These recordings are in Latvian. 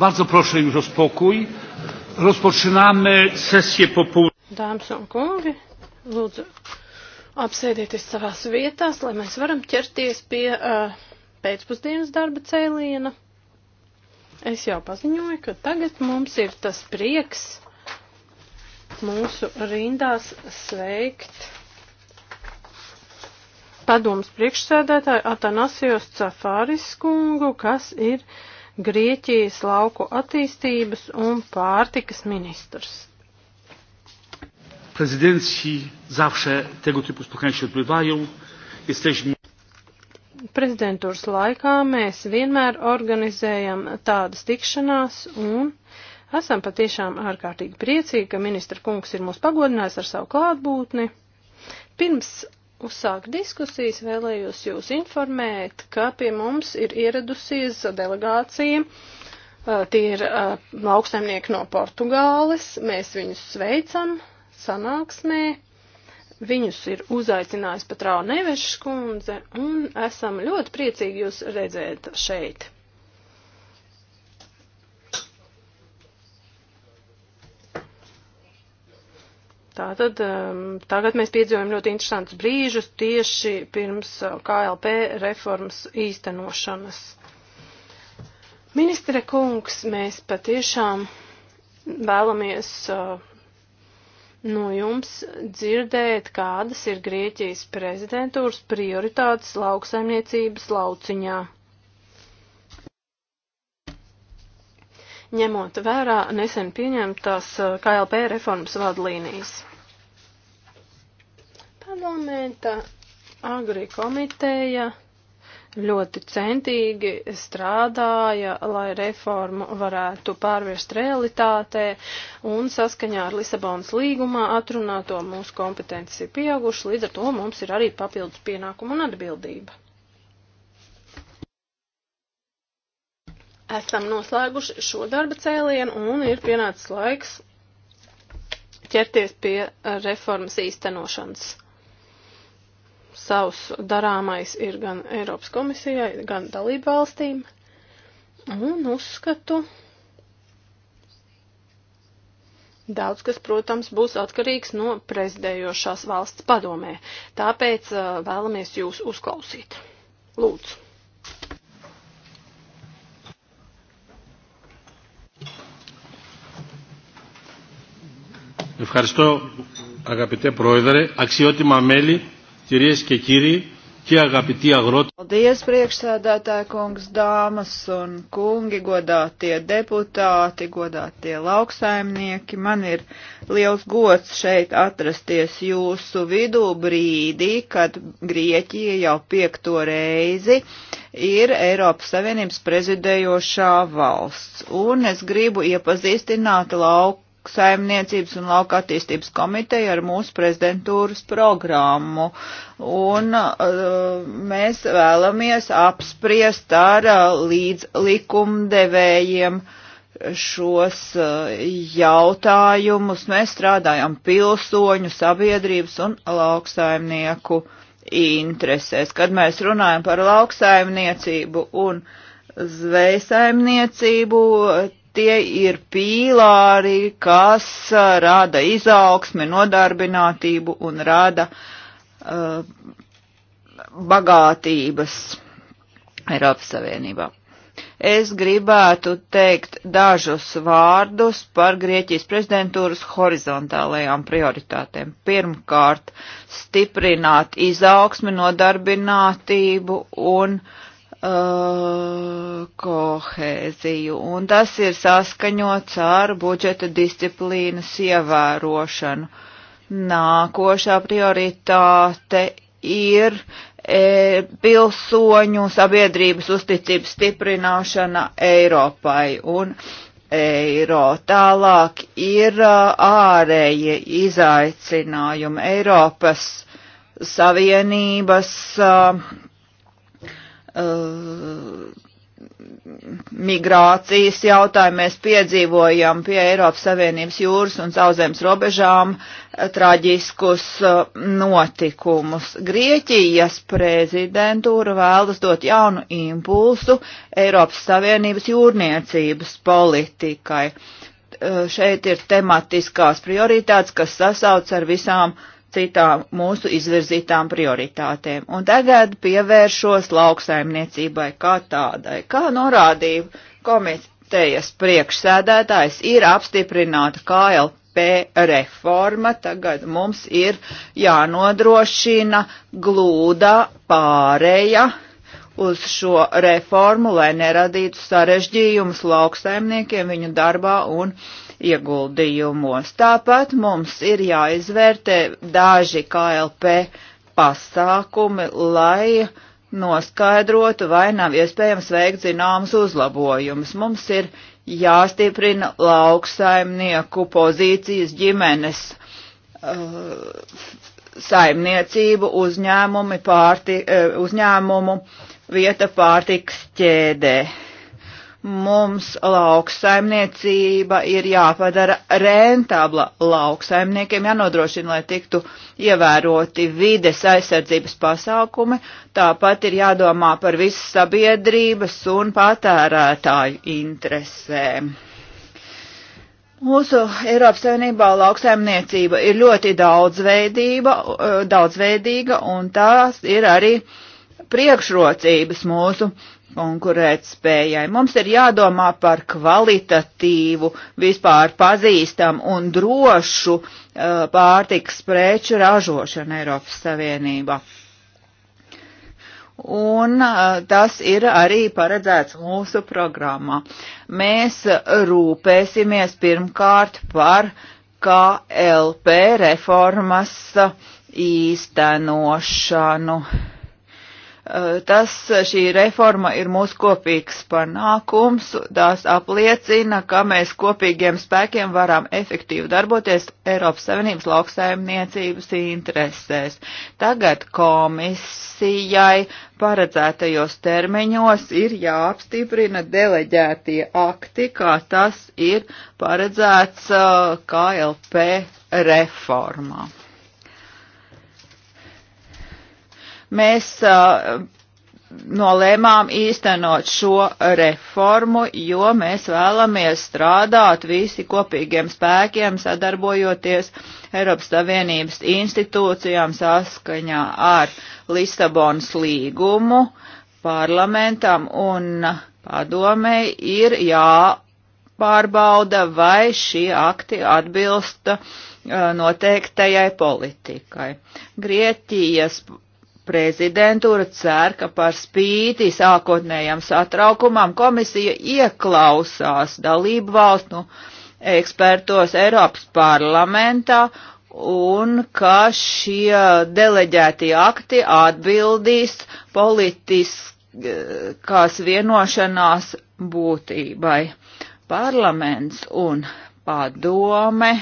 Bardzo proszę już o spokój. Rozpoczynamy sesję popołudniową. Lūdzu, apsēdieties savās vietās, lai mēs varam ķerties pie uh, pēcpusdienas darba cēliena. Es jau paziņoju, ka tagad mums ir tas prieks mūsu rindās sveikt padomas priekšsēdētāju Atanasijos Cafāris kungu, kas ir uh, Grieķijas lauku attīstības un pārtikas ministrs. Prezydencji zawsze tego typu spotkania się odbywają. Jesteśmy prezidentūras laikā mēs vienmēr organizējam tādas tikšanās un esam patiešām ārkārtīgi priecīgi, ka ministra kungs ir mūs pagodinājis ar savu klātbūtni. Pirms uzsākt diskusijas, vēlējos jūs informēt, ka pie mums ir ieradusies delegācija. Tie ir lauksaimnieki no Portugāles. Mēs viņus sveicam sanāksmē. Viņus ir uzaicinājis pat Rānevešs kundze un esam ļoti priecīgi jūs redzēt šeit. Tātad um, tagad mēs piedzīvojam ļoti interesantus brīžus tieši pirms uh, KLP reformas īstenošanas. Ministre kungs, mēs patiešām vēlamies uh, no jums dzirdēt, kādas ir Grieķijas prezidentūras prioritātes lauksaimniecības lauciņā. ņemot vērā nesen pieņemtās eh, KLP reformas vadlīnijas. Parlamenta agri komiteja ļoti centīgi strādāja, lai reformu varētu pārvērst realitātē, un saskaņā ar Lisabonas līgumā atrunāto mūsu kompetences ir pieauguši, līdz ar to mums ir arī papildus pienākumu un atbildība. esam noslēguši šo darba cēlienu un ir pienācis laiks ķerties pie eh, reformas īstenošanas. Savs darāmais ir gan Eiropas komisijai, gan dalību valstīm. Un uzskatu, Daudz kas, protams, būs atkarīgs no prezidējošās valsts padomē. Tāpēc uh, vēlamies jūs uzklausīt. Lūdzu. Ευχαριστώ αγαπητέ Πρόεδρε, αξιότιμα μέλη, κυρίες και κύριοι και αγαπητοί αγρότες. Paldies, priekšsēdētāja kungs, dāmas un kungi, godātie deputāti, godātie lauksaimnieki. Man ir liels gods šeit atrasties jūsu vidū brīdī, kad Grieķija jau piekto reizi ir Eiropas Savienības prezidējošā valsts. Un es gribu iepazīstināt lauku saimniecības un lauka attīstības komiteja ar mūsu prezidentūras programmu. Un uh, mēs vēlamies apspriest ar uh, līdz likumdevējiem šos uh, jautājumus. Mēs strādājam pilsoņu, sabiedrības un lauksaimnieku interesēs. Kad mēs runājam par lauksaimniecību un zvejsaimniecību, tie ir pīlāri, kas uh, rada izaugsmi, nodarbinātību un rada uh, bagātības Eiropas Savienībā. Es gribētu teikt dažus vārdus par Grieķijas prezidentūras horizontālajām prioritātēm. Pirmkārt, stiprināt izaugsmi, nodarbinātību un uh, uh, kohēziju, un tas ir saskaņots ar budžeta disciplīnas ievērošanu. Nākošā prioritāte ir e, pilsoņu sabiedrības uzticības stiprināšana Eiropai un eiro. Tālāk ir uh, ārējie izaicinājumi Eiropas Savienības. Uh, Eh, migrācijas jautājumu mēs piedzīvojam pie Eiropas Savienības jūras un sauzemes robežām eh, traģiskus eh, notikumus. Grieķijas prezidentūra vēlas dot jaunu impulsu Eiropas Savienības jūrniecības politikai. Šeit ir tematiskās prioritātes, kas sasauc ar visām uh, citām mūsu izvirzītām prioritātēm. Un tagad pievēršos lauksaimniecībai kā tādai. Kā norādīja komitejas priekšsēdētājs, ir apstiprināta KLP reforma, tagad mums ir jānodrošina glūda pāreja uz šo reformu, lai neradītu sarežģījumus lauksaimniekiem viņu darbā un uh, ieguldījumos. Tāpat mums ir jāizvērtē daži KLP pasākumi, lai noskaidrotu, vai nav iespējams veikt zināmas uzlabojumus. Mums ir jāstiprina lauksaimnieku pozīcijas ģimenes uh, saimniecību uzņēmumi pārti, uh, uzņēmumu vieta pārtiks ķēdē Mums lauksaimniecība ir jāpadara rentabla lauksaimniekiem, jānodrošina, lai tiktu ievēroti vides aizsardzības pasākumi, tāpat ir jādomā par visas sabiedrības un patērētāju interesēm. Mūsu Eiropas Savienībā lauksaimniecība ir ļoti eh, daudzveidīga, un tās ir arī priekšrocības mūsu konkurētspējai. Mums ir jādomā par kvalitatīvu, vispār pazīstam un drošu uh, pārtiks preču ražošanu Eiropas Savienībā. Un uh, tas ir arī paredzēts mūsu programmā. Mēs rūpēsimies pirmkārt par KLP reformas īstenošanu. Uh, Eh, tas šī reforma ir mūsu kopīgs panākums, tās apliecina, ka mēs kopīgiem spēkiem varam efektīvi darboties Eiropas Savienības lauksaimniecības interesēs. Tagad komisijai paredzētajos termiņos ir jāapstiprina deleģētie akti, kā tas ir paredzēts eh, KLP reformā. mēs uh, nolēmām īstenot šo reformu, jo mēs vēlamies strādāt visi kopīgiem spēkiem, sadarbojoties Eiropas Savienības institūcijām saskaņā ar Lisabonas līgumu, parlamentam un padomei ir jāpārbauda, vai šie akti atbilst uh, noteiktajai politikai. Grieķijas prezidentūra cer, ka par spīti sākotnējam satraukumam komisija ieklausās dalību valstu ekspertos Eiropas parlamentā un ka šie deleģētie akti atbildīs politiskās vienošanās būtībai. Parlaments un padome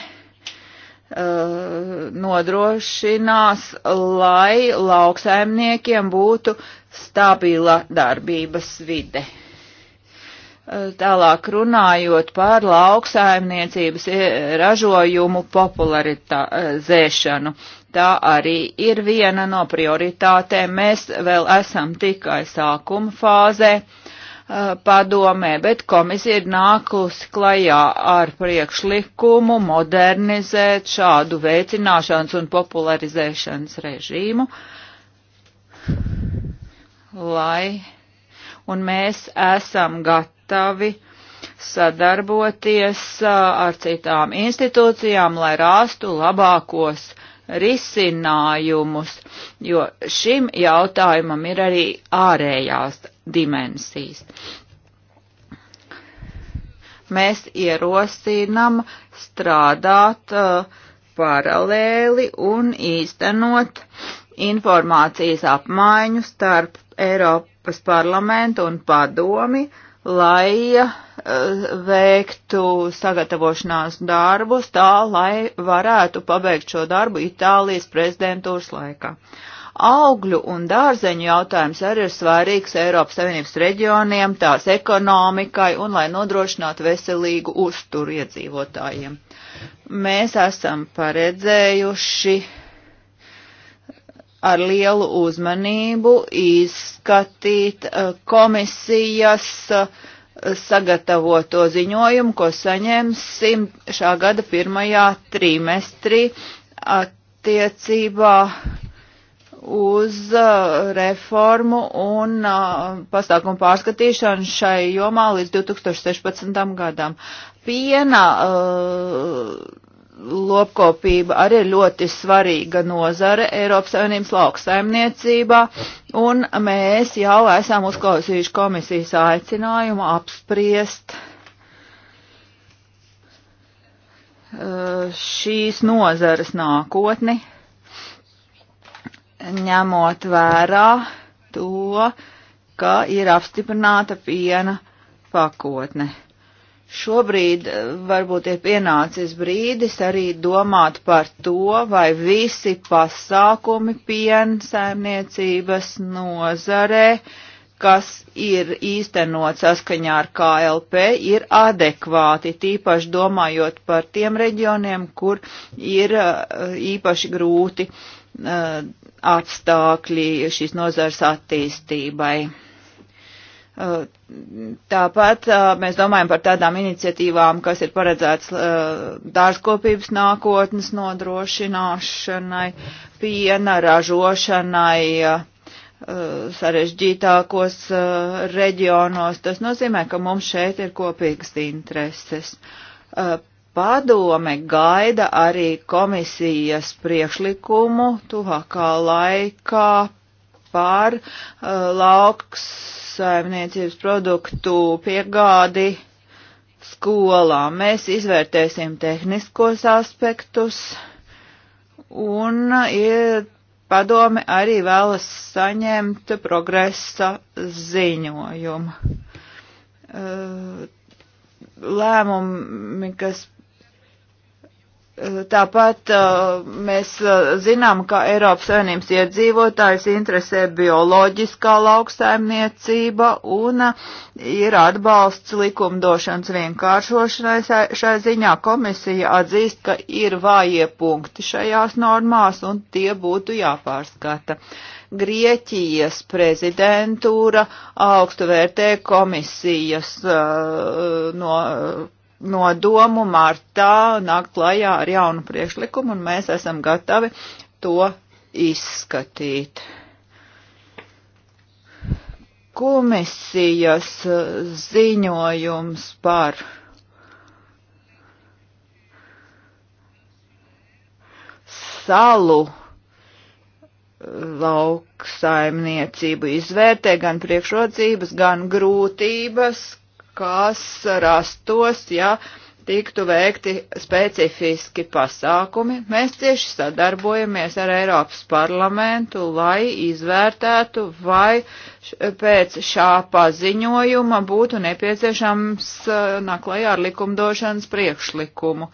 Uh, nodrošinās, lai lauksaimniekiem būtu stabila darbības vide. Uh, tālāk runājot par lauksaimniecības eh, ražojumu popularizēšanu. Tā arī ir viena no prioritātēm. Mēs vēl esam tikai sākuma fāzē. Uh, padomē, bet komisija ir nākusi klajā ar priekšlikumu modernizēt šādu veicināšanas un popularizēšanas režīmu, lai, un mēs esam gatavi sadarboties ar citām institūcijām, lai rāstu labākos risinājumus, jo šim jautājumam ir arī ārējās dimensijas. Mēs ierosinam strādāt uh, paralēli un īstenot informācijas apmaiņu starp Eiropas parlamentu un padomi, lai uh, veiktu sagatavošanās darbus tā, lai varētu pabeigt šo darbu Itālijas prezidentūras laikā. Uh, Augļu un dārzeņu jautājums arī ir svarīgs Eiropas Savienības reģioniem, tās ekonomikai un lai nodrošinātu veselīgu uzturu iedzīvotājiem. Mēs esam paredzējuši ar lielu uzmanību izskatīt eh, komisijas eh, sagatavoto ziņojumu, ko saņemsim šā gada pirmajā trimestrī attiecībā uz uh, reformu un uh, pasākumu pārskatīšanu šai jomā līdz 2016. gadam. Piena uh, lopkopība arī ir ļoti svarīga nozare Eiropas Savienības lauksaimniecībā, un mēs jau esam uzklausījuši komisijas aicinājumu apspriest uh, šīs nozares nākotni ņemot vērā to, ka ir apstiprināta piena pakotne. Šobrīd eh, varbūt ir pienācis brīdis arī domāt par to, vai visi pasākumi piensaimniecības nozarē kas ir īstenot saskaņā ar KLP, ir adekvāti, tīpaši domājot par tiem reģioniem, kur ir eh, īpaši grūti uh, atstākļi šīs nozars attīstībai. Uh, tāpat uh, mēs domājam par tādām iniciatīvām, kas ir paredzētas uh, dārzkopības nākotnes nodrošināšanai, piena ražošanai, sarežģītākos reģionos. Tas nozīmē, ka mums šeit ir kopīgas intereses. Padome gaida arī komisijas priekšlikumu tuvākā laikā par uh, lauksaimniecības produktu piegādi skolā. Mēs izvērtēsim tehniskos aspektus un uh, ir padome arī vēlas saņemt progresa ziņojumu. Uh, lēmumi, kas Tāpat mēs zinām, ka Eiropas Savienības iedzīvotājs interesē bioloģiskā lauksaimniecība un ir atbalsts likumdošanas vienkāršošanai. Šai ziņā komisija atzīst, ka ir vājie punkti šajās normās un tie būtu jāpārskata. Grieķijas prezidentūra augstu vērtē komisijas uh, no no domu martā nāk klajā ar jaunu priekšlikumu, un mēs esam gatavi to izskatīt. Komisijas ziņojums par salu lauksaimniecību izvērtē gan priekšrocības, gan grūtības, kas rastos, ja tiktu veikti specifiski pasākumi. Mēs cieši sadarbojamies ar Eiropas parlamentu, lai izvērtētu, vai pēc šā paziņojuma būtu nepieciešams eh, naklajā ar likumdošanas priekšlikumu.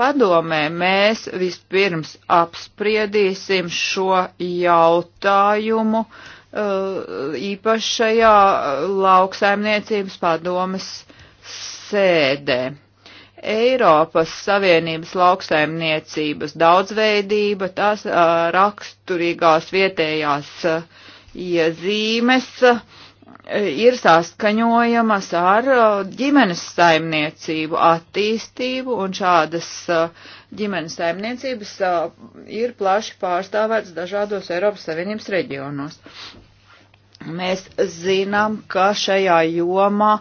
Padomē mēs vispirms apspriedīsim šo jautājumu Uh, īpašajā lauksaimniecības padomas sēdē. Eiropas Savienības lauksaimniecības daudzveidība, tās uh, raksturīgās vietējās uh, iezīmes. Ja ir saskaņojamas ar uh, ģimenes saimniecību attīstību, un šādas uh, ģimenes saimniecības uh, ir plaši pārstāvētas dažādos Eiropas Savienības reģionos. Mēs zinām, ka šajā jomā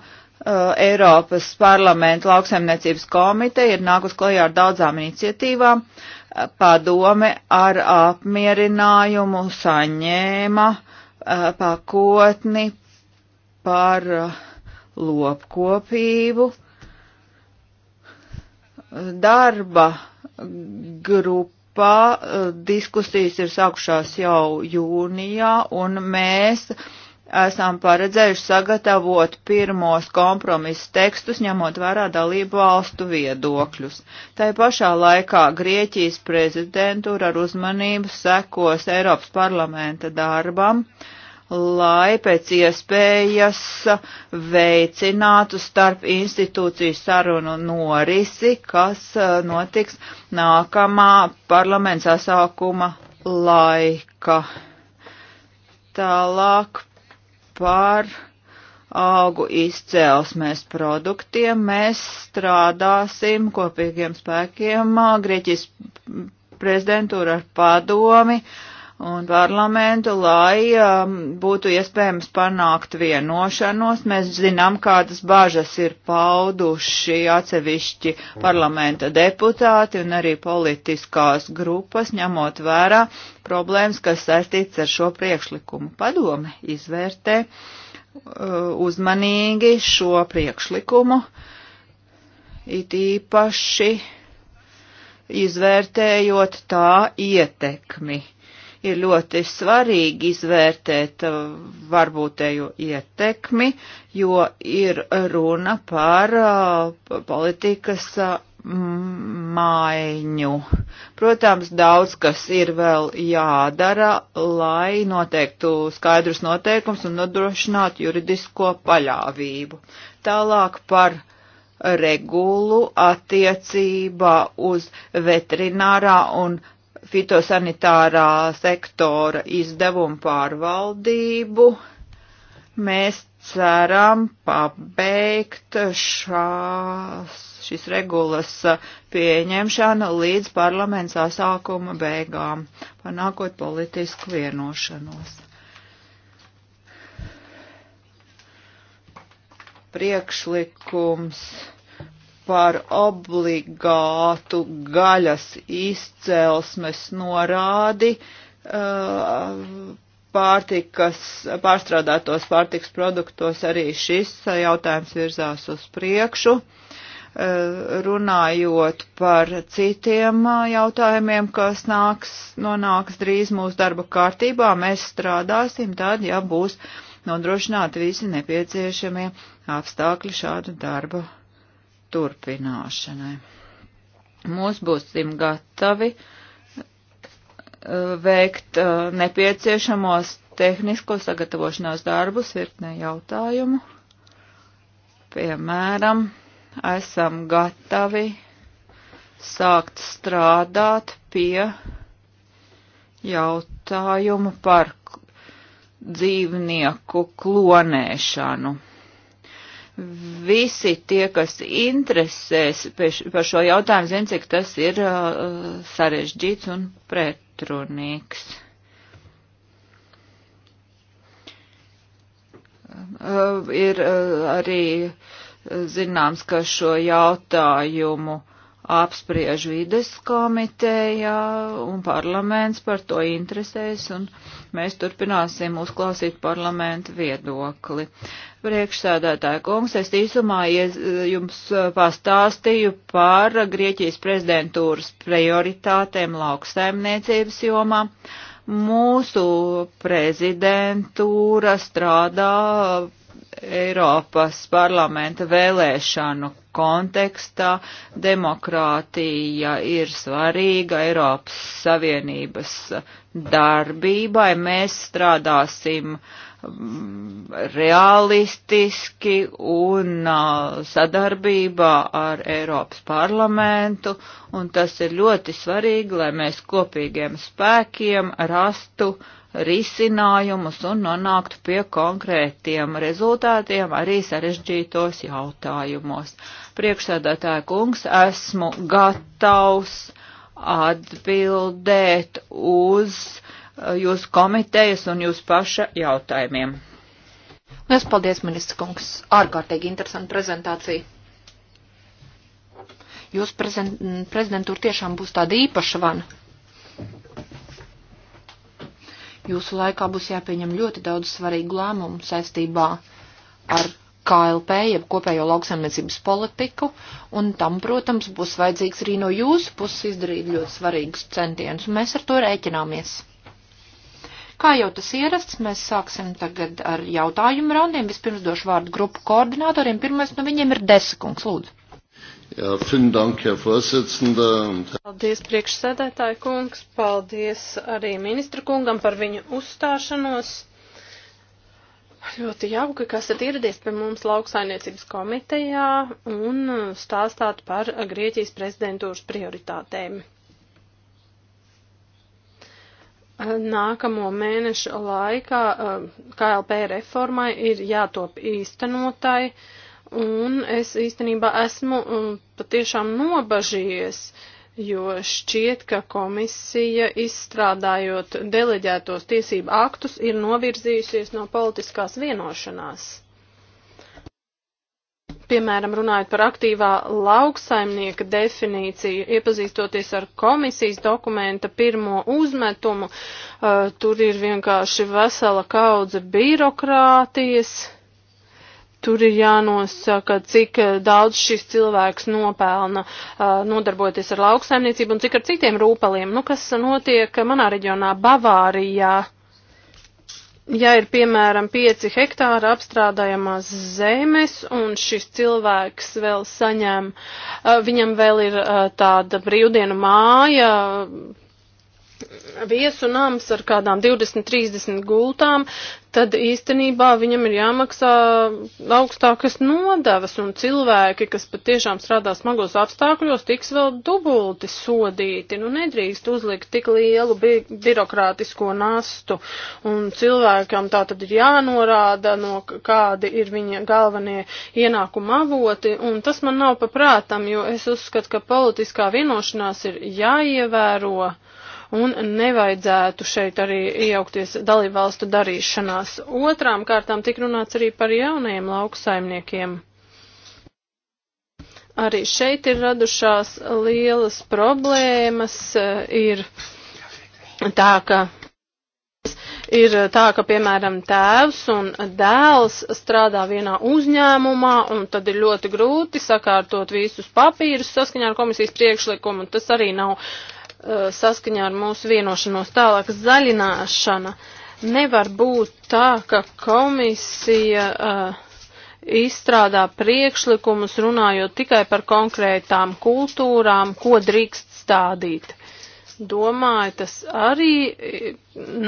Eiropas parlamenta lauksaimniecības komiteja ir nākus klajā ar daudzām iniciatīvām. Padome ar apmierinājumu saņēma pakotni par uh, lopkopību. Darba grupā uh, diskusijas ir sākušās jau jūnijā, un mēs esam paredzējuši sagatavot pirmos kompromisu tekstus, ņemot vērā dalību valstu viedokļus. Tai pašā laikā Grieķijas prezidentūra ar uzmanību sekos Eiropas parlamenta darbam, uh, lai pēc iespējas veicinātu starp institūciju sarunu norisi, kas uh, notiks nākamā parlamenta sasākuma laika. Tālāk par augu izcēlesmēs produktiem mēs strādāsim kopīgiem spēkiem Grieķijas prezidentūra ar padomi. Uh, un parlamentu, lai um, būtu iespējams panākt vienošanos. Mēs zinām, kādas bāžas ir pauduši atsevišķi parlamenta deputāti un arī politiskās grupas, ņemot vērā problēmas, kas saistīts ar šo priekšlikumu. Padome izvērtē uh, uzmanīgi šo priekšlikumu, it īpaši izvērtējot tā ietekmi ir ļoti svarīgi izvērtēt uh, varbūtējo ietekmi, jo ir runa par uh, politikas uh, maiņu. Protams, daudz kas ir vēl jādara, lai noteiktu skaidrus noteikums un nodrošinātu juridisko paļāvību. Tālāk par regulu attiecībā uz veterinārā un fitosanitārā sektora izdevumu pārvaldību. Mēs ceram pabeigt šās, šis regulas pieņemšanu līdz parlaments sākuma beigām, panākot politisku vienošanos. Priekšlikums par obligātu gaļas izcelsmes norādi uh, pārtikas, pārstrādātos pārtikas produktos arī šis jautājums virzās uz priekšu. Uh, runājot par citiem uh, jautājumiem, kas nāks, nonāks drīz mūsu darba kārtībā, mēs strādāsim tad, ja būs nodrošināti visi nepieciešamie apstākļi šādu darbu turpināšanai. Mūs būsim gatavi eh, veikt eh, nepieciešamos tehnisko sagatavošanās darbus virknē jautājumu. Piemēram, esam gatavi sākt strādāt pie jautājumu par dzīvnieku klonēšanu visi tie, kas interesēs par šo jautājumu, zina, cik tas ir uh, sarežģīts un pretrunīgs. Uh, ir uh, arī uh, zināms, ka šo jautājumu uh, apspriež vides komiteja un parlaments par to interesēs un mēs turpināsim uzklausīt parlamentu viedokli. Priekšsēdētāja kungs, es īsumā jums uh, pastāstīju par Grieķijas prezidentūras prioritātēm lauksaimniecības jomā. Mūsu prezidentūra strādā Eiropas parlamenta vēlēšanu kontekstā demokrātija ir svarīga Eiropas Savienības darbībai. Mēs strādāsim mm, realistiski un sadarbībā ar Eiropas parlamentu, un tas ir ļoti svarīgi, lai mēs kopīgiem spēkiem rastu uh, risinājumus un nonāktu pie konkrētiem rezultātiem arī sarežģītos jautājumos. Priekšsēdētāja kungs, esmu gatavs atbildēt uz uh, jūsu komitejas un jūsu paša jautājumiem. Lielas paldies, ministrs kungs. Ārkārtīgi interesanta prezentācija. Jūsu prezidentūra tiešām būs tāda īpaša vana Jūsu laikā būs jāpieņem ļoti daudz svarīgu lēmumu saistībā ar KLP, jeb kopējo lauksaimniecības politiku, un tam, protams, būs vajadzīgs arī no jūsu puses izdarīt ļoti svarīgus centienus, un mēs ar to rēķināmies. Kā jau tas ierasts, mēs sāksim tagad ar jautājumu raundiem. Vispirms došu vārdu grupu koordinātoriem. Pirmais no viņiem ir Desakungs, lūdzu. Jā, dank, Herr paldies priekšsēdētāju kungs, paldies arī ministra kungam par viņu uzstāšanos. Ļoti jauki, ka esat ieradies pie mums lauksainiecības komitejā un stāstāt par Grieķijas prezidentūras prioritātēm. Nākamo mēnešu laikā eh, KLP reformai ir jātop īstenotai. Uh, Un es īstenībā esmu um, patiešām nobažījies, jo šķiet, ka komisija izstrādājot deleģētos tiesību aktus ir novirzījusies no politiskās vienošanās. Piemēram, runājot par aktīvā lauksaimnieka definīciju, iepazīstoties ar komisijas dokumenta pirmo uzmetumu, uh, tur ir vienkārši vesela kaudze birokrātijas Tur ir jānosaka, cik eh, daudz šis cilvēks nopelna eh, nodarboties ar lauksaimniecību un cik ar citiem rūpeliem. Nu, kas notiek manā reģionā Bavārijā? Ja ir piemēram 5 hektāra apstrādājamās zemes un šis cilvēks vēl saņem, eh, viņam vēl ir tāda brīvdienu māja, viesu nams ar kādām 20-30 gultām, tad īstenībā viņam ir jāmaksā augstākas nodevas, un cilvēki, kas patiešām strādā smagos apstākļos, tiks vēl dubulti sodīti. Nu, nedrīkst uzlikt tik lielu bi birokrātisko nastu, un cilvēkam tā tad ir jānorāda, no kādi ir viņa galvenie ienākuma avoti, un tas man nav paprātam, jo es uzskatu, ka politiskā vienošanās ir jāievēro un nevajadzētu šeit arī iejaukties dalībvalstu darīšanās. Otrām kārtām tik runāts arī par jaunajiem lauksaimniekiem. Arī šeit ir radušās lielas problēmas, eh, ir tā, ka ir eh, tā, ka, piemēram, tēvs un dēls strādā vienā uzņēmumā, un tad ir ļoti grūti sakārtot visus papīrus saskaņā ar komisijas priekšlikumu, un tas arī nav Uh, saskaņā ar mūsu vienošanos tālāk zaļināšana. Nevar būt tā, ka komisija uh, izstrādā priekšlikumus runājot tikai par konkrētām kultūrām, ko drīkst stādīt. Domāju, tas arī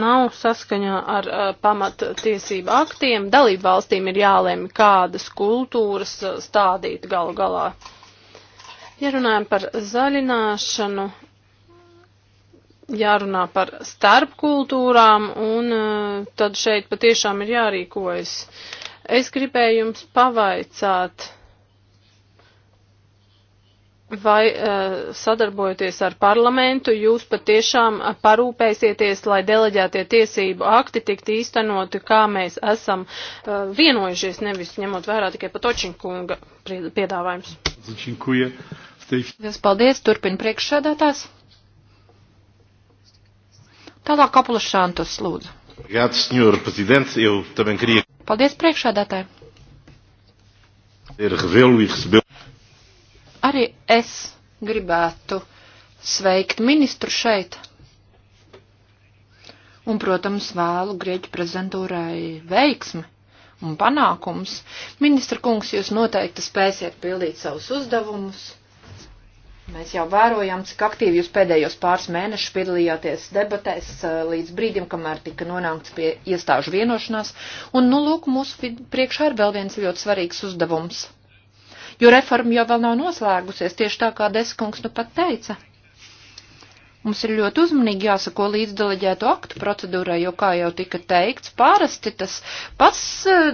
nav saskaņā ar uh, pamattiesību aktiem. Dalību valstīm ir jālēma, kādas kultūras uh, stādīt galu galā. Ja runājam par zaļināšanu, jārunā par starpkultūrām, un e, tad šeit patiešām ir jārīkojas. Es gribēju jums pavaicāt, vai e, sadarbojoties ar parlamentu, jūs patiešām parūpēsieties, lai deleģētie tiesību akti tikt īstenoti, kā mēs esam e, vienojušies, nevis ņemot vērā tikai patočinkunga piedāvājums. Paldies, turpina priekšsēdētājs. Tālāk Kapulas Šantus, lūdzu. Obrigado, senhor presidente. Eu também queria. Paldies, priekšādātāji. E Arī es gribētu sveikt ministru šeit. Un, protams, vēlu Grieķu prezidentūrai veiksmi un panākums. Ministra kungs, jūs noteikti spēsiet pildīt savus uzdevumus Mēs jau vērojam, cik aktīvi jūs pēdējos pāris mēnešus piedalījāties debatēs eh, līdz brīdim, kamēr tika nonākts pie iestāžu vienošanās. Un, nu, lūk, mūsu priekšā ir vēl viens ļoti svarīgs uzdevums. Jo reforma jau vēl nav noslēgusies, tieši tā kā Deskungs nu pat teica. Mums ir ļoti uzmanīgi jāsako līdzdeleģēto aktu procedūrai, jo, kā jau tika teikts, pārasti tas pats eh,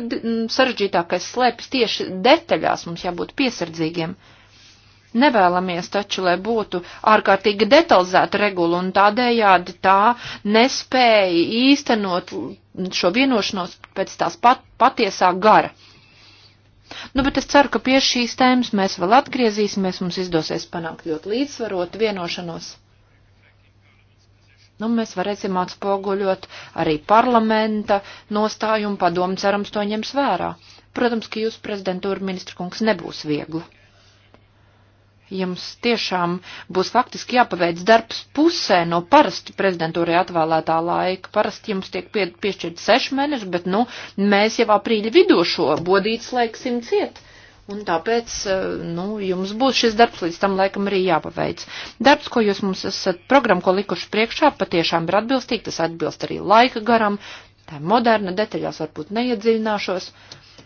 sarežģītākais slēpjas tieši detaļās. Mums jābūt piesardzīgiem. Uh, Nevēlamies taču, lai būtu ārkārtīgi detalizēta regula un tādējādi tā nespēja īstenot šo vienošanos pēc tās pat, patiesā gara. Nu, bet es ceru, ka pie šīs tēmas mēs vēl atgriezīsimies, mums izdosies panākt ļoti līdzsvarot vienošanos. Nu, mēs varēsim atspoguļot arī parlamenta nostājumu, padomu cerams to ņems vērā. Protams, ka jūs, prezidentūra ministra kungs, nebūs viegli jums tiešām būs faktiski jāpaveic darbs pusē no parasti prezidentūrai atvēlētā laika. Parasti jums tiek pie, piešķirt seši mēneši, bet, nu, mēs jau aprīļa vidū šo bodīts laiksim ciet. Un tāpēc, eh, nu, jums būs šis darbs līdz tam laikam arī jāpaveic. Darbs, ko jūs mums esat, programma, ko likuši priekšā, patiešām ir atbilstīgi, tas atbilst arī laika garam. Tā ir moderna, detaļās varbūt neiedziļināšos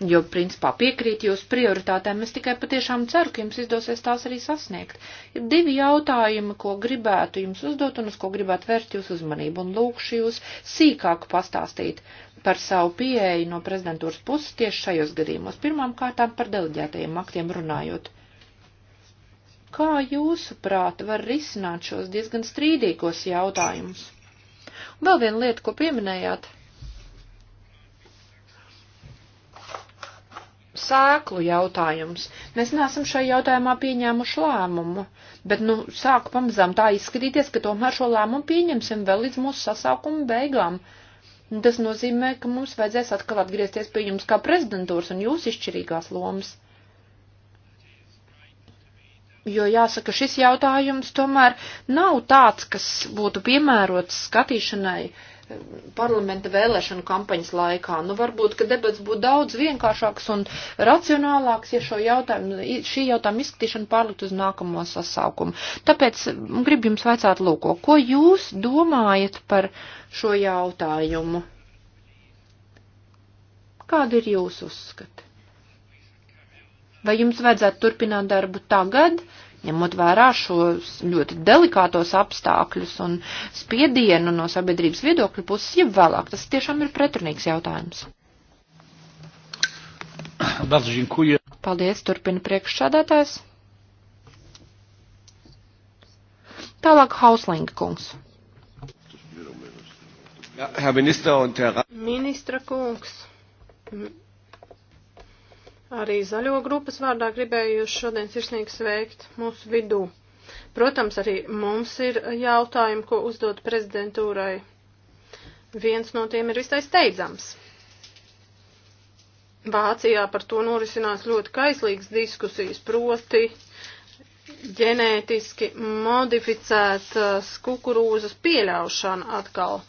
jo, principā, piekrīt jūsu prioritātēm. Es tikai patiešām ceru, ka jums izdosies tās arī sasniegt. Ir divi jautājumi, ko gribētu jums uzdot un uz ko gribētu vērst jūsu uzmanību, un lūkšu jūs sīkāk pastāstīt par savu pieeju no prezidentūras puses tieši šajos gadījumos. Pirmām kārtām par deleģētajiem aktiem runājot. Kā jūsuprāt var risināt šos diezgan strīdīgos jautājumus? Un vēl viena lieta, ko pieminējāt sēklu jautājums. Mēs neesam šai jautājumā pieņēmuši lēmumu, bet, nu, sāku pamazām tā izskatīties, ka tomēr šo lēmumu pieņemsim vēl līdz mūsu sasaukuma beigām. Tas nozīmē, ka mums vajadzēs atkal atgriezties pie jums kā prezidentūras un jūs izšķirīgās lomas. Jo jāsaka, šis jautājums tomēr nav tāds, kas būtu piemērots skatīšanai uh, parlamenta vēlēšanu kampaņas laikā. Nu, varbūt, ka debats būtu daudz vienkāršāks un racionālāks, ja šo jautājumu, šī jautājuma izskatīšana pārlikt uz nākamo sasaukumu. Tāpēc mm, gribu jums vaicāt lūko, ko jūs domājat par šo jautājumu? Kāda ir jūsu uzskata? Vai jums vajadzētu turpināt darbu tagad, ņemot vērā šos ļoti delikātos apstākļus un spiedienu no sabiedrības viedokļa puses, ja vēlāk. Tas tiešām ir pretrunīgs jautājums. Paldies, turpina priekšsādātājs. Tālāk Hauslinga kungs. Ja, ministra kungs, Arī zaļo grupas vārdā gribēju jūs šodien sirsnīgi sveikt mūsu vidū. Protams, arī mums ir jautājumi, ko uzdot prezidentūrai. Viens no tiem ir visai steidzams. Vācijā par to norisinās ļoti kaislīgas diskusijas, proti ģenētiski modificētas kukurūzas pieļaušana atkal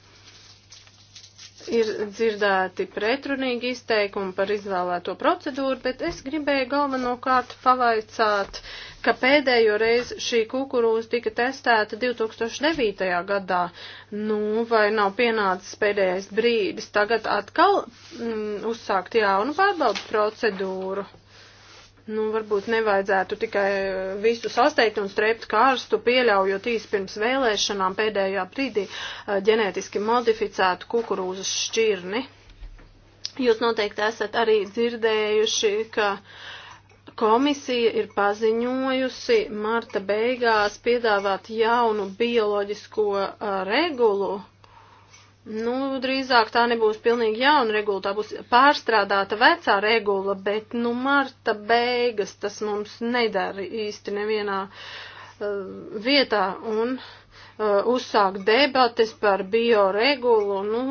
ir dzirdēti pretrunīgi izteikumi par izvēlēto procedūru, bet es gribēju galvenokārt pavaicāt, ka pēdējo reizi šī kukurūza tika testēta 2009. gadā. Nu, vai nav pienācis pēdējais brīdis tagad atkal mm, uzsākt jaunu pārbaudu procedūru? Nu, varbūt nevajadzētu tikai eh, visu sasteigt un streipt karstu, pieļaujot īsi pirms vēlēšanām pēdējā brīdī eh, ģenētiski modificētu kukurūzas šķirni. Jūs noteikti esat arī dzirdējuši, ka komisija ir paziņojusi marta beigās piedāvāt jaunu bioloģisko eh, regulu Nu, drīzāk tā nebūs pilnīgi jauna regula, tā būs pārstrādāta vecā regula, bet, nu, marta beigas tas mums nedara īsti nevienā uh, vietā un uh, uzsākt debates par bioregulu, nu,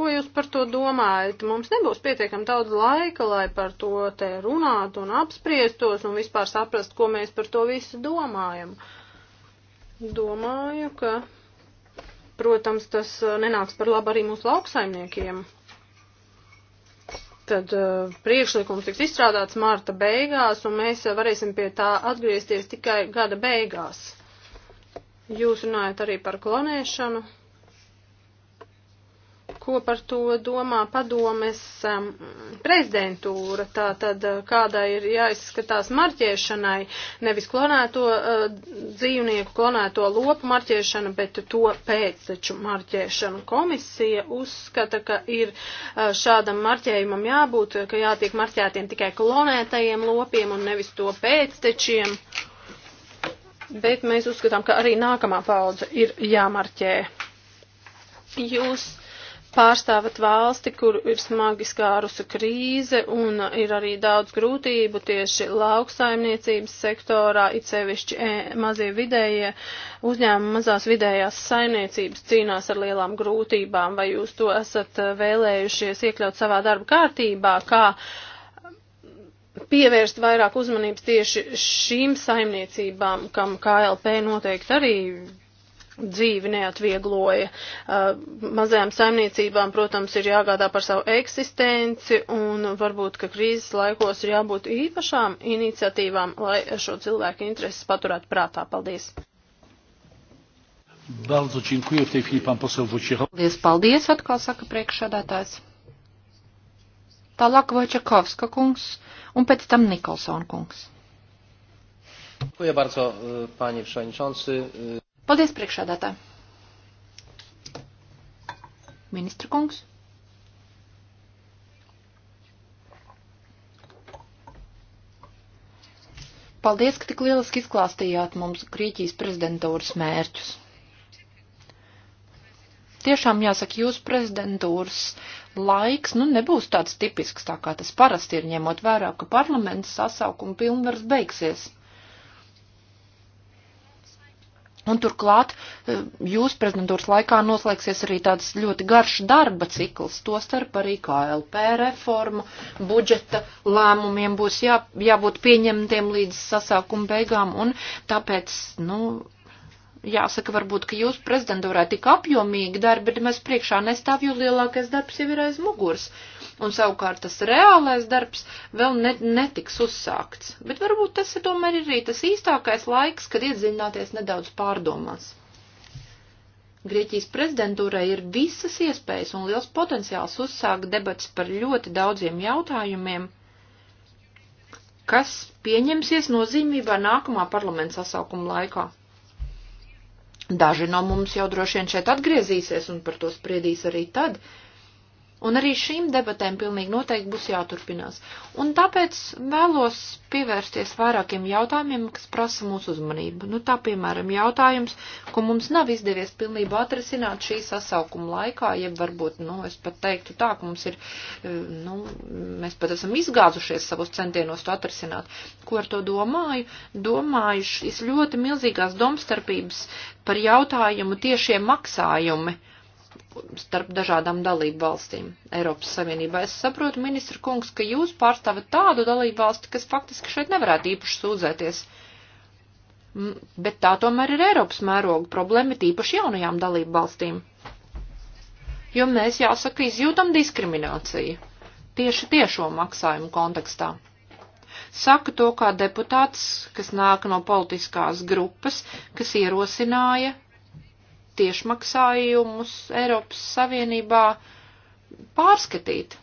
ko jūs par to domājat? Mums nebūs pietiekam daudz laika, lai par to te runātu un apspriestos un vispār saprast, ko mēs par to visu domājam. Domāju, ka protams, tas uh, nenāks par labu arī mūsu lauksaimniekiem. Tad uh, priekšlikums tiks izstrādāts marta beigās, un mēs uh, varēsim pie tā atgriezties tikai gada beigās. Jūs runājat arī par klonēšanu ko par to domā padomes um, prezidentūra, tā tad uh, kādā ir jāizskatās marķēšanai, nevis klonēto uh, dzīvnieku, klonēto lopu marķēšana, bet to pēc taču marķēšanu. Komisija uzskata, ka ir uh, šādam marķējumam jābūt, ka jātiek marķētiem tikai klonētajiem lopiem un nevis to pēctečiem. Bet mēs uzskatām, ka arī nākamā paudze ir jāmarķē. Jūs pārstāvat valsti, kur ir smagi skārusi krīze un ir arī daudz grūtību tieši lauksaimniecības sektorā, it sevišķi e, mazie vidējie uzņēmumi mazās vidējās saimniecības cīnās ar lielām grūtībām, vai jūs to esat e, vēlējušies iekļaut savā darba kārtībā, kā pievērst vairāk uzmanības tieši šīm saimniecībām, kam KLP noteikti arī dzīvi neatviegloja. Uh, mazajām saimniecībām, protams, ir jāgādā par savu eksistenci un varbūt, ka krīzes laikos ir jābūt īpašām iniciatīvām, lai šo cilvēku intereses paturētu prātā. Paldies! Bardzo dziękuję. W tej chwili pan poseł Wojciechowski. Paldies, paldies, atkal saka priekšsādātājs. Tālāk Vojčakovska kungs un pēc tam Nikolson kungs. Dziękuję bardzo, e, panie przewodniczący. Paldies, priekšādātā. Ministra kungs. Paldies, ka tik lieliski izklāstījāt mums Grieķijas prezidentūras mērķus. Tiešām jāsaka, jūsu prezidentūras laiks, nu, nebūs tāds tipisks, tā kā tas parasti ir, ņemot vērā, ka parlaments sasaukuma pilnvars beigsies. Un turklāt eh, jūs prezidentūras laikā noslēgsies arī tāds ļoti garš darba cikls, to starp arī KLP reformu, budžeta lēmumiem būs jā, jābūt pieņemtiem līdz sasākuma beigām, un tāpēc, nu, jāsaka, varbūt, ka jūs prezidentūrā tik apjomīgi darbi ir mēs priekšā nestāv, jo lielākais darbs jau ir aiz muguras. Un savukārt tas reālais darbs vēl ne, netiks uzsākts. Bet varbūt tas ir tomēr arī tas īstākais laiks, kad iedziļināties nedaudz pārdomās. Grieķijas prezidentūrai ir visas iespējas un liels potenciāls uzsākt debats par ļoti daudziem jautājumiem, kas pieņemsies nozīmībā nākamā parlamenta sasaukuma laikā. Daži no mums jau droši vien šeit atgriezīsies un par to spriedīs arī tad, Un arī šīm debatēm pilnīgi noteikti būs jāturpinās. Un tāpēc vēlos pievērsties vairākiem jautājumiem, kas prasa mūsu uzmanību. Nu, tā piemēram jautājums, ko mums nav izdevies pilnībā atrisināt šī sasaukuma laikā, jeb varbūt, nu, es pat teiktu tā, ka mums ir, eh, nu, mēs pat esam izgāzušies savus centienos to atrisināt. Ko ar to domāju? Domāju, šis ļoti milzīgās domstarpības par jautājumu tiešie maksājumi. Uh, starp dažādām dalību valstīm Eiropas Savienībā. Es saprotu, ministra kungs, ka jūs pārstāvat tādu dalību valsti, kas faktiski šeit nevarētu īpaši sūdzēties. Bet tā tomēr ir Eiropas mēroga problēma, tīpaši jaunajām dalību valstīm. Jo mēs, jāsaka, izjūtam diskrimināciju tieši tiešo maksājumu kontekstā. Saka to kā deputāts, kas nāk no politiskās grupas, kas ierosināja tiešmaksājumus Eiropas Savienībā pārskatīt.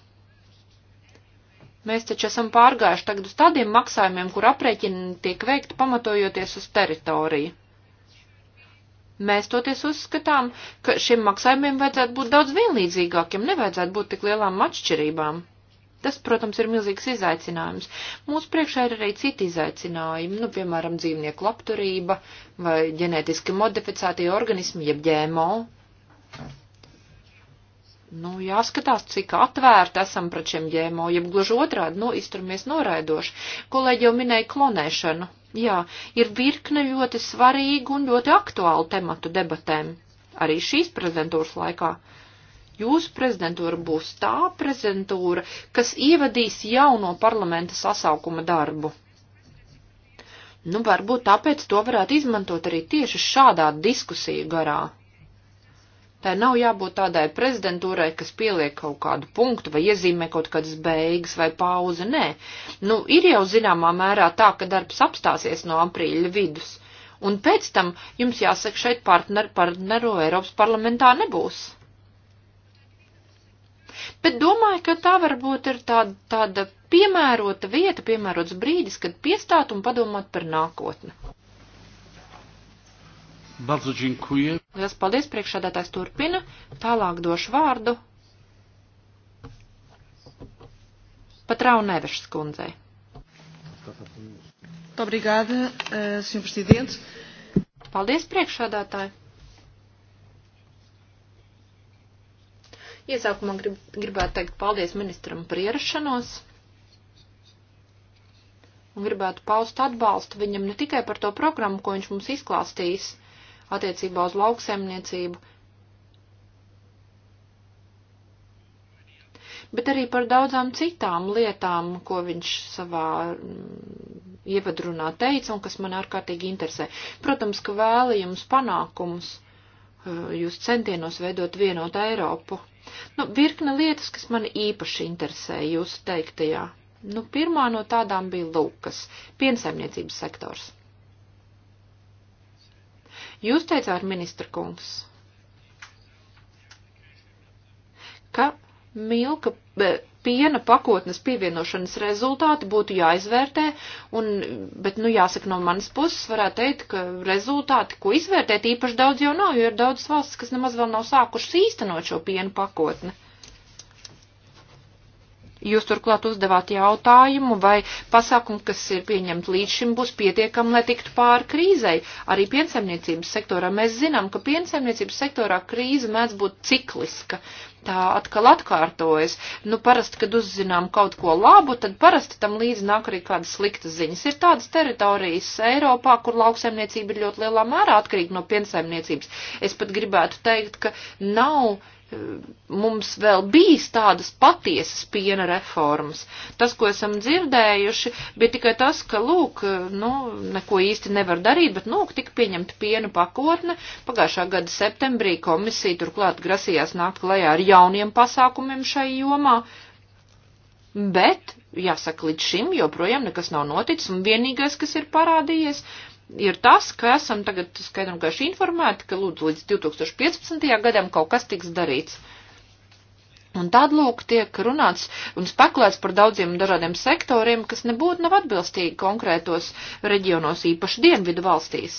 Mēs taču esam pārgājuši tagad uz tādiem maksājumiem, kur aprēķini tiek veikti pamatojoties uz teritoriju. Mēs toties uzskatām, ka šiem maksājumiem vajadzētu būt daudz vienlīdzīgākiem, nevajadzētu būt tik lielām atšķirībām. Tas, protams, ir milzīgs izaicinājums. Mūsu priekšā ir arī citi izaicinājumi, nu, piemēram, dzīvnieku labturība vai ģenētiski modificētie organismi, jeb ģēmo. Nu, jāskatās, cik atvērti esam pret šiem ģēmo, jeb gluži otrādi, nu, izturamies noraidoši. Kolēģi jau minēja klonēšanu. Jā, ir virkne ļoti svarīgu un ļoti aktuālu tematu debatēm. Arī šīs prezentūras laikā. Uh, Jūsu prezidentūra būs tā prezidentūra, kas ievadīs jauno parlamenta sasaukuma darbu. Nu, varbūt tāpēc to varētu izmantot arī tieši šādā diskusiju garā. Tā nav jābūt tādai prezidentūrai, kas pieliek kaut kādu punktu vai iezīmē kaut kādas beigas vai pauzi. Nē, nu, ir jau zināmā mērā tā, ka darbs apstāsies no aprīļa vidus. Un pēc tam jums jāsaka šeit partner, partneru Eiropas parlamentā nebūs bet domāju, ka tā varbūt ir tāda, tāda piemērota vieta, piemērots brīdis, kad piestāt un padomāt par nākotni. Bardzo dziękuję. Lielas paldies, priekšādātājs turpina. Tālāk došu vārdu. Pat Raunevešas kundzei. Obrigada, eh, senhor presidente. Paldies, priekšādātāji. Iesākumā grib, gribētu teikt paldies ministram par ierašanos un gribētu paust atbalstu viņam ne tikai par to programmu, ko viņš mums izklāstīs attiecībā uz lauksaimniecību, bet arī par daudzām citām lietām, ko viņš savā mm, ievadrunā teica un kas man ārkārtīgi interesē. Protams, ka vēla jums panākumus, uh, jūs centienos veidot vienotu Eiropu. Nu, virkne lietas, kas man īpaši interesēja jūsu teiktajā. Nu, pirmā no tādām bija Lūkas, piensaimniecības sektors. Jūs teicāt, ministra kungs, ka milka, be, piena pakotnes pievienošanas rezultāti būtu jāizvērtē, un, bet, nu, jāsaka, no manas puses varētu teikt, ka rezultāti, ko izvērtēt, īpaši daudz jau nav, jo ir daudz valsts, kas nemaz vēl nav sākušas īstenot šo piena pakotni. Jūs turklāt uzdevāt jautājumu, vai pasākumi, kas ir pieņemti līdz šim, būs pietiekami, lai tiktu pāri krīzei. Arī piensaimniecības sektorā mēs zinām, ka piensaimniecības sektorā krīze mēdz būt cikliska. Tā atkal atkārtojas. Nu, parasti, kad uzzinām kaut ko labu, tad parasti tam līdz nāk arī kādas sliktas ziņas. Ir tādas teritorijas Eiropā, kur lauksaimniecība ir ļoti lielā mērā atkarīga no piensaimniecības. Es pat gribētu teikt, ka nav mums vēl bijis tādas patiesas piena reformas. Tas, ko esam dzirdējuši, bija tikai tas, ka, lūk, nu, neko īsti nevar darīt, bet, lūk, tika pieņemta piena pakotne. Pagājušā gada septembrī komisija turklāt grasījās nākt klajā ar jauniem pasākumiem šai jomā. Bet, jāsaka, līdz šim joprojām nekas nav noticis, un vienīgais, kas ir parādījies, uh, ir tas, ka esam tagad skaidram gaiši informēti, ka lūdzu līdz 2015. gadam kaut kas tiks darīts. Un tad, lūk, tiek runāts un spekulēts par daudziem dažādiem sektoriem, kas nebūtu nav atbilstīgi konkrētos reģionos, īpaši dienvidu valstīs.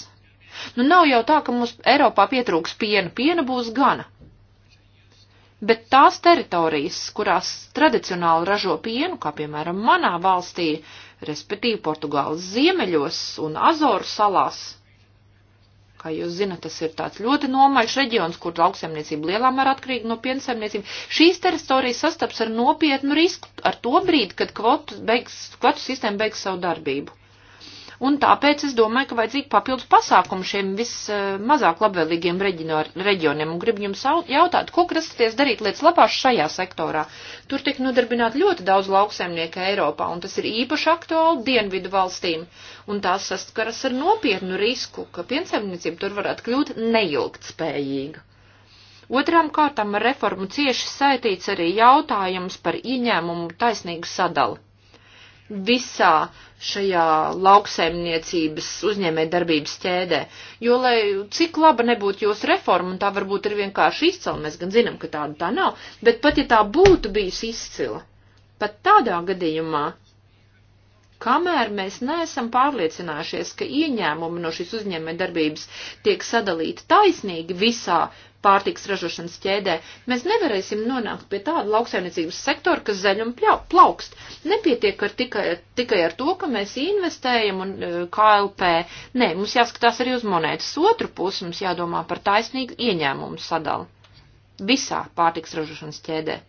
Nu, nav jau tā, ka mums Eiropā pietrūks piena, piena būs gana bet tās teritorijas, kurās tradicionāli ražo pienu, kā piemēram manā valstī, respektīvi Portugāles ziemeļos un Azoru salās, kā jūs zinat, tas ir tāds ļoti nomaļš reģions, kur lauksaimniecība lielā mērā atkarīga no piensaimniecība. Šīs teritorijas sastaps ar nopietnu risku ar to brīdi, kad kvotu, beigs, kvotu sistēma beigs savu darbību un tāpēc es domāju, ka vajadzīgi papildus pasākumu šiem vismazāk labvēlīgiem reģioniem, un gribu jums jautāt, ko grasties darīt lietas labā šajā sektorā. Tur tiek nodarbināti ļoti daudz lauksaimnieku Eiropā, un tas ir īpaši aktuāli dienvidu valstīm, un tās saskaras ar nopietnu risku, ka piensaimniecība tur varētu kļūt neilgtspējīga. Otrām kārtām ar reformu cieši saistīts arī jautājums par ieņēmumu taisnīgu sadali visā šajā lauksaimniecības uzņēmē darbības ķēdē. Jo, lai cik laba nebūtu jūsu reforma, un tā varbūt ir vienkārši izcila, mēs gan zinām, ka tāda tā nav, bet pat ja tā būtu bijusi izcila, pat tādā gadījumā, kamēr mēs neesam pārliecinājušies, ka ieņēmumi no šīs uzņēmē darbības tiek sadalīti taisnīgi visā pārtiks ražošanas ķēdē, mēs nevarēsim nonākt pie tāda lauksaimniecības sektora, kas zaļumu plaukst. Nepietiek ar tikai, tikai ar to, ka mēs investējam un e, KLP. Nē, mums jāskatās arī uz monētas otru pusi, mums jādomā par taisnīgu ieņēmumu sadalu visā pārtiks ražošanas ķēdē.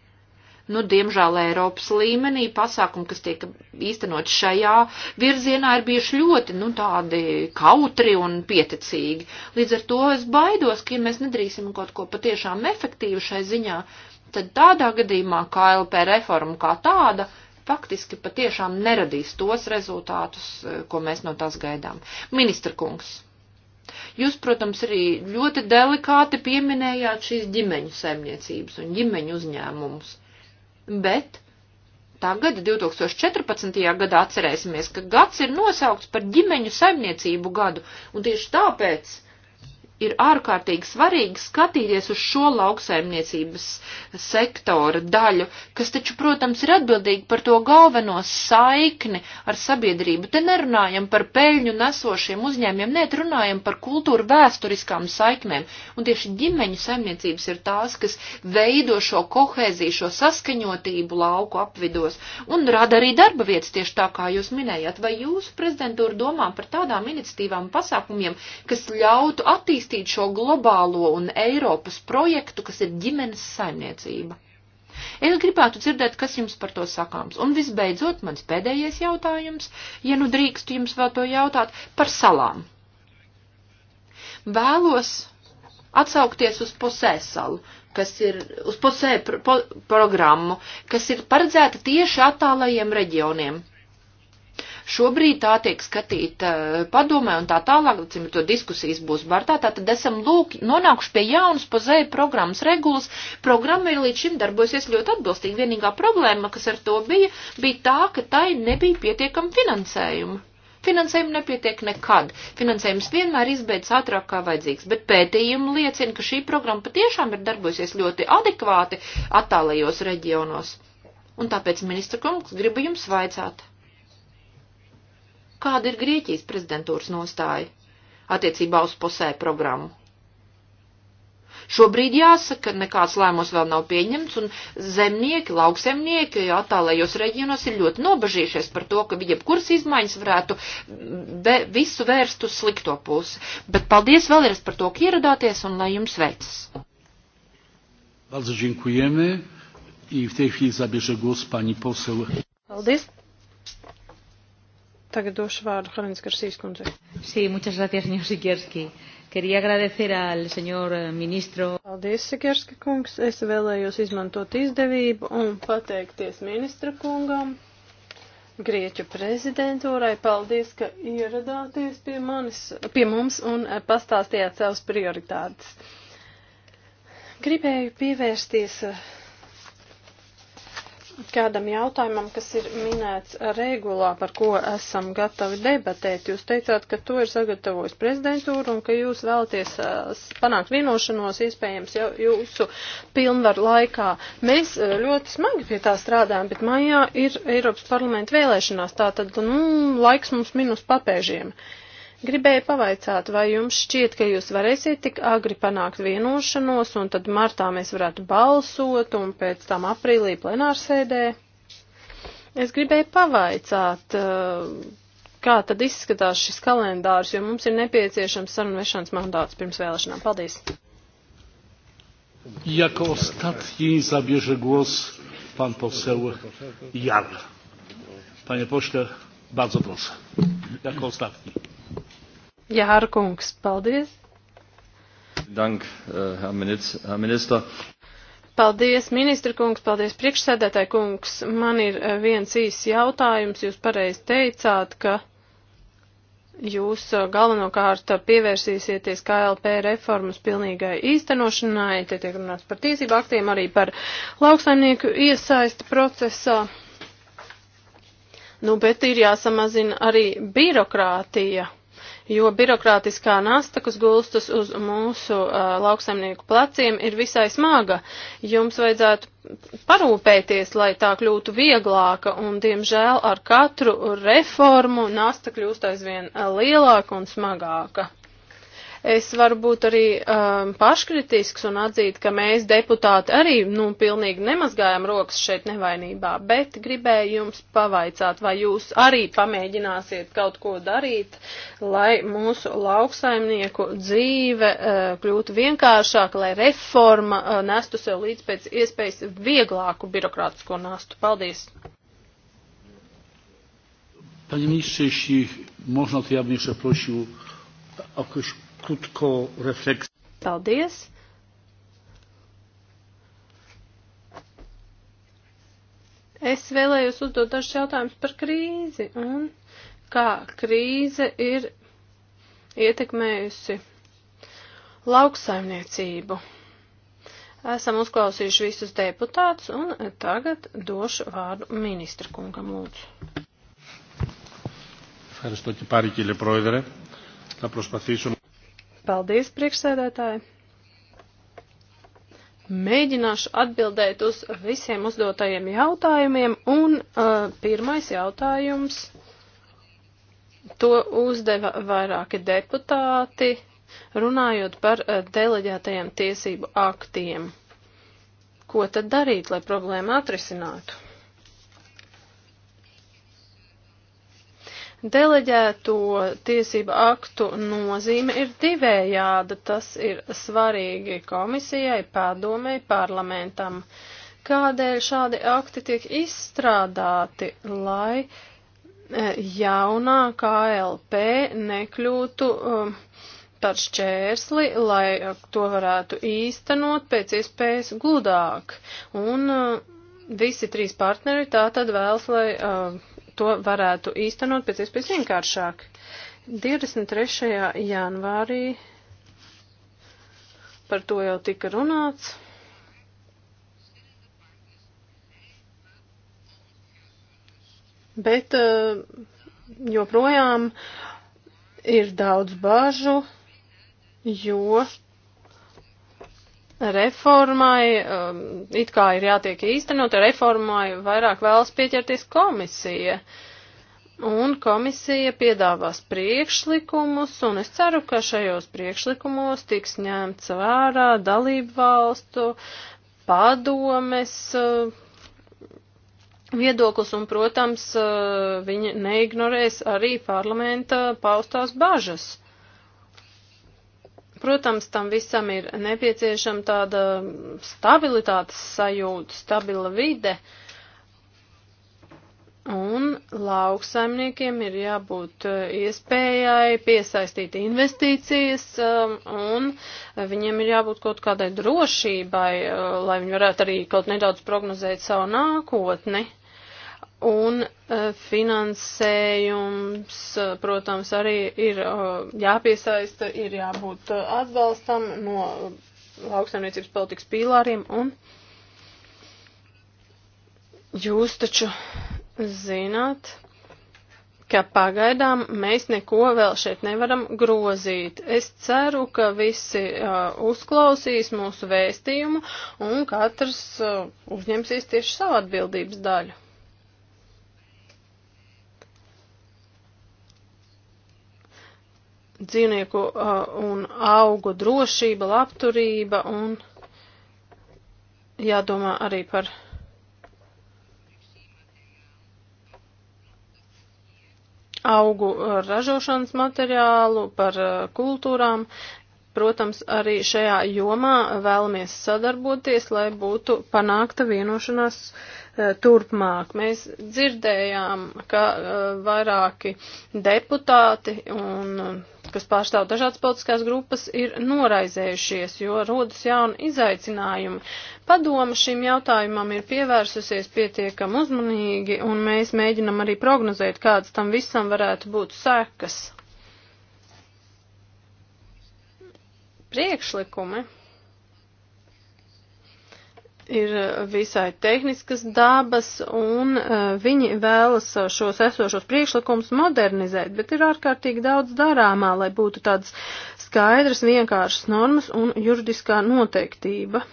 Nu, diemžēl Eiropas līmenī pasākumi, kas tiek īstenot šajā virzienā, ir bijuši ļoti, nu, tādi kautri un pieticīgi. Līdz ar to es baidos, ka, ja mēs nedrīksim kaut ko patiešām efektīvu šai ziņā, tad tādā gadījumā KLP reforma kā tāda faktiski patiešām neradīs tos rezultātus, eh, ko mēs no tās gaidām. Ministra kungs, jūs, protams, arī ļoti delikāti pieminējāt šīs ģimeņu saimniecības un ģimeņu uzņēmumus bet tagad, 2014. gadā, atcerēsimies, ka gads ir nosaukts par ģimeņu saimniecību gadu, un tieši tāpēc ir ārkārtīgi svarīgi skatīties uz šo lauksaimniecības sektora daļu, kas taču, protams, ir atbildīgi par to galveno saikni ar sabiedrību. Te nerunājam par peļņu nesošiem uzņēmiem, nē, runājam par kultūru vēsturiskām saiknēm. Un tieši ģimeņu saimniecības ir tās, kas veido šo kohēziju, šo saskaņotību lauku apvidos un rada arī darba vietas tieši tā, kā jūs minējāt. Vai jūsu prezidentūra domā par tādām iniciatīvām un pasākumiem, kas ļautu attīstīt attīstīt šo globālo un Eiropas projektu, kas ir ģimenes saimniecība. Es gribētu dzirdēt, kas jums par to sakāms. Un visbeidzot, mans pēdējais jautājums, ja nu drīkstu jums vēl to jautāt, par salām. Vēlos atsaukties uz posēsalu, kas ir uz posē pro, pro, programmu, kas ir paredzēta tieši attālajiem reģioniem. Šobrīd tā tiek skatīta eh, padomē un tā tālāk, līdz to diskusijas būs Bartā. Tātad esam lūk nonākuši pie jaunas pozēja programmas regulas. Programma ir līdz šim darbojusies ļoti atbilstīgi. Vienīgā problēma, kas ar to bija, bija tā, ka tai nebija pietiekama finansējuma. Finansējumu nepietiek nekad. Finansējums vienmēr izbeidz ātrāk kā vajadzīgs, bet pētījumi liecina, ka šī programma patiešām ir darbojusies ļoti adekvāti attālajos reģionos. Un tāpēc, ministra kungs, gribu jums vaicāt. Kāda ir Grieķijas prezidentūras nostāja attiecībā uz posē programmu? Šobrīd jāsaka, nekāds lēmums vēl nav pieņemts, un zemnieki, lauksemnieki attālējos reģionos ir ļoti nobažījušies par to, ka jebkuras izmaiņas varētu visu vērst uz slikto pusi. Bet paldies vēlreiz par to, ka ieradāties, un lai jums veicas. Bardzo dziękujemy i w tej chwili zabierze głos pani poseł. Paldies. Tagad došu vārdu Hanenes Garsīs kundzei. Sí, muchas gracias, señor Sikerski. Quería agradecer al señor eh, ministro. Paldies, Sikerski kungs. Es vēlējos izmantot izdevību un pateikties ministra kungam, Grieķu prezidentūrai. Paldies, ka ieradāties pie, manis, pie mums un eh, pastāstījāt savas prioritātes. Gribēju pievērsties uh, kādam jautājumam, kas ir minēts regulā, par ko esam gatavi debatēt. Jūs teicāt, ka to ir sagatavojis prezidentūra un ka jūs vēlaties panākt vienošanos iespējams jau jūsu pilnvaru laikā. Mēs ļoti smagi pie tā strādājam, bet maijā ir Eiropas parlamenta vēlēšanās, tātad, nu, laiks mums minus papēžiem. Uh, Gribēju pavaicāt, vai jums šķiet, ka jūs varēsiet tik agri panākt vienošanos, un tad martā mēs varētu balsot, un pēc tam aprīlī plenārsēdē? Es gribēju pavaicāt, eh, kā tad izskatās šis kalendārs, jo mums ir nepieciešams sarunvešanas mandāts pirms vēlēšanām. Paldies! Jako ostatni zabierze głos pan poseł Jar. Panie pośle, bardzo proszę. Jako ostatni. Jārkungs, paldies. Dank, eh, Herr Minister. Paldies, ministra kungs, paldies, priekšsēdētāji kungs. Man ir eh, viens īsts jautājums. Jūs pareizi teicāt, ka jūs eh, galvenokārt pievērsīsieties KLP reformas pilnīgai īstenošanai. Te tiek runāts par tiesību aktiem, arī par lauksaimnieku iesaisti procesā. Nu, bet ir jāsamazina arī birokrātija jo birokrātiskā nasta, kas gulstas uz mūsu uh, lauksaimnieku pleciem, ir visai smaga. Jums vajadzētu parūpēties, lai tā kļūtu vieglāka, un, diemžēl, ar katru reformu nasta kļūst aizvien lielāka un smagāka. Es varu būt arī um, paškritisks un atzīt, ka mēs deputāti arī, nu, pilnīgi nemazgājam rokas šeit nevainībā, bet gribēju jums pavaicāt, vai jūs arī pamēģināsiet kaut ko darīt, lai mūsu lauksaimnieku dzīve uh, kļūtu vienkāršāka, lai reforma uh, nestu sev līdz pēc iespējas vieglāku birokrātisko nastu. Paldies! Panie ministrze, jeśli można, to ja bym jeszcze prosił o jakąś krótką refleksję. Paldies! Es vēlējos uzdot dažus jautājumus par krīzi un kā krīze ir ietekmējusi lauksaimniecību. Esam uzklausījuši visus deputātus un tagad došu vārdu ministra kungam lūdzu. Ευχαριστώ και πάλι κύριε Πρόεδρε. Θα προσπαθήσω Paldies, priekšsēdētāji! Mēģināšu atbildēt uz visiem uzdotajiem jautājumiem, un uh, pirmais jautājums to uzdeva vairāki deputāti, runājot par uh, deleģētajiem tiesību aktiem. Ko tad darīt, lai problēmu atrisinātu? Deleģēto tiesību aktu nozīme ir divējāda. Tas ir svarīgi komisijai, padomēji, parlamentam. Kādēļ šādi akti tiek izstrādāti, lai eh, jaunā KLP nekļūtu um, par šķērsli, lai eh, to varētu īstenot pēc iespējas gludāk. Un eh, visi trīs partneri tā tad vēlas, lai to varētu īstenot pēc iespējas vienkāršāk. 23. janvārī par to jau tika runāts. Bet eh, joprojām ir daudz bažu, jo reformai, um, it kā ir jātiek īstenot, reformai vairāk vēlas pieķerties komisija. Un komisija piedāvās priekšlikumus, un es ceru, ka šajos priekšlikumos tiks ņemts vērā dalību valstu padomes uh, viedoklis, un, protams, uh, viņi neignorēs arī parlamenta paustās bažas. Protams, tam visam ir nepieciešama tāda stabilitātes sajūta, stabila vide. Un lauksaimniekiem ir jābūt eh, iespējai piesaistīt investīcijas, um, un viņiem ir jābūt kaut kādai drošībai, eh, lai viņi varētu arī kaut nedaudz prognozēt savu nākotni. Ne? Un eh, finansējums, eh, protams, arī ir eh, jāpiesaista, ir jābūt atbalstam no lauksaimniecības politikas pīlāriem. Un jūs taču zināt, ka pagaidām mēs neko vēl šeit nevaram grozīt. Es ceru, ka visi uh, uzklausīs mūsu vēstījumu un katrs uh, uzņemsies tieši savu atbildības daļu. dzīvnieku uh, un augu drošība, labturība un jādomā arī par augu uh, ražošanas materiālu, par uh, kultūrām. Protams, arī šajā jomā vēlamies sadarboties, lai būtu panākta vienošanās uh, Eh, turpmāk. Mēs dzirdējām, ka eh, vairāki deputāti un kas pārstāv dažādas politiskās grupas, ir noraizējušies, jo rodas jauni izaicinājumi. Padoma šim jautājumam ir pievērsusies pietiekam uzmanīgi, un mēs mēģinam arī prognozēt, kādas tam visam varētu būt sekas. Priekšlikumi ir eh, visai tehniskas dabas, un uh, viņi vēlas eh, šos esošos priekšlikumus modernizēt, bet ir ārkārtīgi daudz darāmā, lai būtu tādas skaidras, vienkāršas normas un juridiskā noteiktība.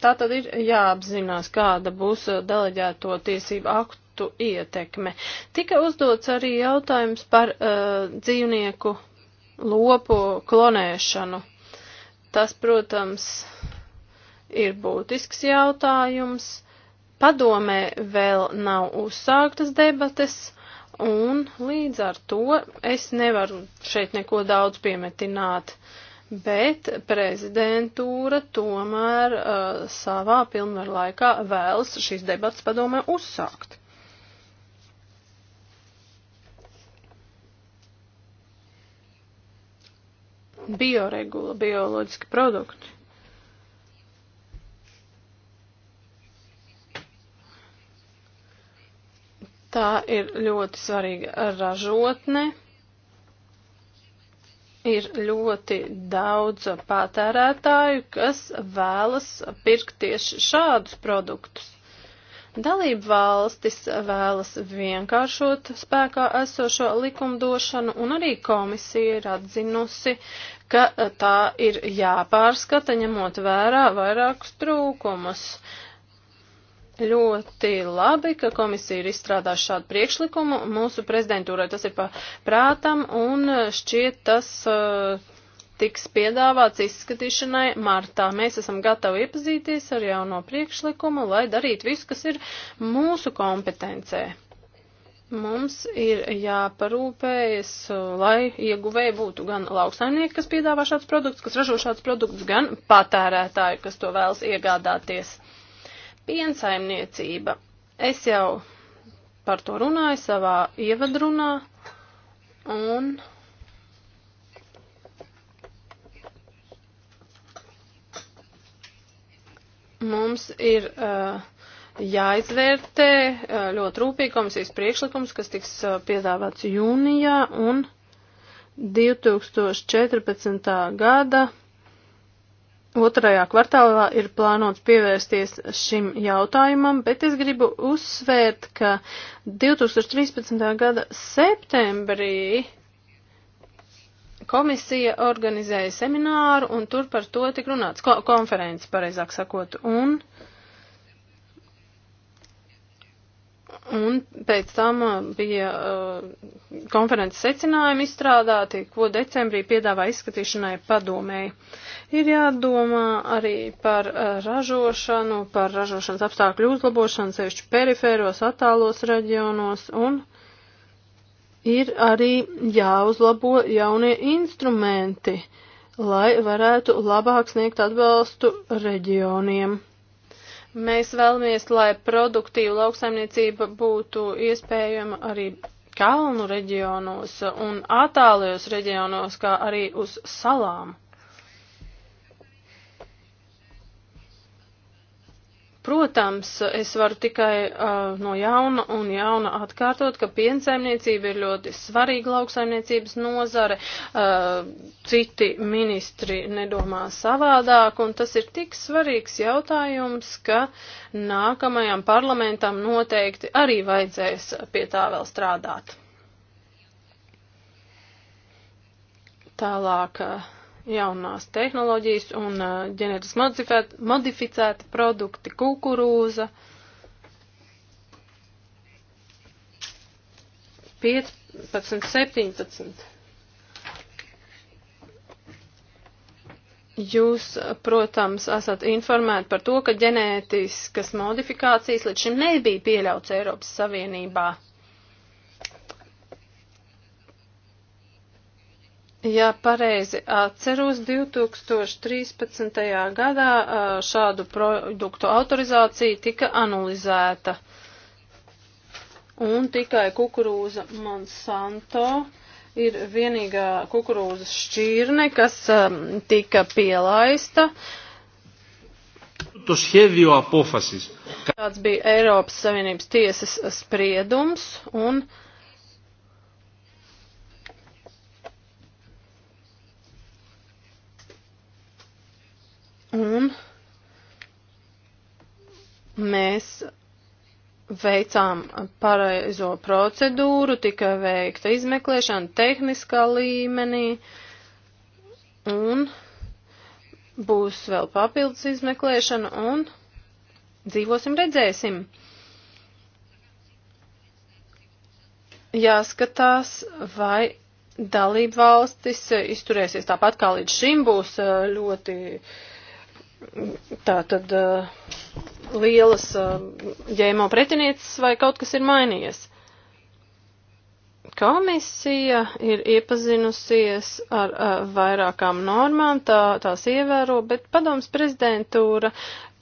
Tā tad ir jāapzinās, kāda būs deleģēto tiesību aktu produktu ietekme. Tika uzdots arī jautājums par uh, dzīvnieku lopu klonēšanu. Tas, protams, ir būtisks jautājums. Padomē vēl nav uzsāktas debates un līdz ar to es nevaru šeit neko daudz piemetināt, bet prezidentūra tomēr uh, savā pilnvaru laikā vēlas šīs debats padomē uzsākt. bioregula, bioloģiski produkti. Tā ir ļoti svarīga ražotne. Ir ļoti daudz patērētāju, kas vēlas pirkt tieši šādus produktus. Dalību valstis vēlas vienkāršot spēkā esošo likumdošanu, un arī komisija ir atzinusi, ka tā ir jāpārskata, ņemot vērā vairākus trūkumus. Ļoti labi, ka komisija ir izstrādājusi šādu priekšlikumu. Mūsu prezidentūrai tas ir pa prātam un šķiet tas uh, tiks piedāvāts izskatīšanai martā. Mēs esam gatavi iepazīties ar jauno priekšlikumu, lai darītu visu, kas ir mūsu kompetencē. Mums ir jāparūpējas, lai ieguvēji būtu gan lauksaimnieki, kas piedāvā šādus produktus, kas ražo šādus produktus, gan patērētāji, kas to vēlas iegādāties. Piensaimniecība. Es jau par to runāju savā ievadrunā, un Mums ir uh, jāizvērtē uh, ļoti rūpīgi komisijas priekšlikums, kas tiks uh, piedāvāts jūnijā un 2014. gada otrajā kvartālā ir plānots pievērsties šim jautājumam, bet es gribu uzsvērt, ka 2013. gada septembrī komisija organizēja semināru, un tur par to tik runāts, ko, konferences, pareizāk sakot, un, un pēc tam uh, bija uh, konferences secinājumi izstrādāti, ko decembrī piedāvā izskatīšanai padomēji. Ir jādomā arī par uh, ražošanu, par ražošanas apstākļu uzlabošanu, sevišķi perifēros, attālos reģionos un ir arī jāuzlabo jaunie instrumenti, lai varētu labāk sniegt atbalstu reģioniem. Mēs vēlamies, lai produktīva lauksaimniecība būtu iespējama arī kalnu reģionos un attālajos reģionos, kā arī uz salām. Protams, es varu tikai uh, no jauna un jauna atkārtot, ka piensaimniecība ir ļoti svarīga lauksaimniecības nozare, uh, citi ministri nedomā savādāk, un tas ir tik svarīgs jautājums, ka nākamajam parlamentam noteikti arī vajadzēs pie tā vēl strādāt. Tālāk. Uh, jaunās tehnoloģijas un uh, ģenētiski modificēti produkti, kukurūza. 15, 17. Jūs, protams, esat informēti par to, ka ģenētiskas modifikācijas līdz šim nebija pieļauts Eiropas Savienībā. Ja pareizi atceros, 2013. gadā šādu produktu autorizācija tika analizēta. Un tikai kukurūza Monsanto ir vienīgā kukurūzas šķirne, kas tika pielaista. To schēdīju apofasis. Tāds bija Eiropas Savienības tiesas spriedums un. Uh, Un mēs veicām pareizo procedūru, tika veikta izmeklēšana tehniskā līmenī un būs vēl papildus izmeklēšana un dzīvosim, redzēsim. Jāskatās, vai dalība valstis izturēsies tāpat kā līdz šim būs ļoti uh, tā tad uh, lielas uh, ģēmo pretinieces vai kaut kas ir mainījies. Komisija ir iepazinusies ar uh, vairākām normām, tā, tās ievēro, bet padoms prezidentūra,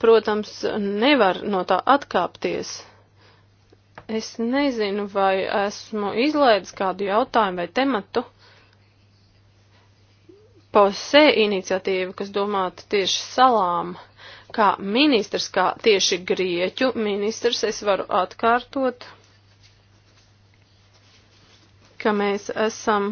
protams, nevar no tā atkāpties. Es nezinu, vai esmu izlaidis kādu jautājumu vai tematu. POSE iniciatīva, kas domāta tieši salām, kā ministrs, kā tieši Grieķu ministrs, es varu atkārtot, ka mēs esam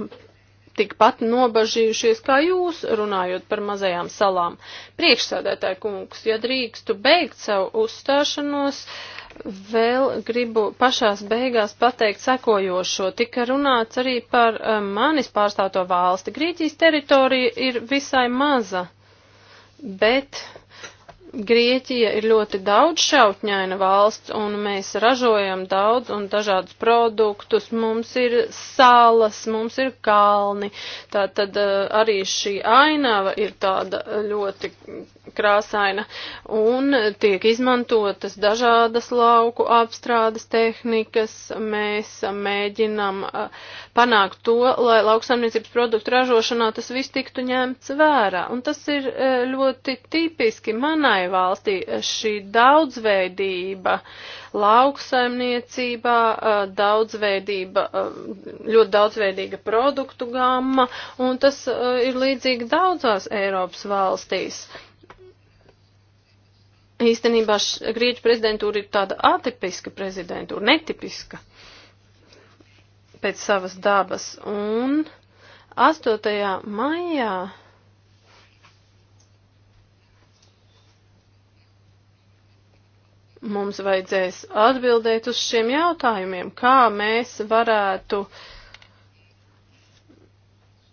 tikpat nobažījušies kā jūs, runājot par mazajām salām. Priekšsēdētāji kungs, ja drīkstu beigt savu uzstāšanos, vēl gribu pašās beigās pateikt sekojošo. Tika runāts arī par eh, manis pārstāto valsti. Grieķijas teritorija ir visai maza, bet Grieķija ir ļoti daudz šautņaina valsts, un mēs ražojam daudz un dažādus produktus. Mums ir salas, mums ir kalni. Tā tad eh, arī šī ainava ir tāda eh, ļoti krāsaina, un tiek izmantotas dažādas lauku apstrādes tehnikas. Mēs mēģinam eh, panākt to, lai lauksaimniecības produktu ražošanā tas viss tiktu ņemts vērā. Un tas ir e, ļoti tipiski manai valstī e, šī daudzveidība lauksaimniecībā, e, daudzveidība, ļoti daudzveidīga produktu gama, un tas ir līdzīgi daudzās Eiropas valstīs. Īstenībā Grieķu prezidentūra ir tāda atipiska prezidentūra, netipiska pēc savas dabas. Un 8. maijā mums vajadzēs atbildēt uz šiem jautājumiem, kā mēs varētu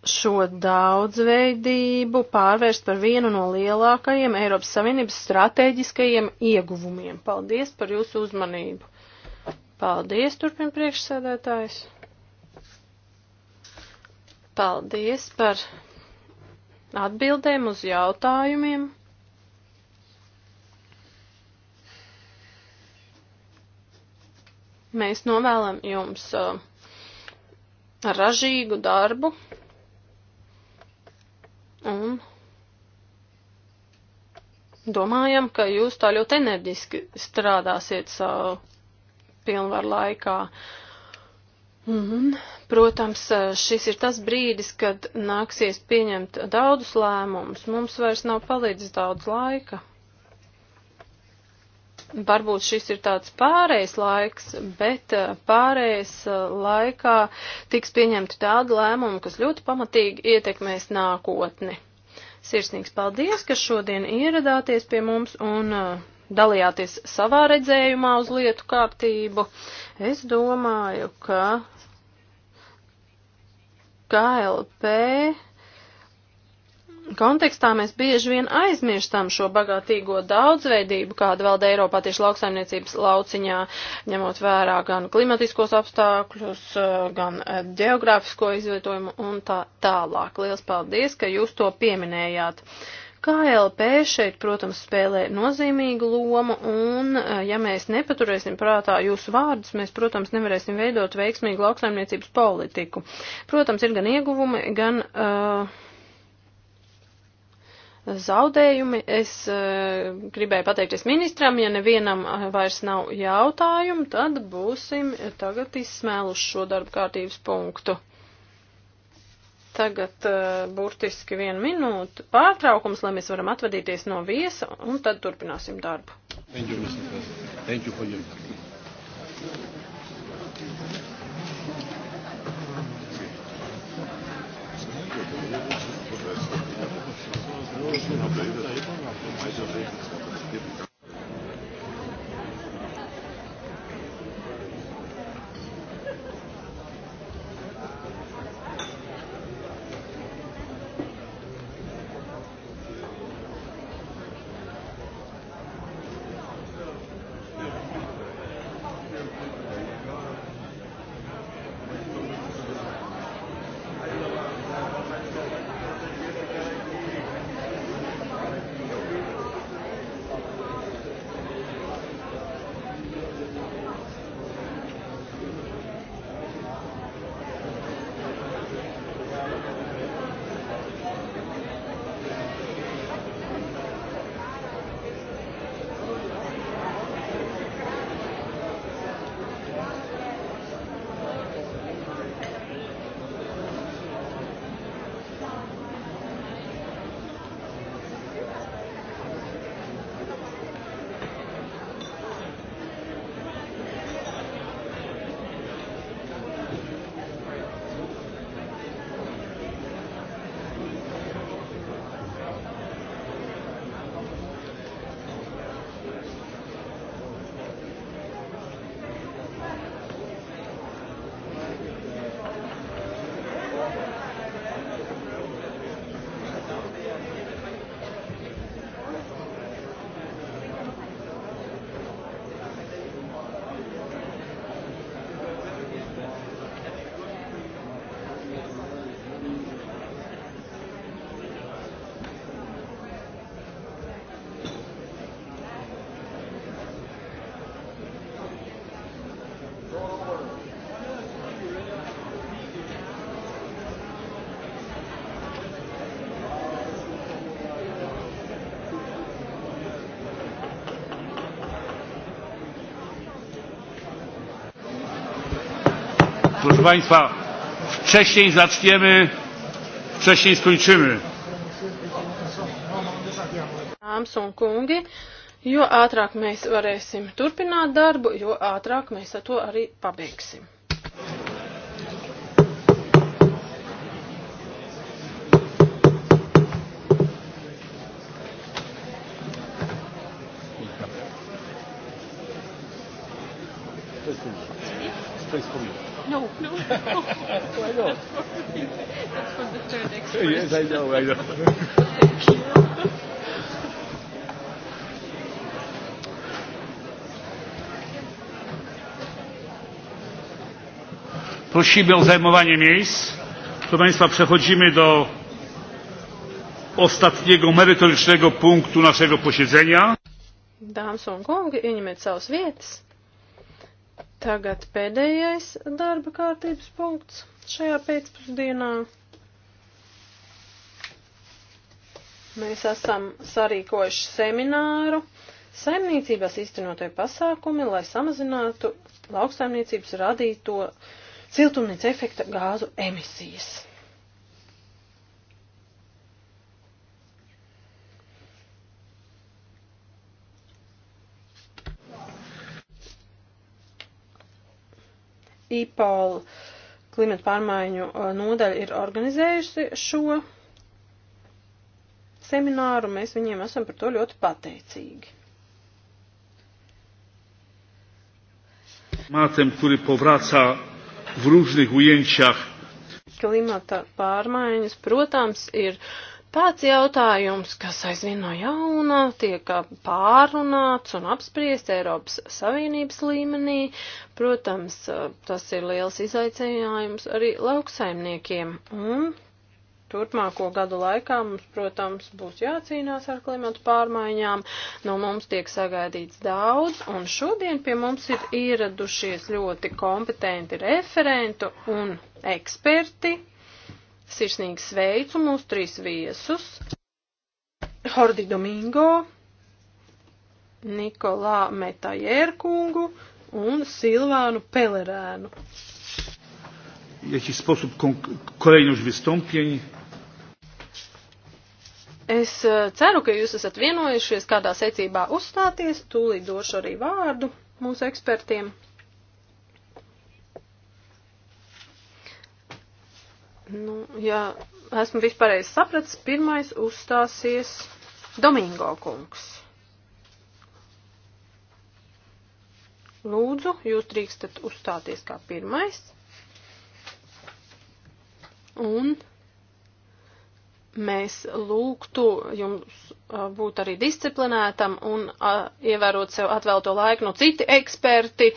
šo daudzveidību pārvērst par vienu no lielākajiem Eiropas Savienības strateģiskajiem ieguvumiem. Paldies par jūsu uzmanību. Paldies, turpina priekšsēdētājs. Paldies par atbildēm uz jautājumiem. Mēs novēlam jums uh, ražīgu darbu un domājam, ka jūs tā ļoti enerģiski strādāsiet savu pilnvaru laikā. Uh, Un, mhm. protams, šis ir tas brīdis, kad nāksies pieņemt daudzus lēmumus. Mums vairs nav palīdzis daudz laika. Varbūt šis ir tāds pārējais laiks, bet eh, pārējais eh, laikā tiks pieņemti tādi lēmumi, kas ļoti pamatīgi ietekmēs nākotni. Sirsnīgs paldies, ka šodien ieradāties pie mums un eh, dalījāties savā redzējumā uz lietu kārtību. Es domāju, ka KLP kontekstā mēs bieži vien aizmirstam šo bagātīgo daudzveidību, kāda valda Eiropā tieši lauksaimniecības lauciņā, ņemot vērā gan klimatiskos apstākļus, gan eh, geogrāfisko izvietojumu un tā tālāk. Liels paldies, ka jūs to pieminējāt. Uh, KLP šeit, protams, spēlē nozīmīgu lomu, un eh, ja mēs nepaturēsim prātā jūsu vārdus, mēs, protams, nevarēsim veidot veiksmīgu lauksaimniecības politiku. Protams, ir gan ieguvumi, gan. Uh, zaudējumi. Es uh, gribēju pateikties ministram, ja nevienam vairs nav jautājumu, tad būsim tagad izsmēluši šo darba kārtības punktu. Tagad uh, burtiski vienu minūtu pārtraukums, lai mēs varam atvadīties no viesa, un tad turpināsim darbu. Thank you, Mr. President. Thank you for your... Thank you. Proszę Państwa, wcześniej zaczniemy, wcześniej skończymy. Dāmas un kungi, jo ātrāk mēs varēsim turpināt darbu, jo ātrāk mēs ar to arī pabeigsim. to jest pomimo. No, no. Why not? That's for the third expert. Yes, I know, I know. Thank you. Prosimy o zajmowanie miejsc. Proszę Państwa, przechodzimy do ostatniego merytorycznego punktu naszego posiedzenia. Dāmas un kungi, ieņemiet savas vietas. Tagad pēdējais darba kārtības punkts šajā pēcpusdienā. Mēs esam sarīkojuši semināru saimniecībās iztenotie pasākumi, lai samazinātu lauksaimniecības radīto siltumnīca efekta gāzu emisijas. IPOL klimata pārmaiņu uh, nodaļa ir organizējusi šo semināru. Mēs viņiem esam par to ļoti pateicīgi. Matem, kuri povraca v różnych ujęciach. Klimata pārmaiņas, protams, ir uh, Tāds jautājums, kas aizvien no jauna tiek pārunāts un apspriests Eiropas Savienības līmenī, protams, tas ir liels izaicinājums arī lauksaimniekiem. Un turpmāko gadu laikā mums, protams, būs jācīnās ar klimatu pārmaiņām. No mums tiek sagaidīts daudz, un šodien pie mums ir ieradušies ļoti kompetenti referentu un eksperti Sirsnīgi sveicu mūsu trīs viesus. Hordi Domingo, Nikolā Metajērkungu un Silvānu Pelerēnu. Jakiś sposób kolejność wystąpień. Es eh, ceru, ka jūs esat vienojušies, kādā secībā uzstāties. Tūlīt došu arī vārdu mūsu ekspertiem. Nu, ja esmu vispārējais sapratis, pirmais uzstāsies Domingo kungs. Lūdzu, jūs drīkstat uzstāties kā pirmais. Un mēs lūgtu jums būt arī disciplinētam un a, ievērot sev atvēlto laiku. Nu, citi eksperti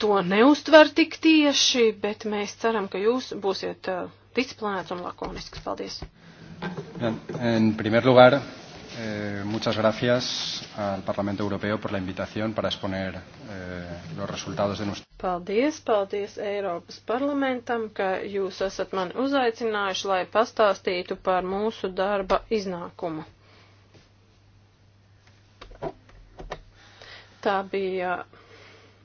to neuztver tik tieši, bet mēs ceram, ka jūs būsiet disciplinēts un lakonisks. Paldies! En primer lugar, eh, muchas gracias al Parlamento Europeo por la invitación para exponer eh, los resultados de nuestro. Paldies, paldies Eiropas parlamentam, ka jūs esat mani uzaicinājuši, lai pastāstītu par mūsu darba iznākumu. Tā bija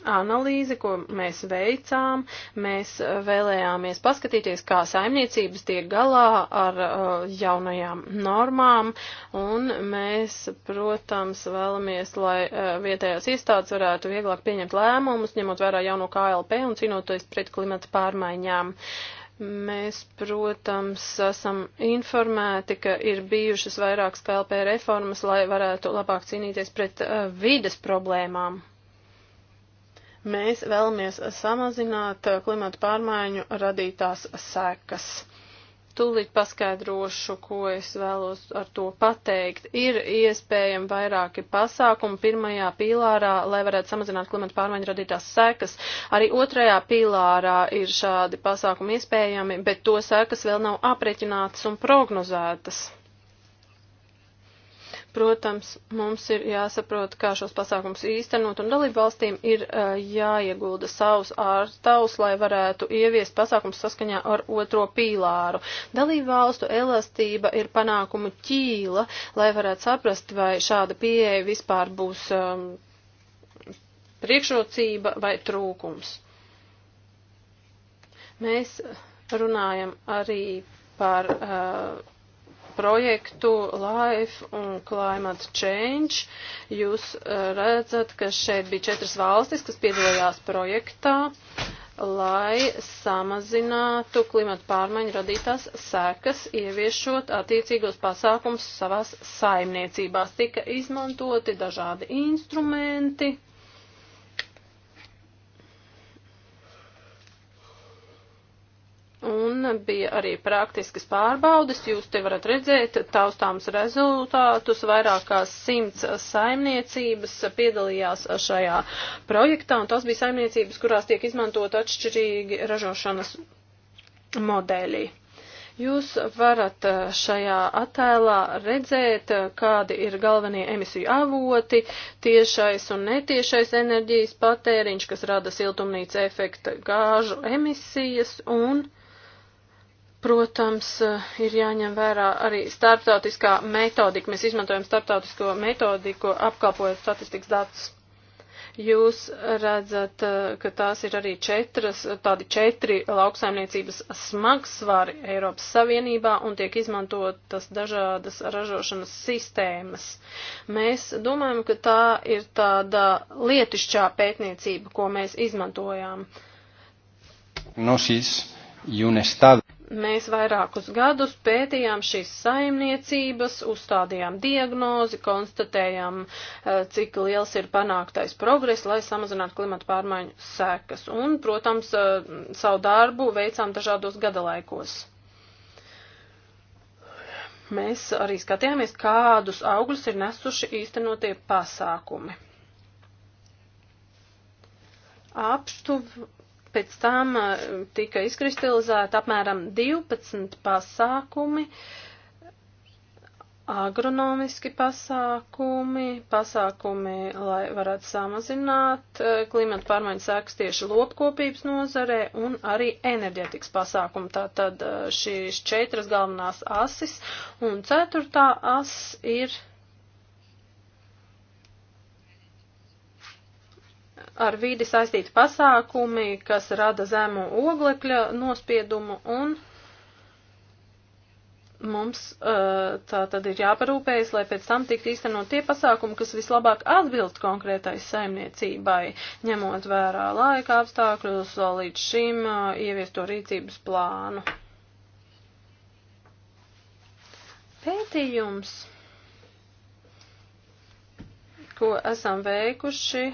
analīzi, ko mēs veicām. Mēs eh, vēlējāmies paskatīties, kā saimniecības tiek galā ar eh, jaunajām normām, un mēs, protams, vēlamies, lai eh, vietējās iestādes varētu vieglāk pieņemt lēmumus, ņemot vērā jauno KLP un cīnoties pret klimata pārmaiņām. Mēs, protams, esam informēti, ka ir bijušas vairākas KLP reformas, lai varētu labāk cīnīties pret vides problēmām mēs vēlamies samazināt klimatu pārmaiņu radītās sekas. Tūlīt paskaidrošu, ko es vēlos ar to pateikt. Ir iespējami vairāki pasākumi pirmajā pīlārā, lai varētu samazināt klimata pārmaiņu radītās sekas. Arī otrajā pīlārā ir šādi pasākumi iespējami, bet to sekas vēl nav aprēķinātas un prognozētas. Protams, mums ir jāsaprot, kā šos pasākums īstenot, un dalību valstīm ir uh, jāiegulda savus ārtaus, lai varētu ieviest pasākums saskaņā ar otro pīlāru. Dalību valstu elastība ir panākumu ķīla, lai varētu saprast, vai šāda pieeja vispār būs um, priekšrocība vai trūkums. Mēs runājam arī par. Uh, projektu Life un Climate Change. Jūs eh, redzat, ka šeit bija četras valstis, kas piedalījās projektā, lai samazinātu klimatu pārmaiņu radītās sekas, ieviešot attiecīgos pasākums savās saimniecībās. Tika izmantoti dažādi instrumenti Un bija arī praktiskas pārbaudes, jūs te varat redzēt taustāms rezultātus, vairāk kā simts saimniecības piedalījās šajā projektā, un tās bija saimniecības, kurās tiek izmantot atšķirīgi ražošanas modeļi. Jūs varat eh, šajā attēlā redzēt, eh, kādi ir galvenie emisiju avoti, tiešais un netiešais enerģijas patēriņš, kas rada siltumnīca efekta gāžu emisijas un uh, Protams, eh, ir jāņem vērā arī starptautiskā metodika. Mēs izmantojam starptautisko metodiku, apkalpojot statistikas datus. Jūs redzat, eh, ka tās ir arī četras, tādi četri lauksaimniecības smagsvari Eiropas Savienībā un tiek izmantotas dažādas ražošanas sistēmas. Mēs domājam, ka tā ir tāda lietišķā pētniecība, ko mēs izmantojām. Gnosis y un estado Mēs vairākus gadus pētījām šīs saimniecības, uzstādījām diagnozi, konstatējām, eh, cik liels ir panāktais progress, lai samazinātu klimatu pārmaiņu sekas. Un, protams, eh, savu darbu veicām dažādos gadalaikos. Mēs arī skatījāmies, kādus augļus ir nesuši īstenotie pasākumi. Apstuv, pēc tam eh, tika izkristalizēta apmēram 12 pasākumi, agronomiski pasākumi, pasākumi, lai varētu samazināt eh, klimata pārmaiņas sēkas tieši lopkopības nozarē un arī enerģetikas pasākumi. Tātad eh, šīs četras galvenās asis un ceturtā as ir ar vīdi saistīti pasākumi, kas rada zemu oglekļa nospiedumu un mums uh, tā tad ir jāparūpējas, lai pēc tam tiktu īstenot tie pasākumi, kas vislabāk atbilst konkrētai saimniecībai, ņemot vērā laika apstākļus, līdz šim uh, ieviesto rīcības plānu. Pētījums, ko esam veikuši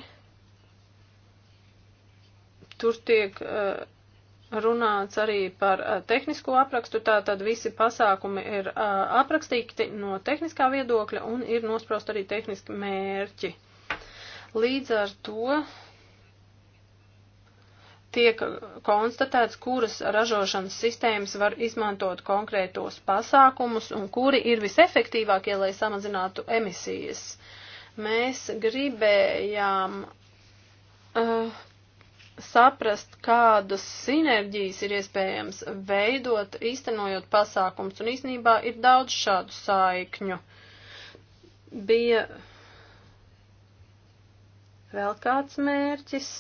Tur tiek uh, runāts arī par uh, tehnisko aprakstu, tātad visi pasākumi ir uh, aprakstīti no tehniskā viedokļa un ir nosprost arī tehniski mērķi. Līdz ar to tiek konstatēts, kuras ražošanas sistēmas var izmantot konkrētos pasākumus un kuri ir visefektīvākie, lai samazinātu emisijas. Mēs gribējām uh, saprast, kādas sinerģijas ir iespējams veidot, īstenojot pasākums, un īstenībā ir daudz šādu saikņu. Bija vēl kāds mērķis.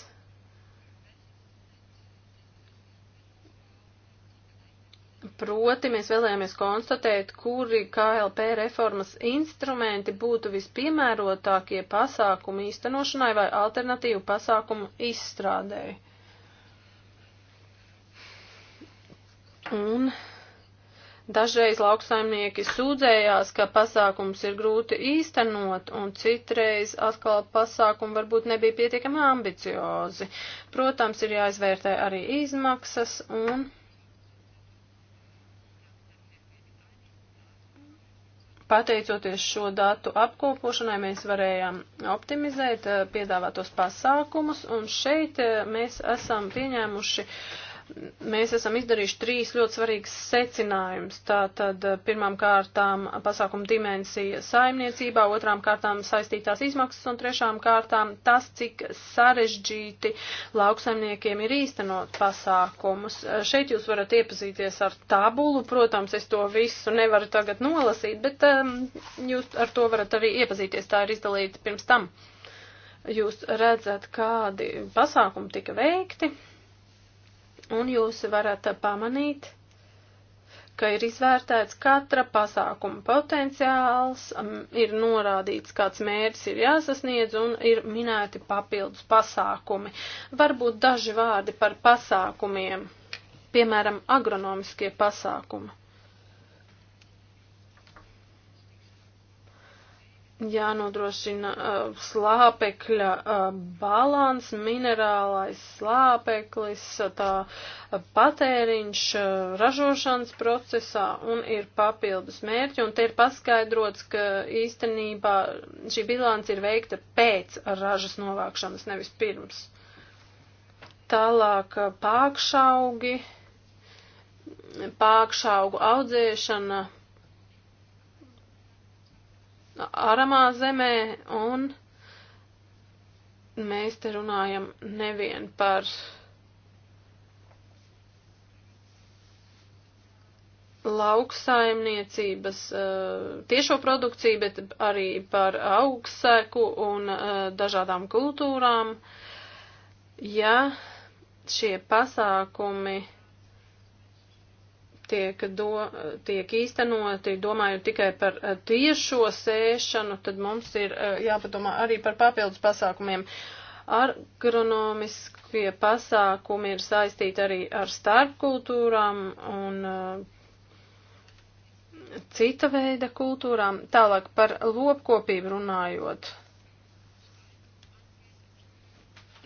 Proti mēs vēlējāmies konstatēt, kuri KLP reformas instrumenti būtu vispiemērotākie pasākumu īstenošanai vai alternatīvu pasākumu izstrādēji. Un Dažreiz lauksaimnieki sūdzējās, ka pasākums ir grūti īstenot, un citreiz atkal pasākumi varbūt nebija pietiekami ambiciozi. Protams, ir jāizvērtē arī izmaksas un Pateicoties šo datu apkopošanai, mēs varējām optimizēt eh, piedāvātos pasākumus, un šeit eh, mēs esam pieņēmuši uh, mēs esam izdarījuši trīs ļoti svarīgas secinājumus. Tātad eh, pirmām kārtām pasākuma dimensija saimniecībā, otrām kārtām saistītās izmaksas un trešām kārtām tas, cik sarežģīti lauksaimniekiem ir īstenot pasākumus. Eh, šeit jūs varat iepazīties ar tabulu, protams, es to visu nevaru tagad nolasīt, bet um, jūs ar to varat arī iepazīties, tā ir izdalīta pirms tam. Jūs redzat, kādi pasākumi tika veikti un jūs varat pamanīt, ka ir izvērtēts katra pasākuma potenciāls, ir norādīts, kāds mērķis ir jāsasniedz un ir minēti papildus pasākumi. Varbūt daži vārdi par pasākumiem, piemēram, agronomiskie pasākumi. jānodrošina uh, slāpekļa uh, balans, minerālais slāpeklis, uh, tā uh, patēriņš uh, ražošanas procesā un ir papildus mērķi. Un te ir paskaidrots, ka īstenībā šī bilance ir veikta pēc ražas novākšanas, nevis pirms. Tālāk uh, pākšaugi, pākšaugu audzēšana aramā zemē un mēs te runājam nevien par lauksaimniecības eh, tiešo produkciju, bet arī par augstsēku un eh, dažādām kultūrām. Ja šie pasākumi tiek, do, tiek īstenoti, domājot tikai par eh, tiešo sēšanu, tad mums ir eh, jāpadomā arī par papildus pasākumiem. Agronomiskie pasākumi ir saistīti arī ar starpkultūrām un eh, cita veida kultūrām. Tālāk par lopkopību runājot.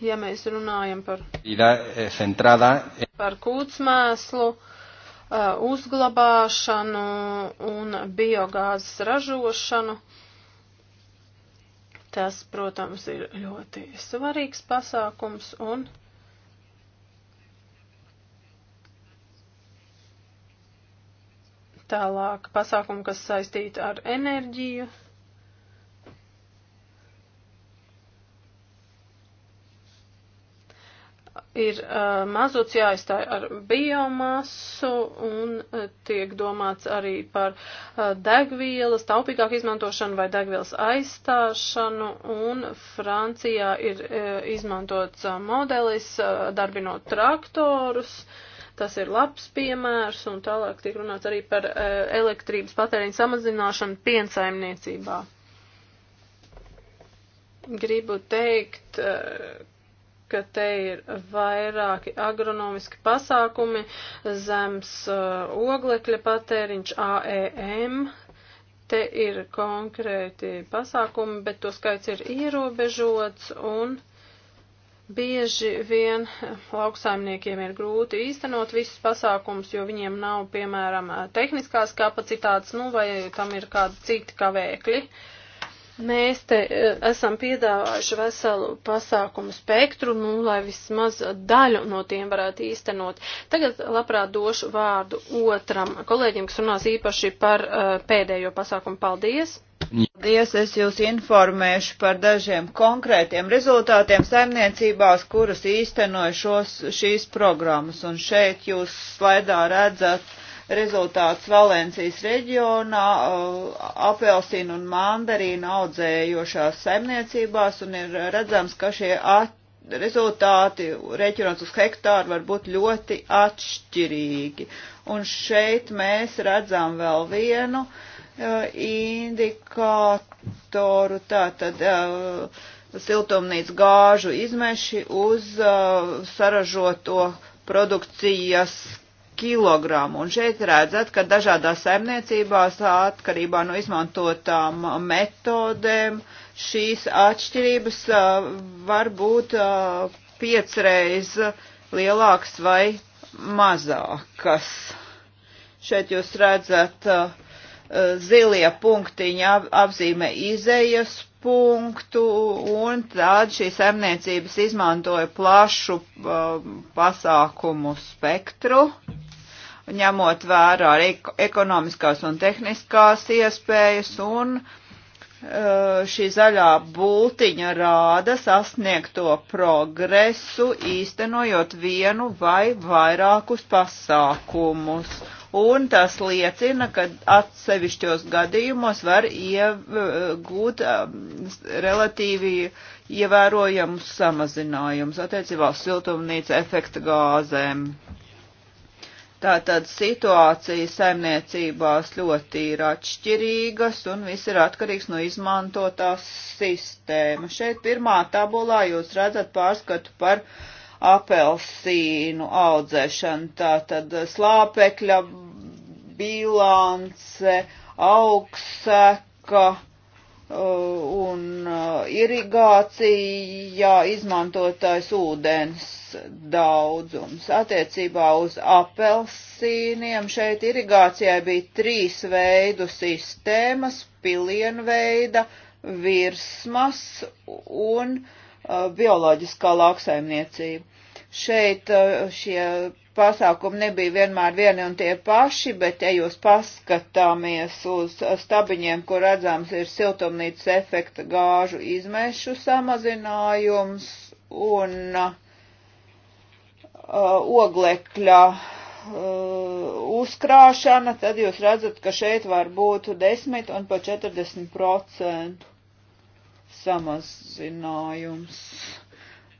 Ja mēs runājam par, centrādā, par kūtsmēslu, uh, Uh, uzglabāšanu un biogāzes ražošanu. Tas, protams, ir ļoti svarīgs pasākums un tālāk pasākumu, kas saistīta ar enerģiju. ir uh, eh, mazots jāizstāj ar biomasu un uh, tiek domāts arī par uh, degvielas taupīgāku izmantošanu vai degvielas aizstāšanu un Francijā ir uh, izmantots uh, modelis uh, darbinot traktorus. Tas ir labs piemērs un tālāk tiek runāts arī par uh, elektrības patēriņu samazināšanu piensaimniecībā gribu teikt, ka te ir vairāki agronomiski pasākumi, zems uh, oglekļa patēriņš AEM, te ir konkrēti pasākumi, bet to skaits ir ierobežots un bieži vien lauksaimniekiem ir grūti īstenot visus pasākumus, jo viņiem nav, piemēram, tehniskās kapacitātes, nu, vai tam ir kādi citi kavēkļi. Uh, Mēs te e, esam piedāvājuši veselu pasākumu spektru, nu, lai vismaz daļu no tiem varētu īstenot. Tagad labprāt došu vārdu otram kolēģim, kas runās īpaši par uh, pēdējo pasākumu. Paldies! Paldies, es jūs informēšu par dažiem konkrētiem rezultātiem saimniecībās, kuras īstenoja šos, šīs programmas. Un šeit jūs slaidā redzat rezultāts Valencijas reģionā uh, apelsīnu un mandarīnu audzējošās saimniecībās un ir redzams, ka šie rezultāti reķinot uz hektāru var būt ļoti atšķirīgi. Un šeit mēs redzam vēl vienu uh, indikātoru, tātad uh, siltumnīca gāžu izmeši uz uh, saražoto produkcijas kilogramu. Un šeit redzat, ka dažādās saimniecībās atkarībā no izmantotām metodēm šīs atšķirības var būt piecreiz lielākas vai mazākas. Šeit jūs redzat zilie punktiņi apzīmē izējas punktu, un tad šīs saimniecības izmantoja plašu pasākumu spektru. Uh, ņemot vērā arī ekonomiskās un tehniskās iespējas un eh, šī zaļā bultiņa rāda sasniegto progresu, īstenojot vienu vai vairākus pasākumus. Un tas liecina, ka atsevišķos gadījumos var iegūt eh, relatīvi ievērojamus samazinājumus attiecībā uz siltumnīca efekta gāzēm. Tātad situācija saimniecībās ļoti ir atšķirīgas un viss ir atkarīgs no izmantotās sistēmas. Šeit pirmā tabulā jūs redzat pārskatu par apelsīnu audzēšanu, tātad slāpekļa bilance, augseka uh, un uh, irigācija, izmantotais ūdens daudzums. Attiecībā uz apelsīniem šeit irigācijai bija trīs veidu sistēmas - pilienveida, virsmas un uh, bioloģiskā lauksaimniecība. Šeit uh, šie pasākumi nebija vienmēr vieni un tie paši, bet ja jūs paskatāmies uz stabiņiem, kur redzams ir siltumnīcas efekta gāžu izmešu samazinājums un uh, Uh, oglekļa uh, uzkrāšana, tad jūs redzat, ka šeit var būt 10 un pa 40% samazinājums.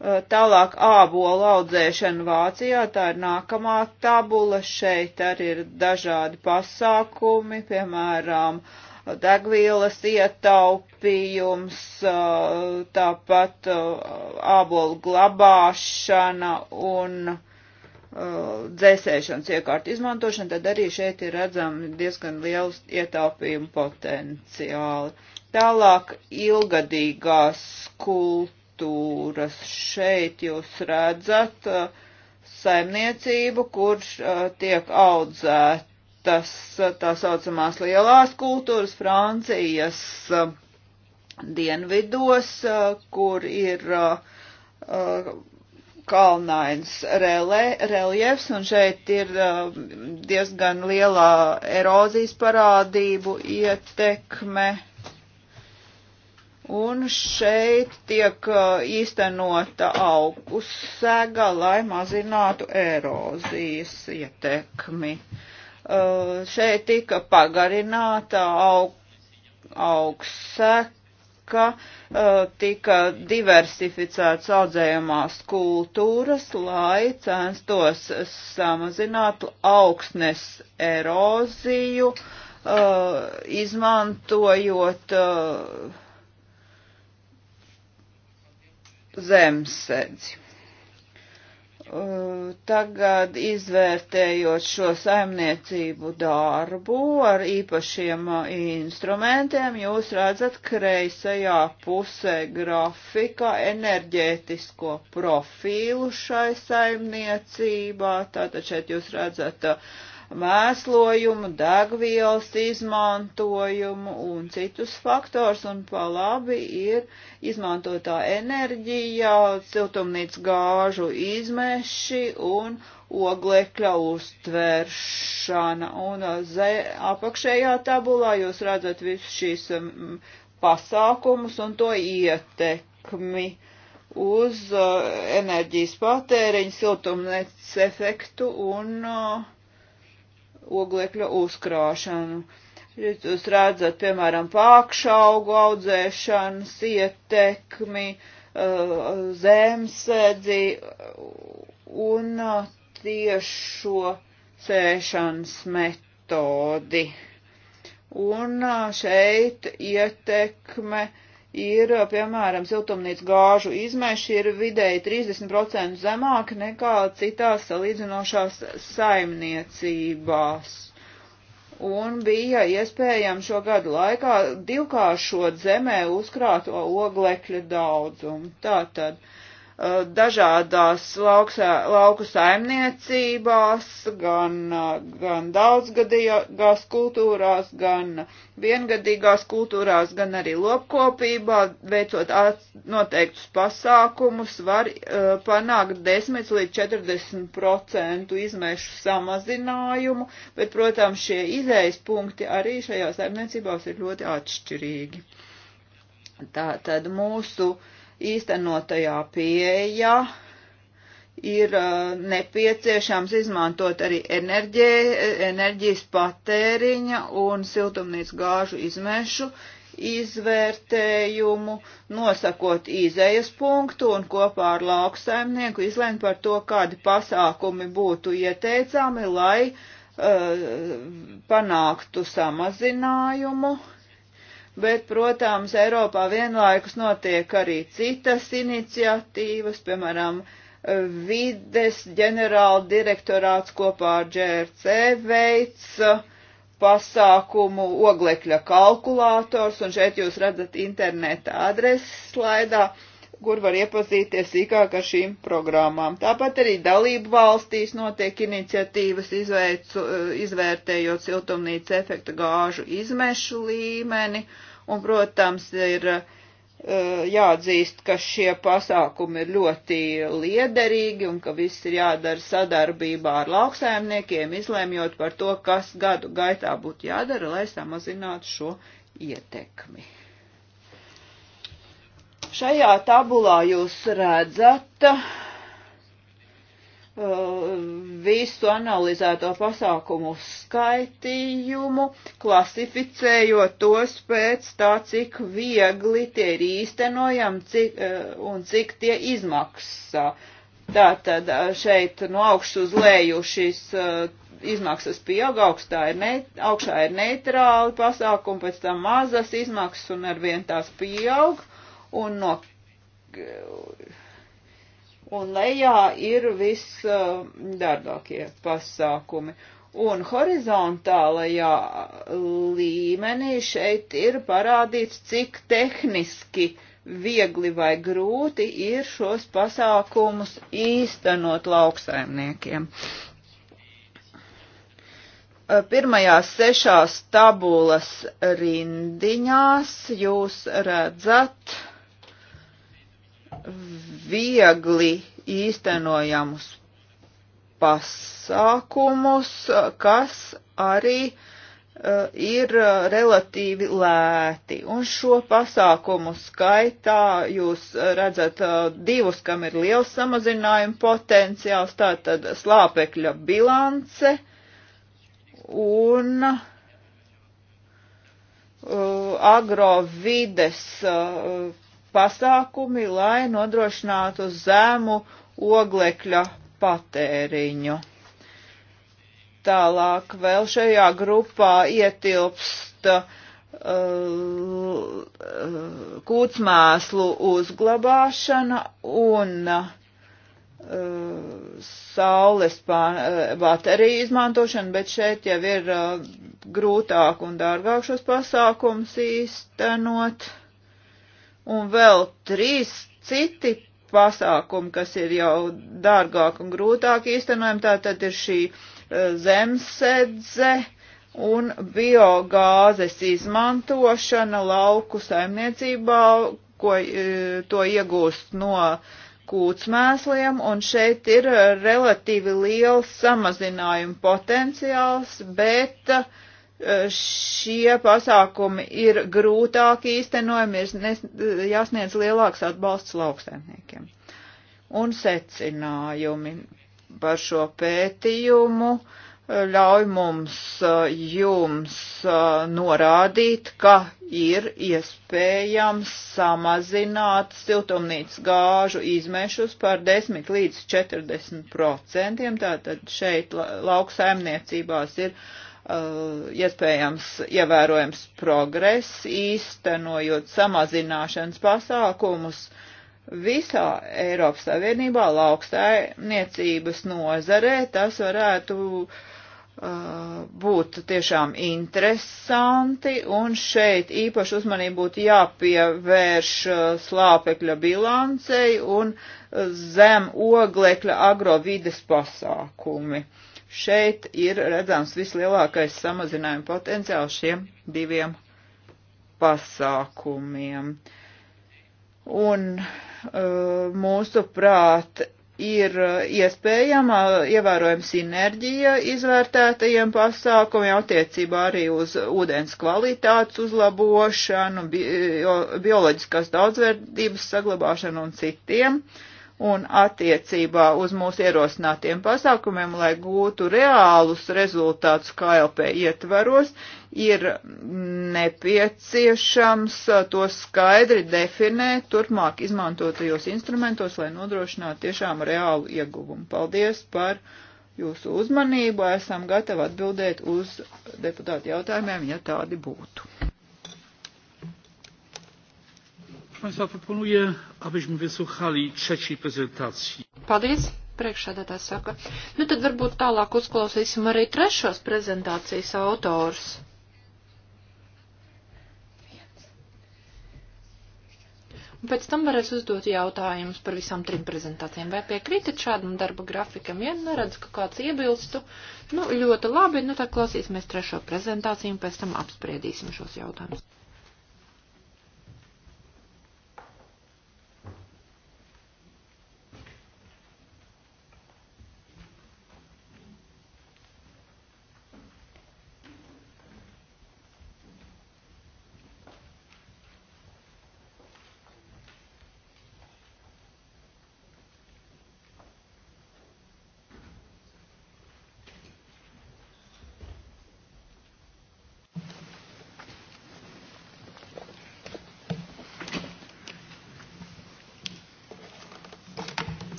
Uh, tālāk ābola audzēšana Vācijā, tā ir nākamā tabula, šeit arī ir dažādi pasākumi, piemēram, uh, degvielas ietaupījums, tāpat ābolu glabāšana un dzēsēšanas iekārtu izmantošana, tad arī šeit ir redzami diezgan liels ietaupījumu potenciāli. Tālāk ilgadīgās kultūras. Šeit jūs redzat saimniecību, kur tiek audzēt tas tā saucamās lielās kultūras Francijas uh, dienvidos, uh, kur ir uh, kalnains reljefs, un šeit ir diezgan lielā erozijas parādību ietekme. Un šeit tiek īstenota augus sega, lai mazinātu erozijas ietekmi. Ja Uh, šeit tika pagarināta aug, augseka, uh, tika diversificēts audzējumās kultūras, lai censtos samazināt augsnes eroziju, uh, izmantojot zemsedzi. Uh, tagad izvērtējot šo saimniecību darbu ar īpašiem uh, instrumentiem, jūs redzat kreisajā pusē grafikā enerģētisko profilu šai saimniecībā. Tātad šeit jūs redzat uh, mēslojumu, degvielas izmantojumu un citus faktors, un pa labi ir izmantotā enerģija, siltumnīca gāžu izmeši un oglekļa uztvēršana. Un uh, ze, apakšējā tabulā jūs redzat visus šīs um, pasākumus un to ietekmi uz uh, enerģijas patēriņu, siltumnēts efektu un uh, oglekļa uzkrāšanu. Jūs redzat, piemēram, pākšaugu audzēšanas ietekmi, uh, zemsēdzi un uh, tiešo sēšanas metodi. Un uh, šeit ietekme uh, ir, piemēram, siltumnīca gāžu izmeši ir vidēji 30% zemāk nekā citās salīdzinošās saimniecībās. Un bija iespējams šo gadu laikā divkāršot zemē uzkrāto oglekļa daudzumu. Tātad Eh, dažādās lauksā, lauku saimniecībās, gan, eh, gan daudzgadīgās kultūrās, gan viengadīgās kultūrās, gan arī lopkopībā, veicot noteiktus pasākumus, var uh, panākt 10 līdz 40% izmešu samazinājumu, bet, protams, šie izējas punkti arī šajās saimniecībās ir ļoti atšķirīgi. Tā tad mūsu uh, īstenotajā pieejā ir uh, nepieciešams izmantot arī enerģē, enerģijas patēriņa un siltumnīcas gāžu izmešu izvērtējumu, nosakot izējas punktu un kopā ar lauksaimnieku izlēmt par to, kādi pasākumi būtu ieteicami, lai uh, panāktu samazinājumu uh, bet, protams, Eiropā vienlaikus notiek arī citas iniciatīvas, piemēram, vides ģenerāla direktorāts kopā ar GRC veids uh, pasākumu oglekļa kalkulators, un šeit jūs redzat interneta adreses slaidā, kur var iepazīties sīkāk ar šīm programmām. Tāpat arī dalību valstīs notiek iniciatīvas izveicu, uh, izvērtējot siltumnīca efekta gāžu izmešu līmeni, uh, Un, protams, ir eh, jāatzīst, ka šie pasākumi ir ļoti liederīgi un ka viss ir jādara sadarbībā ar lauksaimniekiem, izlēmjot par to, kas gadu gaitā būtu jādara, lai samazinātu šo ietekmi. Šajā tabulā jūs redzat, Uh, visu analizēto pasākumu skaitījumu, klasificējot tos pēc tā, cik viegli tie ir īstenojami cik, uh, un cik tie izmaksā. Tātad uh, šeit no augšas uz leju šis izmaksas pieaug, augstā ir ne, augšā ir neitrāli pasākumi, pēc tam mazas izmaksas un arvien tās pieaug. Un no un lejā ir visdārdākie pasākumi. Un horizontālajā līmenī šeit ir parādīts, cik tehniski viegli vai grūti ir šos pasākumus īstenot lauksaimniekiem. Pirmajās sešās tabulas rindiņās jūs redzat viegli īstenojamus pasākumus, kas arī uh, ir relatīvi lēti. Un šo pasākumu skaitā jūs redzat uh, divus, kam ir liels samazinājuma potenciāls, tātad slāpekļa bilance un uh, agrovides uh, pasākumi, lai nodrošinātu zemu oglekļa patēriņu. Tālāk vēl šajā grupā ietilpst uh, uh kūtsmēslu uzglabāšana un uh, saules uh, bateriju izmantošana, bet šeit jau ir uh, grūtāk un dārgāk šos pasākums īstenot. Uh, un vēl trīs citi pasākumi, kas ir jau dārgāk un grūtāk īstenojami, tā tad ir šī e, zemsedze un biogāzes izmantošana lauku saimniecībā, ko e, to iegūst no kūtsmēsliem, un šeit ir relatīvi liels samazinājuma potenciāls, bet uh, šie pasākumi ir grūtāk īstenojami, ir jāsniedz lielāks atbalsts lauksaimniekiem. Un secinājumi par šo pētījumu ļauj mums uh, jums uh, norādīt, ka ir iespējams samazināt siltumnīcas gāžu izmešus par 10 līdz 40 procentiem. Tātad šeit lauksaimniecībās ir uh, Uh, iespējams ievērojams progress, īstenojot samazināšanas pasākumus visā Eiropas Savienībā lauksaimniecības nozarē. Tas varētu uh, būt tiešām interesanti, un šeit īpaši uzmanību būtu jāpievērš uh, slāpekļa bilancei un uh, zem oglekļa agrovides pasākumi. Uh, Šeit ir redzams vislielākais samazinājuma potenciāls šiem diviem pasākumiem. Un uh, mūsu prāt ir iespējama ievērojama sinerģija izvērtētajiem pasākumiem attiecībā arī uz ūdens kvalitātes uzlabošanu, bi bioloģiskās daudzverdības saglabāšanu un citiem. Uh, un attiecībā uz mūsu ierosinātiem pasākumiem, lai gūtu reālus rezultātus KLP ietvaros, ir nepieciešams to skaidri definēt turpmāk izmantotajos instrumentos, lai nodrošinātu tiešām reālu ieguvumu. Paldies par jūsu uzmanību, esam gatavi atbildēt uz deputātu jautājumiem, ja tādi būtu. Paldies! Priekšsēdētājs saka. Nu tad varbūt tālāk uzklausīsim arī trešos prezentācijas autors. Un pēc tam varēs uzdot jautājumus par visām trim prezentācijām. Vai piekrītat šādam darba grafikam? Ja neredz, ka kāds iebilstu, nu ļoti labi, nu tad klausīsimies trešo prezentāciju un pēc tam apspriedīsim šos jautājumus.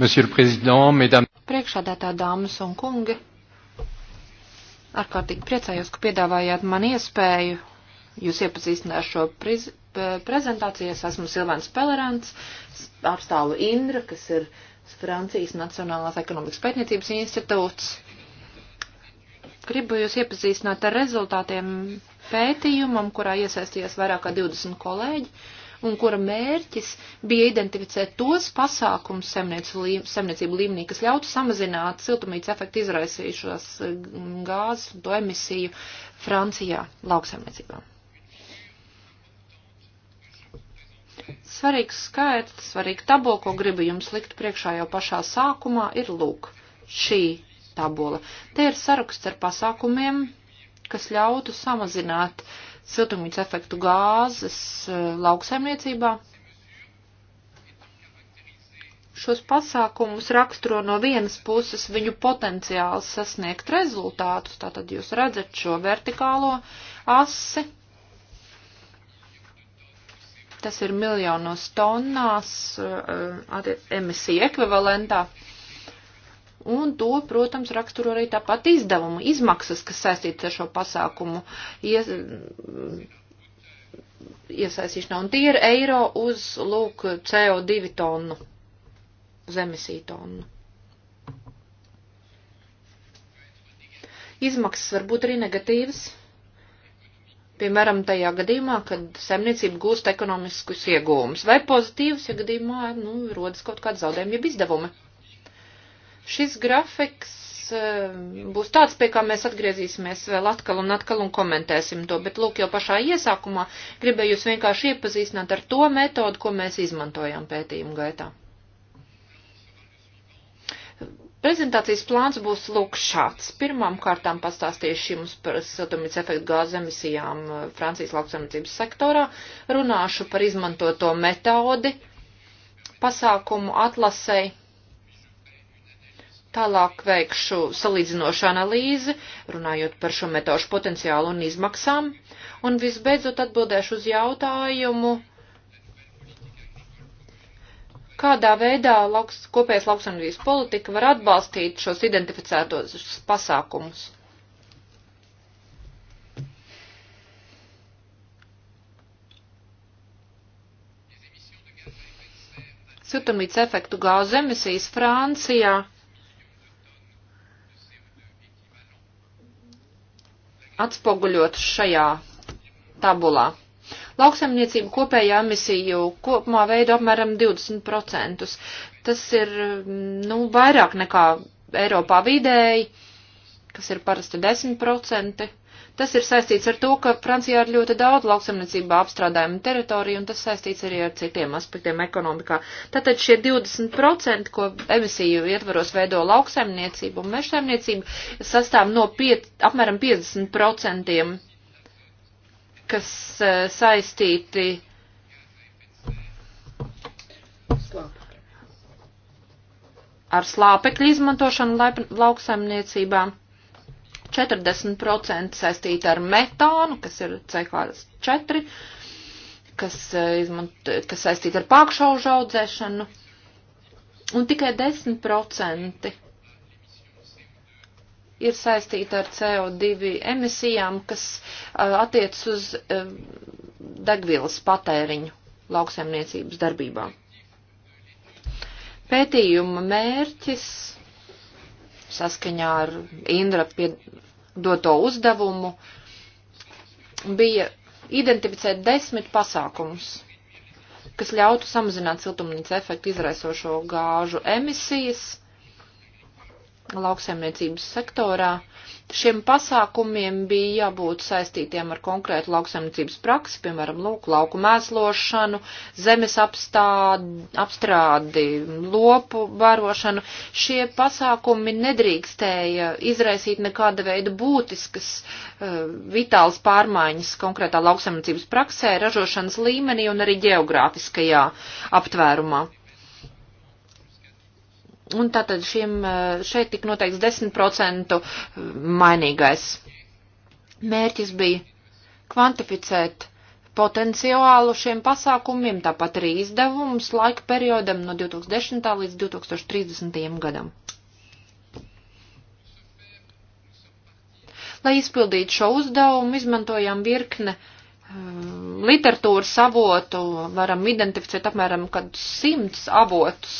Monsieur le Président, mesdames. Priekšādātā dāmas un kungi, ārkārtīgi priecājos, ka piedāvājāt man iespēju jūs iepazīstināt ar šo priz, prezentāciju. Es esmu Silvāns Pelerants, apstālu Indra, kas ir Francijas Nacionālās ekonomikas pētniecības institūts. Gribu jūs iepazīstināt ar rezultātiem pētījumam, kurā iesaistījās vairāk kā 20 kolēģi un kura mērķis bija identificēt tos pasākums saimniecību līmenī, kas ļautu samazināt siltumītas efektu izraisījušās eh, gāzes un to emisiju Francijā lauksaimniecībā. Svarīgs skaits, svarīga tabula, ko gribu jums likt priekšā jau pašā sākumā, ir lūk šī tabula. Te ir saraksts ar pasākumiem, kas ļautu samazināt uh, siltumnīca efektu gāzes e, lauksaimniecībā. Šos pasākumus raksturo no vienas puses viņu potenciāls sasniegt rezultātus, tātad jūs redzat šo vertikālo asi. Tas ir miljonos tonnās e, e, emisiju ekvivalentā. Uh, Un to, protams, raksturo arī tāpat izdevumu, izmaksas, kas saistītas ar šo pasākumu ies, iesaistīšanā. Un tie ir eiro uz, lūk, CO2 tonu, uz emisiju tonu. Izmaksas var būt arī negatīvas. Piemēram, tajā gadījumā, kad saimniecība gūst ekonomiskus iegūmus, vai pozitīvus, ja gadījumā, nu, rodas kaut kāda zaudējuma jeb izdevumi. Šis grafiks eh, būs tāds, pie kā mēs atgriezīsimies vēl atkal un atkal un komentēsim to, bet lūk jau pašā iesākumā gribēju jūs vienkārši iepazīstināt ar to metodu, ko mēs izmantojām pētījumu gaitā. Prezentācijas plāns būs lūk šāds. Pirmām kārtām pastāstīšu jums par satumīts efektu gāzes emisijām eh, Francijas lauksaimniecības sektorā. Runāšu par izmantoto metodi pasākumu atlasei Tālāk veikšu salīdzinošu analīzi, runājot par šo metožu potenciālu un izmaksām, un visbeidzot atbildēšu uz jautājumu, kādā veidā lauks, kopējas lauksanvijas politika var atbalstīt šos identificētos pasākumus. Siltumnīca efektu gāzu emisijas Francijā atspoguļot šajā tabulā. Lauksaimniecība kopējā emisiju kopumā veido apmēram 20%. Tas ir, nu, vairāk nekā Eiropā vidēji, kas ir parasti 10%. Tas ir saistīts ar to, ka Francijā ir ļoti daudz lauksamniecībā apstrādājumu teritoriju, un tas saistīts arī ar citiem aspektiem ekonomikā. Tātad šie 20%, ko emisiju ietvaros veido lauksaimniecību un mežsaimniecību, sastāv no piet, apmēram 50%, kas uh, saistīti. ar slāpekļu izmantošanu lauksaimniecībā. 40% saistīta ar metānu, kas ir C4, kas, eh, izmant, kas saistīta ar pākšaužu audzēšanu, un tikai 10% ir saistīta ar CO2 emisijām, kas eh, attiec uz eh, degvielas patēriņu lauksaimniecības darbībā. Pētījuma mērķis saskaņā ar Indra doto uzdevumu bija identificēt desmit pasākumus, kas ļautu samazināt siltumnīca efektu izraisošo gāžu emisijas lauksaimniecības sektorā. Šiem pasākumiem bija jābūt saistītiem ar konkrētu lauksaimniecības praksi, piemēram, lūk, lauku mēslošanu, zemes apstādi, apstrādi, lopu vērošanu. Šie pasākumi nedrīkstēja izraisīt nekāda veida būtiskas, eh, vitāls pārmaiņas konkrētā lauksaimniecības praksē, ražošanas līmenī un arī geogrāfiskajā aptvērumā. Un tātad šiem, eh, šeit tik noteikts 10% eh, mainīgais. Mērķis bija kvantificēt potenciālu šiem pasākumiem, tāpat arī izdevumus laika periodam no 2010. līdz 2030. gadam. Lai izpildītu šo uzdevumu, izmantojām virkne eh, literatūras avotu, varam identificēt apmēram kādus simts avotus,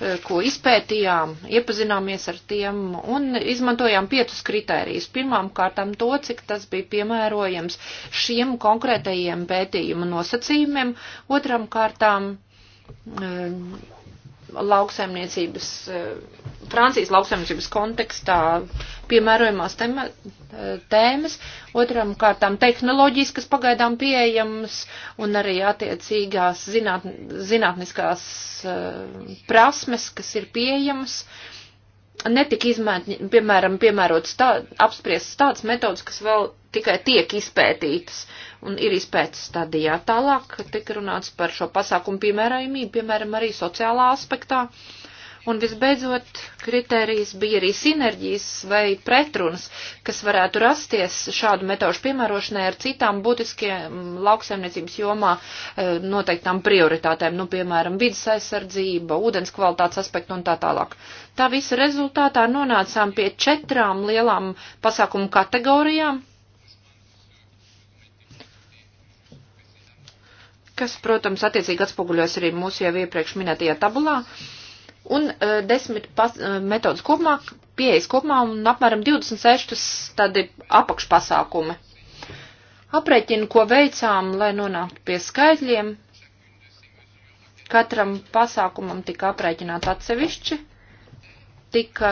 Eh, ko izpētījām, iepazināmies ar tiem un izmantojām piecus kritērijus. Pirmām kārtām to, cik tas bija piemērojams šiem konkrētajiem pētījumu nosacījumiem, otram kārtām eh, lauksaimniecības, eh, Francijas lauksaimniecības kontekstā piemērojumās tema, eh, tēmas, otram kārtām tehnoloģijas, kas pagaidām pieejamas, un arī attiecīgās zināt, zinātniskās eh, prasmes, kas ir pieejamas. Netika izmēt, piemēram, piemērots tā, apspriestas tādas metodas, kas vēl tikai tiek izpētītas. Uh, un ir izpētes stadijā. Tālāk tika runāts par šo pasākumu piemērojumību, piemēram, arī sociālā aspektā. Un visbeidzot, kritērijas bija arī sinerģijas vai pretrunas, kas varētu rasties šādu metožu piemērošanai ar citām būtiskiem lauksaimniecības jomā eh, noteiktām prioritātēm, nu, piemēram, vidas aizsardzība, ūdens kvalitātes aspektu un tā tālāk. Tā visa rezultātā nonācām pie četrām lielām pasākumu kategorijām, kas, protams, attiecīgi atspoguļojas arī mūsu jau iepriekš minētajā tabulā. Un uh, desmit pas, uh, metodas kopumā, pieejas kopumā un apmēram 26 tādi apakšpasākumi. Aprēķinu, ko veicām, lai nonāktu pie skaitļiem, katram pasākumam tika aprēķināta atsevišķi, tika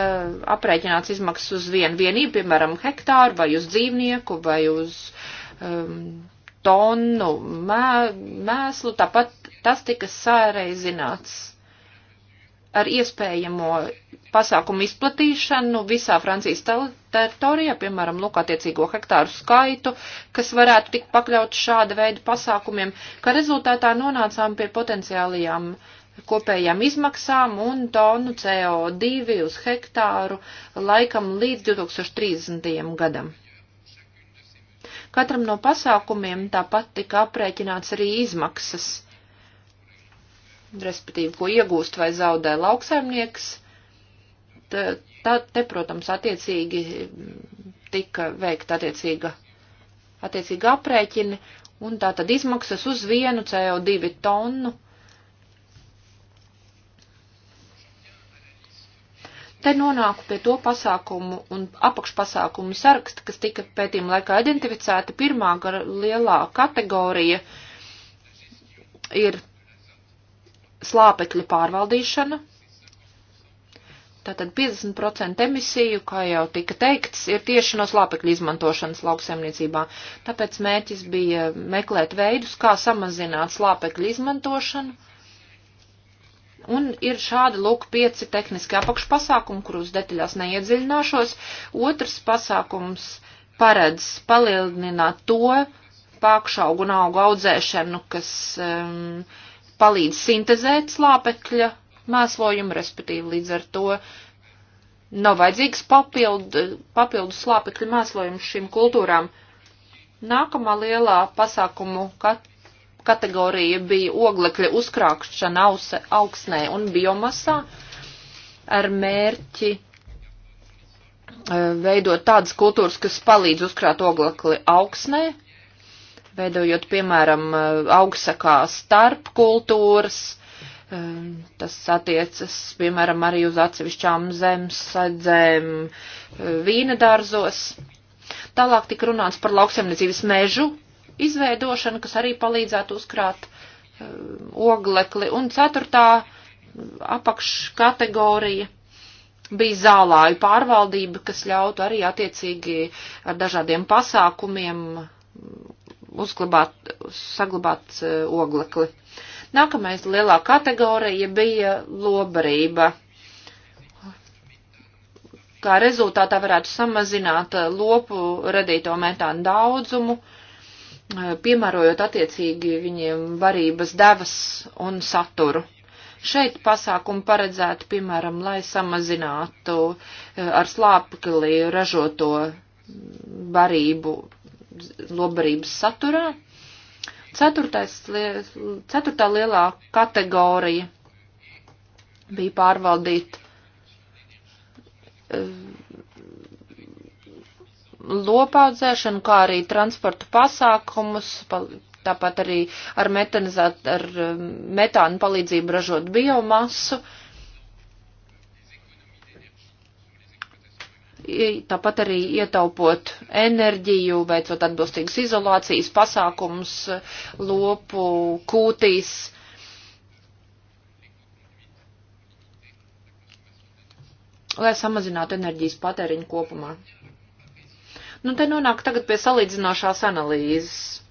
aprēķināts izmaksas uz vienu vienību, piemēram, hektāru vai uz dzīvnieku vai uz um, tonu mē, mēslu, tāpat tas tika sāreizināts ar iespējamo pasākumu izplatīšanu visā Francijas teritorijā, piemēram, lūk, attiecīgo hektāru skaitu, kas varētu tikt pakļaut šāda veida pasākumiem, ka rezultātā nonācām pie potenciālajām kopējām izmaksām un tonu CO2 uz hektāru laikam līdz 2030. gadam. Katram no pasākumiem tāpat tika aprēķināts arī izmaksas, respektīvi, ko iegūst vai zaudē lauksaimnieks. Tad, te, protams, attiecīgi tika veikta attiecīga, attiecīga aprēķina, un tā tad izmaksas uz vienu CO2 tonu Te nonāku pie to pasākumu un apakšpasākumu saraksta, kas tika pētījuma laikā identificēta. Pirmā lielā kategorija ir slāpekļa pārvaldīšana. Tātad 50% emisiju, kā jau tika teikts, ir tieši no slāpekļa izmantošanas lauksaimniecībā. Tāpēc mērķis bija meklēt veidus, kā samazināt slāpekļa izmantošanu Un ir šādi, lūk, pieci tehniski apakšpasākumi, kurus detaļās neiedziļināšos. Otrs pasākums paredz palielināt to pākšaugu un augu audzēšanu, kas um, palīdz sintezēt slāpekļa mēslojumu, respektīvi līdz ar to nav vajadzīgs papildu, papildu slāpekļa mēslojums šīm kultūrām. Nākamā lielā pasākumu kat kategorija bija oglekļa uzkrākšana ause, augsnē un biomasā ar mērķi e, veidot tādas kultūras, kas palīdz uzkrāt oglekli augsnē, veidojot, piemēram, e, augsakā starp kultūras, e, tas attiecas, piemēram, arī uz atsevišķām zemes sadzēm vīna dārzos. Tālāk tika runāts par lauksaimniecības mežu izveidošana, kas arī palīdzētu uzkrāt uh, oglekli. Un ceturtā um, apakškategorija bija zālāju pārvaldība, kas ļautu arī attiecīgi ar dažādiem pasākumiem um, uzglabāt, saglabāt uh, oglekli. Nākamais lielā kategorija bija lobarība. Kā rezultātā varētu samazināt uh, lopu radīto metānu daudzumu Eh, piemērojot attiecīgi viņiem varības devas un saturu. Šeit pasākumu paredzētu, piemēram, lai samazinātu eh, ar slāpekli ražoto barību, lobarības saturā. Ceturtais, ceturtā lielā kategorija bija pārvaldīt eh, lopaudzēšanu, kā arī transportu pasākumus, tāpat arī ar, ar um, metānu palīdzību ražot biomasu. Tāpat arī ietaupot enerģiju, veicot atbilstīgas izolācijas pasākumus, lopu, kūtīs. lai samazinātu enerģijas patēriņu kopumā. Nu, te nonāk tagad pie salīdzinošās analīzes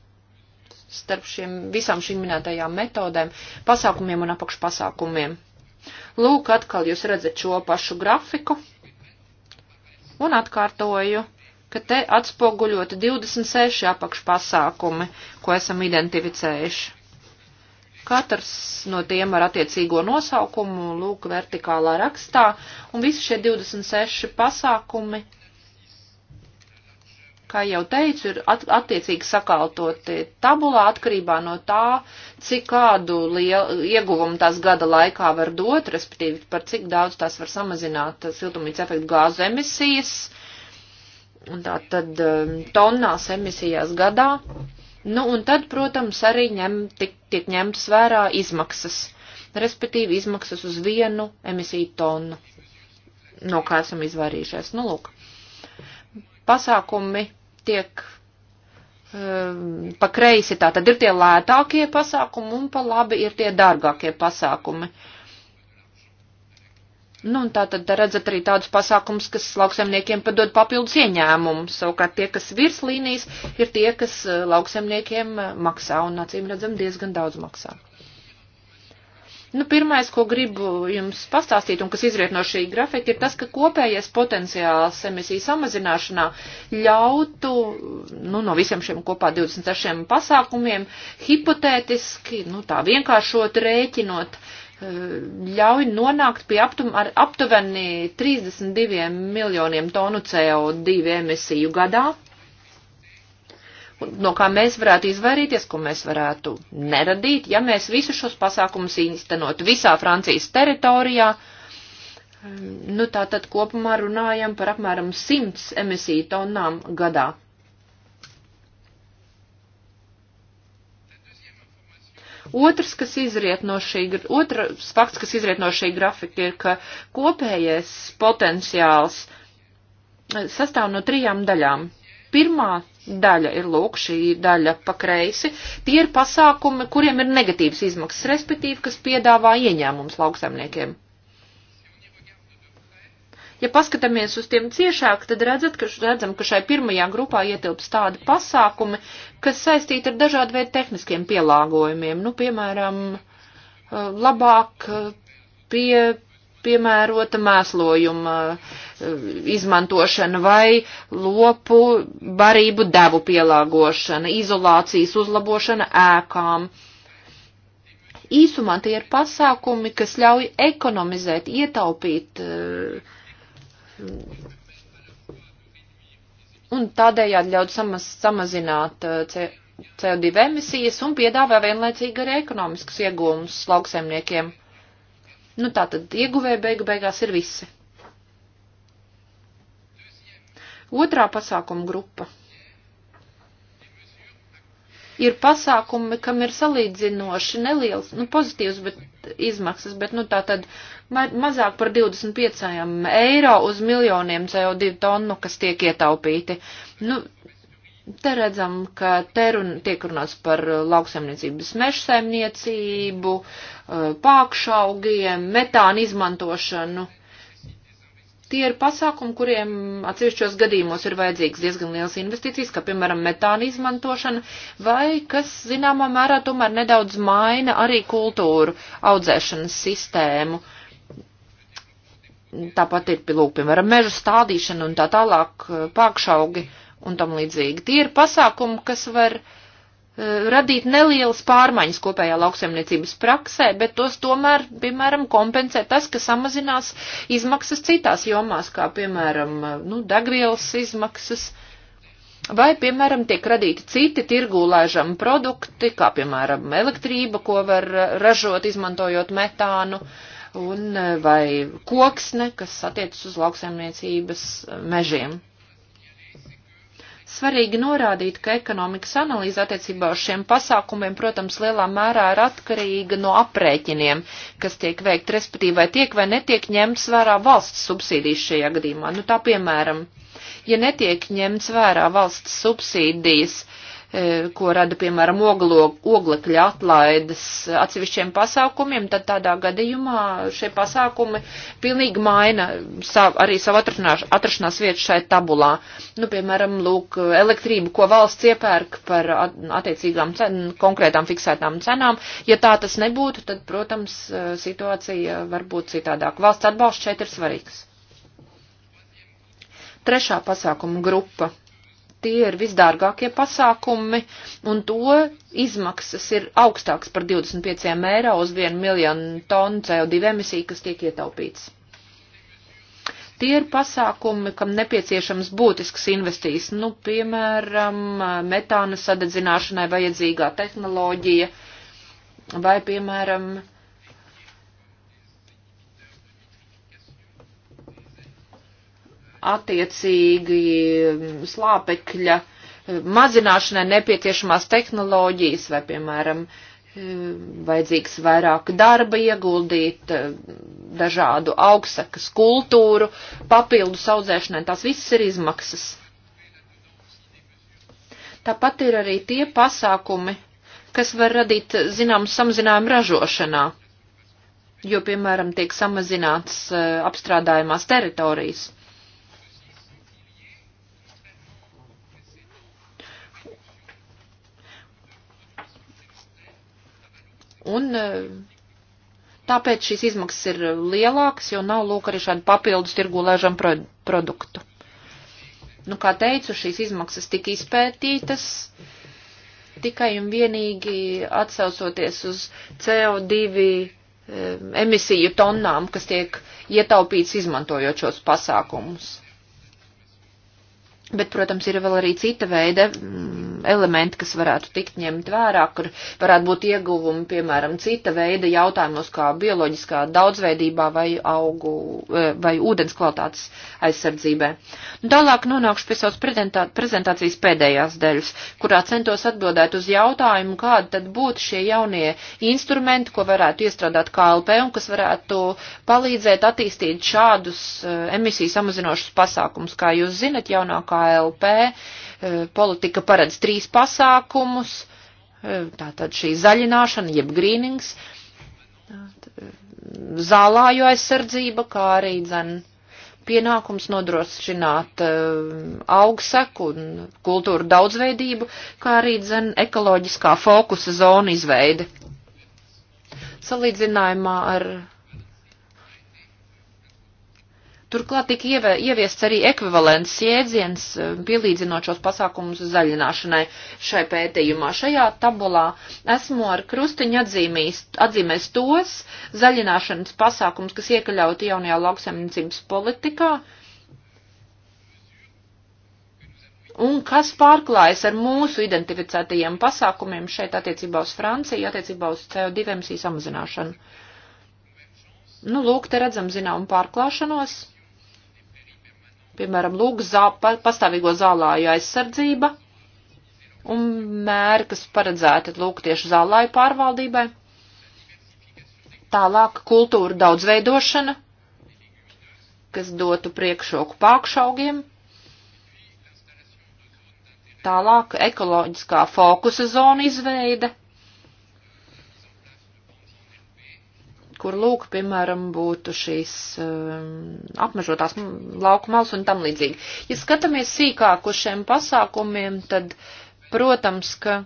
starp šiem, visām šīm minētajām metodēm, pasākumiem un apakšpasākumiem. Lūk, atkal jūs redzat šo pašu grafiku un atkārtoju, ka te atspoguļoti 26 apakšpasākumi, ko esam identificējuši. Katrs no tiem ar attiecīgo nosaukumu, lūk, vertikālā rakstā, un visi šie 26 pasākumi kā jau teicu, ir at, attiecīgi sakaltoti tabulā atkarībā no tā, cik kādu liel, ieguvumu tās gada laikā var dot, respektīvi par cik daudz tās var samazināt siltumnīca efektu gāzu emisijas, un tā tad um, tonnās emisijās gadā. Nu, un tad, protams, arī ņem, tik, tiek ņemtas vērā izmaksas, respektīvi izmaksas uz vienu emisiju tonu, no kā esam izvairījušies. Nu, lūk pasākumi tiek um, pa kreisi, tā tad ir tie lētākie pasākumi un pa labi ir tie dārgākie pasākumi. Nu, un tā tad redzat arī tādus pasākums, kas lauksemniekiem padod papildus ieņēmumu. Savukārt tie, kas virs līnijas, ir tie, kas uh, lauksemniekiem uh, maksā un acīm redzam diezgan daudz maksā. Nu, pirmais, ko gribu jums pastāstīt un kas izriet no šī grafika, ir tas, ka kopējais potenciāls emisiju samazināšanā ļautu, nu, no visiem šiem kopā 26 pasākumiem, hipotētiski, nu, tā vienkāršot, rēķinot, eh, ļauj nonākt pie aptum, aptuveni 32 miljoniem tonu CO2 emisiju gadā no kā mēs varētu izvairīties, ko mēs varētu neradīt, ja mēs visus šos pasākumus īstenot visā Francijas teritorijā. Nu, tā tad kopumā runājam par apmēram 100 emisiju tonnām gadā. Otrs, kas izriet no šī, otrs fakts, kas izriet no šī grafika, ir, ka kopējais potenciāls sastāv no trijām daļām. Pirmā daļa ir lūk šī daļa pa kreisi, tie ir pasākumi, kuriem ir negatīvas izmaksas, respektīvi, kas piedāvā ieņēmums lauksaimniekiem. Ja paskatāmies uz tiem ciešāk, tad redzat, ka, redzam, ka šai pirmajā grupā ietilps tādi pasākumi, kas saistīti ar dažādu veidu tehniskiem pielāgojumiem. Nu, piemēram, eh, labāk eh, pie piemērota mēslojuma eh, izmantošana vai lopu barību devu pielāgošana, izolācijas uzlabošana ēkām. Īsumā tie ir pasākumi, kas ļauj ekonomizēt, ietaupīt eh, un tādējādi ļauj samaz, samazināt eh, CO2 emisijas un piedāvā vienlaicīgi arī ekonomiskus iegūmus lauksaimniekiem. Nu tā tad ieguvēja beigu beigās ir visi. Otrā pasākuma grupa ir pasākumi, kam ir salīdzinoši neliels, nu, pozitīvs, bet izmaksas, bet, nu, tā tad ma mazāk par 25 eiro uz miljoniem CO2 tonnu, kas tiek ietaupīti. Nu, Te redzam, ka te run, tiek runāts par uh, lauksaimniecības mežsaimniecību, uh, pākšaugiem, metānu izmantošanu. Tie ir pasākumi, kuriem atsevišķos gadījumos ir vajadzīgs diezgan liels investīcijas, kā piemēram metāna izmantošana, vai kas zināmā mērā tomēr nedaudz maina arī kultūru audzēšanas sistēmu. Tāpat ir, lūk, piemēram, mežu stādīšana un tā tālāk uh, pākšaugi. Uh, un tam līdzīgi. Tie ir pasākumi, kas var eh, radīt nelielas pārmaiņas kopējā lauksaimniecības praksē, bet tos tomēr, piemēram, kompensē tas, ka samazinās izmaksas citās jomās, kā, piemēram, nu, degvielas izmaksas, vai, piemēram, tiek radīti citi tirgūlēžami produkti, kā, piemēram, elektrība, ko var ražot, izmantojot metānu, un, eh, vai koksne, kas attiecas uz lauksaimniecības eh, mežiem. Svarīgi norādīt, ka ekonomikas analīze attiecībā uz šiem pasākumiem, protams, lielā mērā ir atkarīga no aprēķiniem, kas tiek veikt, respektīvi, vai tiek vai netiek ņemts vērā valsts subsīdijas šajā gadījumā. Nu, tā piemēram, ja netiek ņemts vērā valsts subsīdijas, uh, E, ko rada, piemēram, oglo, oglekļa atlaides atsevišķiem pasākumiem, tad tādā gadījumā šie pasākumi pilnīgi maina sav, arī savu atrašanās vietu šai tabulā. Nu, piemēram, lūk, elektrību, ko valsts iepērk par attiecīgām cen, konkrētām fiksētām cenām. Ja tā tas nebūtu, tad, protams, e, situācija var būt citādāk. Valsts atbalsts šeit ir svarīgs. Trešā pasākuma grupa tie ir visdārgākie pasākumi, un to izmaksas ir augstāks par 25 eiro uz 1 miljonu tonu CO2 emisiju, kas tiek ietaupīts. Tie ir pasākumi, kam nepieciešams būtisks investīcijas, nu, piemēram, metāna sadedzināšanai vajadzīgā tehnoloģija vai, piemēram, attiecīgi mm, slāpekļa mm, mazināšanai nepieciešamās tehnoloģijas vai, piemēram, mm, vajadzīgs vairāk darba ieguldīt, dažādu augsakas kultūru, papildu saudzēšanai, tās viss ir izmaksas. Tāpat ir arī tie pasākumi, kas var radīt zināmu samazinājumu ražošanā, jo, piemēram, tiek samazināts eh, apstrādājumās teritorijas. Un e, tāpēc šīs izmaksas ir lielākas, jo nav lūk arī šādu papildus tirgu lēžam pro produktu. Nu, kā teicu, šīs izmaksas tika izpētītas tikai un vienīgi atsaucoties uz CO2 e, emisiju tonnām, kas tiek ietaupīts izmantojot šos pasākumus. Bet, protams, ir vēl arī cita veida mm, elementi, kas varētu tikt ņemt vērā, kur varētu būt ieguvumi, piemēram, cita veida jautājumos kā bioloģiskā daudzveidībā vai augu e, vai ūdens kvalitātes aizsardzībā. Nu, tālāk nonākšu pie savas prezentācijas pēdējās daļas, kurā centos atbildēt uz jautājumu, kādi tad būtu šie jaunie instrumenti, ko varētu iestrādāt KLP un kas varētu palīdzēt attīstīt šādus e, emisiju samazinošus pasākumus. Kā jūs zinat, jaunākā KLP eh, politika paredz trīs pasākumus, eh, tātad šī zaļināšana, jeb grīnings, eh, zālāju aizsardzība, kā arī dzen pienākums nodrošināt augseku un kultūru daudzveidību, kā arī dzen ekoloģiskā fokusa zonu izveidi. Salīdzinājumā ar Turklāt tika ieviests arī ekvivalents jēdziens, eh, pielīdzinot šos pasākumus zaļināšanai šai pētījumā. Šajā tabulā esmu ar krustiņu atzīmējis, atzīmējis tos zaļināšanas pasākumus, kas iekļauti jaunajā lauksaimniecības politikā. Un kas pārklājas ar mūsu identificētajiem pasākumiem šeit attiecībā uz Franciju, attiecībā uz CO2 emisiju samazināšanu? Nu, lūk, te redzam zinām pārklāšanos piemēram, lūk, zā, pastāvīgo zālāju aizsardzība un mēri, kas paredzēti lūk tieši zālāju pārvaldībai. Tālāk kultūra daudzveidošana, kas dotu priekšroku pākšaugiem. Tālāk ekoloģiskā fokusa zona izveide kur lūk, piemēram, būtu šīs um, apmežotās lauku malas un tam līdzīgi. Ja skatāmies sīkāk uz šiem pasākumiem, tad, protams, ka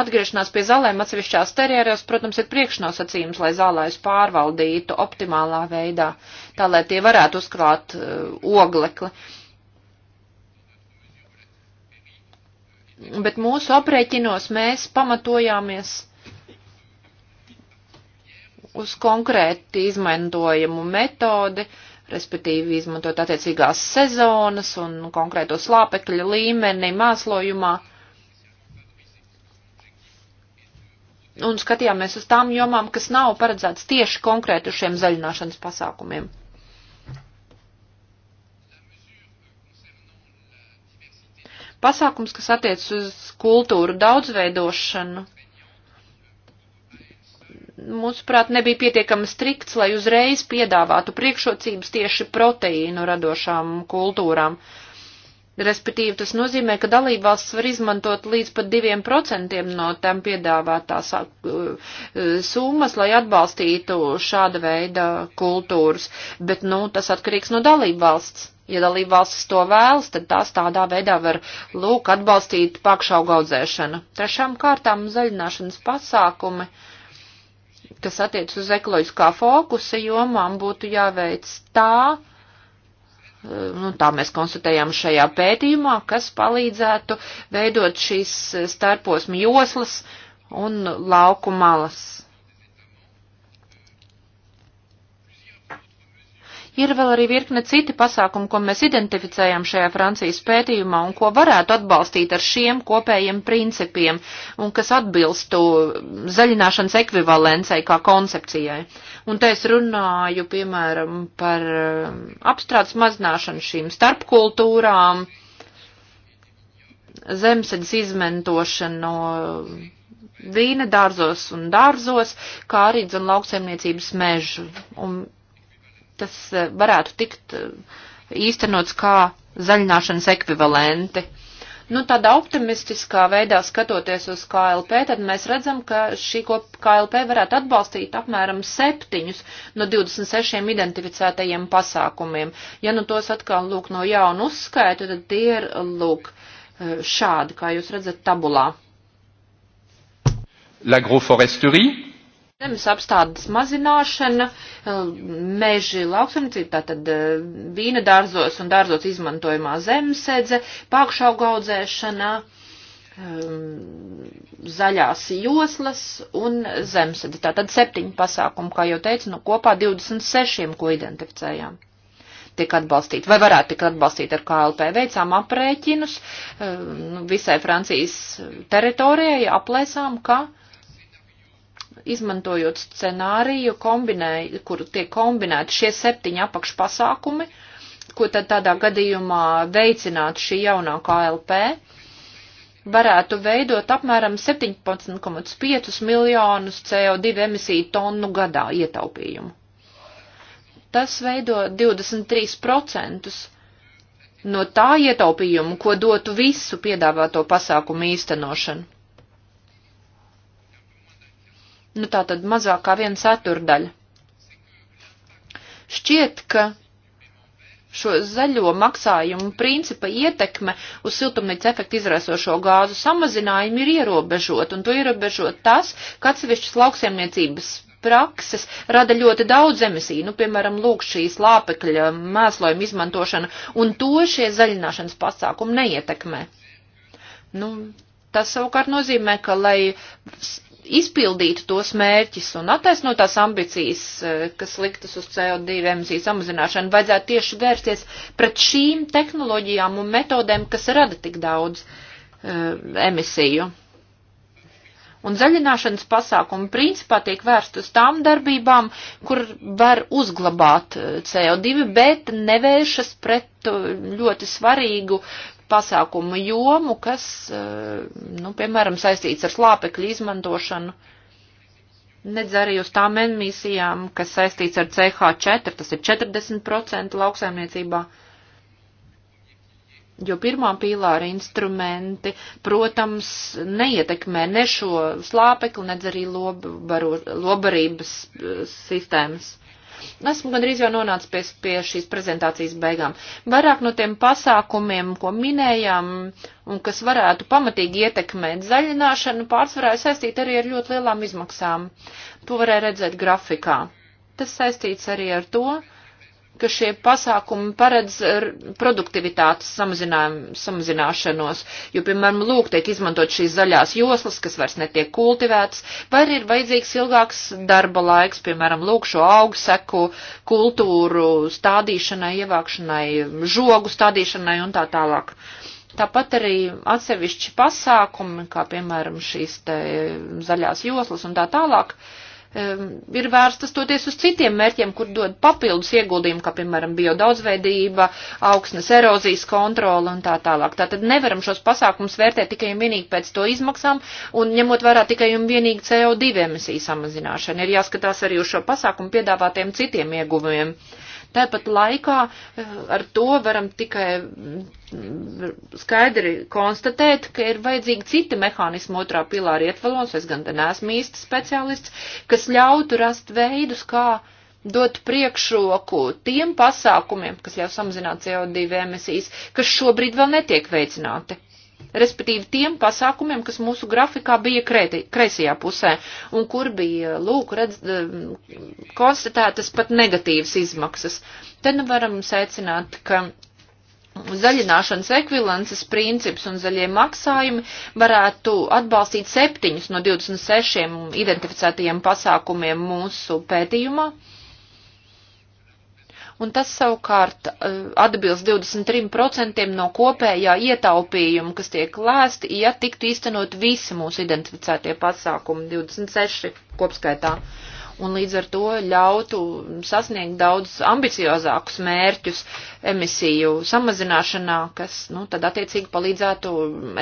atgriešanās pie zālēm atsevišķās terjeros, protams, ir priekšnosacījums, lai zālājus pārvaldītu optimālā veidā, tā lai tie varētu uzklāt uh, oglekli. Uh, bet mūsu aprēķinos mēs pamatojāmies uz konkrēti izmantojamu metodi, respektīvi izmantot attiecīgās sezonas un konkrēto slāpekļa līmeni mēslojumā. Un skatījāmies uz tām jomām, kas nav paredzētas tieši konkrēti uz šiem zaļināšanas pasākumiem. pasākums, kas attiec uz kultūru daudzveidošanu, mūsuprāt, nebija pietiekami strikts, lai uzreiz piedāvātu priekšrocības tieši proteīnu radošām kultūrām. Respektīvi, tas nozīmē, ka dalībvalsts var izmantot līdz pat diviem procentiem no tam piedāvātās uh, summas, lai atbalstītu šāda veida kultūras, bet, nu, tas atkarīgs no dalībvalsts. Ja dalība valstis to vēlas, tad tās tādā veidā var lūk atbalstīt pakšauga audzēšanu. Trešām kārtām zaļināšanas pasākumi, kas attiec uz ekoloģiskā fokusa jomām, būtu jāveic tā, nu, tā mēs konstatējām šajā pētījumā, kas palīdzētu veidot šīs starposmi joslas un lauku malas Ir vēl arī virkne citi pasākumi, ko mēs identificējam šajā Francijas pētījumā un ko varētu atbalstīt ar šiem kopējiem principiem un kas atbilstu zaļināšanas ekvivalencei kā koncepcijai. Un te es runāju, piemēram, par um, apstrādes mazināšanu šīm starpkultūrām, zemsedes izmantošanu no vīna dārzos un dārzos, kā arī dzun lauksaimniecības mežu un tas eh, varētu tikt eh, īstenots kā zaļināšanas ekvivalenti. Nu, tādā optimistiskā veidā skatoties uz KLP, tad mēs redzam, ka šī KLP varētu atbalstīt apmēram septiņus no 26 identificētajiem pasākumiem. Ja nu tos atkal lūk no jauna uzskaita, tad tie ir lūk eh, šādi, kā jūs redzat tabulā. L'agroforesterie, zemes apstādes mazināšana, um, meži lauksaimniecība, tātad uh, vīna dārzos un dārzos izmantojamā zemesēdze, pākšauga audzēšana, um, zaļās joslas un zemesēdze. Tātad septiņi pasākumi, kā jau teicu, no nu, kopā 26, ko identificējām tiek atbalstīti, vai varētu tikt atbalstīti ar KLP. Veicām aprēķinus um, nu, visai Francijas teritorijai, aplēsām, ka izmantojot scenāriju, kombinē, kur tiek kombinēti šie septiņi apakšpasākumi, ko tad tādā gadījumā veicinātu šī jaunā KLP, varētu veidot apmēram 17,5 miljonus CO2 emisiju tonnu gadā ietaupījumu. Tas veido 23% no tā ietaupījumu, ko dotu visu piedāvāto pasākumu īstenošanu. Nu tā tad mazāk kā viena ceturdaļa. Šķiet, ka šo zaļo maksājumu principa ietekme uz siltumnīca efektu izraisošo gāzu samazinājumu ir ierobežot, un to ierobežot tas, ka atsevišķas lauksiemniecības prakses rada ļoti daudz emisiju, nu, piemēram, lūk šīs lāpekļa mēslojuma izmantošana, un to šie zaļināšanas pasākumi neietekmē. Nu, tas savukārt nozīmē, ka, lai izpildītu tos mērķis un attaisnot tās ambicijas, e, kas liktas uz CO2 emisiju samazināšanu, vajadzētu tieši vērsties pret šīm tehnoloģijām un metodēm, kas rada tik daudz uh, emisiju. Un zaļināšanas pasākumi principā tiek vērst uz tām darbībām, kur var uzglabāt e, CO2, bet nevēršas pret ļoti svarīgu pasākumu jomu, kas, eh, nu, piemēram, saistīts ar slāpekļu izmantošanu, nedz arī uz tām emisijām, kas saistīts ar CH4, tas ir 40% lauksaimniecībā. Jo pirmā pīlāra instrumenti, protams, neietekmē ne šo slāpekli, nedz arī lobaru, lobarības eh, sistēmas. Esmu gandrīz jau nonācis pie, pie šīs prezentācijas beigām. Vairāk no tiem pasākumiem, ko minējām un kas varētu pamatīgi ietekmēt zaļināšanu, pārsvarā saistīt arī ar ļoti lielām izmaksām. To varēja redzēt grafikā. Tas saistīts arī ar to, ka šie pasākumi paredz eh, produktivitātes samazināšanos, jo, piemēram, lūk, tiek izmantot šīs zaļās joslas, kas vairs netiek kultivētas, vai ir vajadzīgs ilgāks darba laiks, piemēram, lūk, šo augu seku kultūru stādīšanai, ievākšanai, žogu stādīšanai un tā tālāk. Tāpat arī atsevišķi pasākumi, kā piemēram šīs te zaļās joslas un tā tālāk, uh, Um, ir vērstas toties uz citiem mērķiem, kur dod papildus ieguldījumu, kā piemēram biodaudzveidība, augsnes erozijas kontrola un tā tālāk. Tātad nevaram šos pasākums vērtēt tikai un vienīgi pēc to izmaksām un ņemot vērā tikai un vienīgi CO2 emisiju samazināšanu. Ir jāskatās arī uz šo pasākumu piedāvātiem citiem ieguvumiem. Tāpat laikā eh, ar to varam tikai mm, skaidri konstatēt, ka ir vajadzīgi citi mehānismi otrā pilāra ietvalos, es gan te neesmu īsti speciālists, kas ļautu rast veidus, kā dot priekšroku tiem pasākumiem, kas ļauj samazināt CO2 emisijas, kas šobrīd vēl netiek veicināti respektīvi tiem pasākumiem, kas mūsu grafikā bija krēti, kreisajā pusē, un kur bija, lūk, redz, eh, konstatētas pat negatīvas izmaksas. Te nu varam secināt, ka zaļināšanas ekvivalences princips un zaļie maksājumi varētu atbalstīt septiņus no 26 identificētajiem pasākumiem mūsu pētījumā. Uh, un tas savukārt eh, atbilst 23% no kopējā ietaupījuma, kas tiek lēsti, ja tiktu īstenot visi mūsu identificētie pasākumi, 26 kopskaitā. Un līdz ar to ļautu sasniegt daudz ambiciozākus mērķus emisiju samazināšanā, kas, nu, tad attiecīgi palīdzētu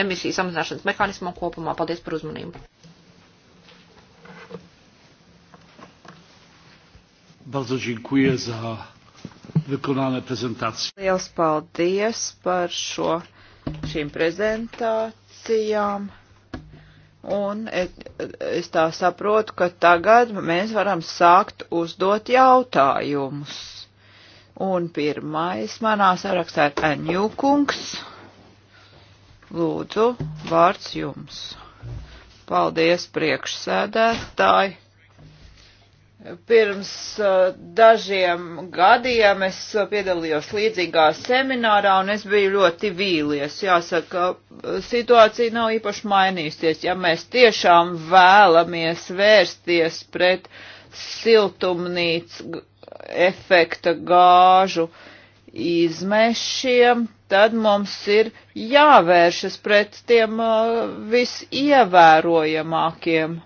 emisiju samazināšanas mehānismam kopumā. Paldies par uzmanību. Bardzo dziękuję za vykonāne prezentācija. Liels paldies par šo, šīm prezentācijām. Un es, es tā saprotu, ka tagad mēs varam sākt uzdot jautājumus. Un pirmais manā sarakstā ir Aņūkungs. Lūdzu, vārds jums. Paldies, priekšsēdētāji. Pirms uh, dažiem gadiem es uh, piedalījos līdzīgā seminārā un es biju ļoti vīlies. Jāsaka, uh, situācija nav īpaši mainījusies. Ja mēs tiešām vēlamies vērsties pret siltumnīca efekta gāžu izmešiem, tad mums ir jāvēršas pret tiem visievērojamākiem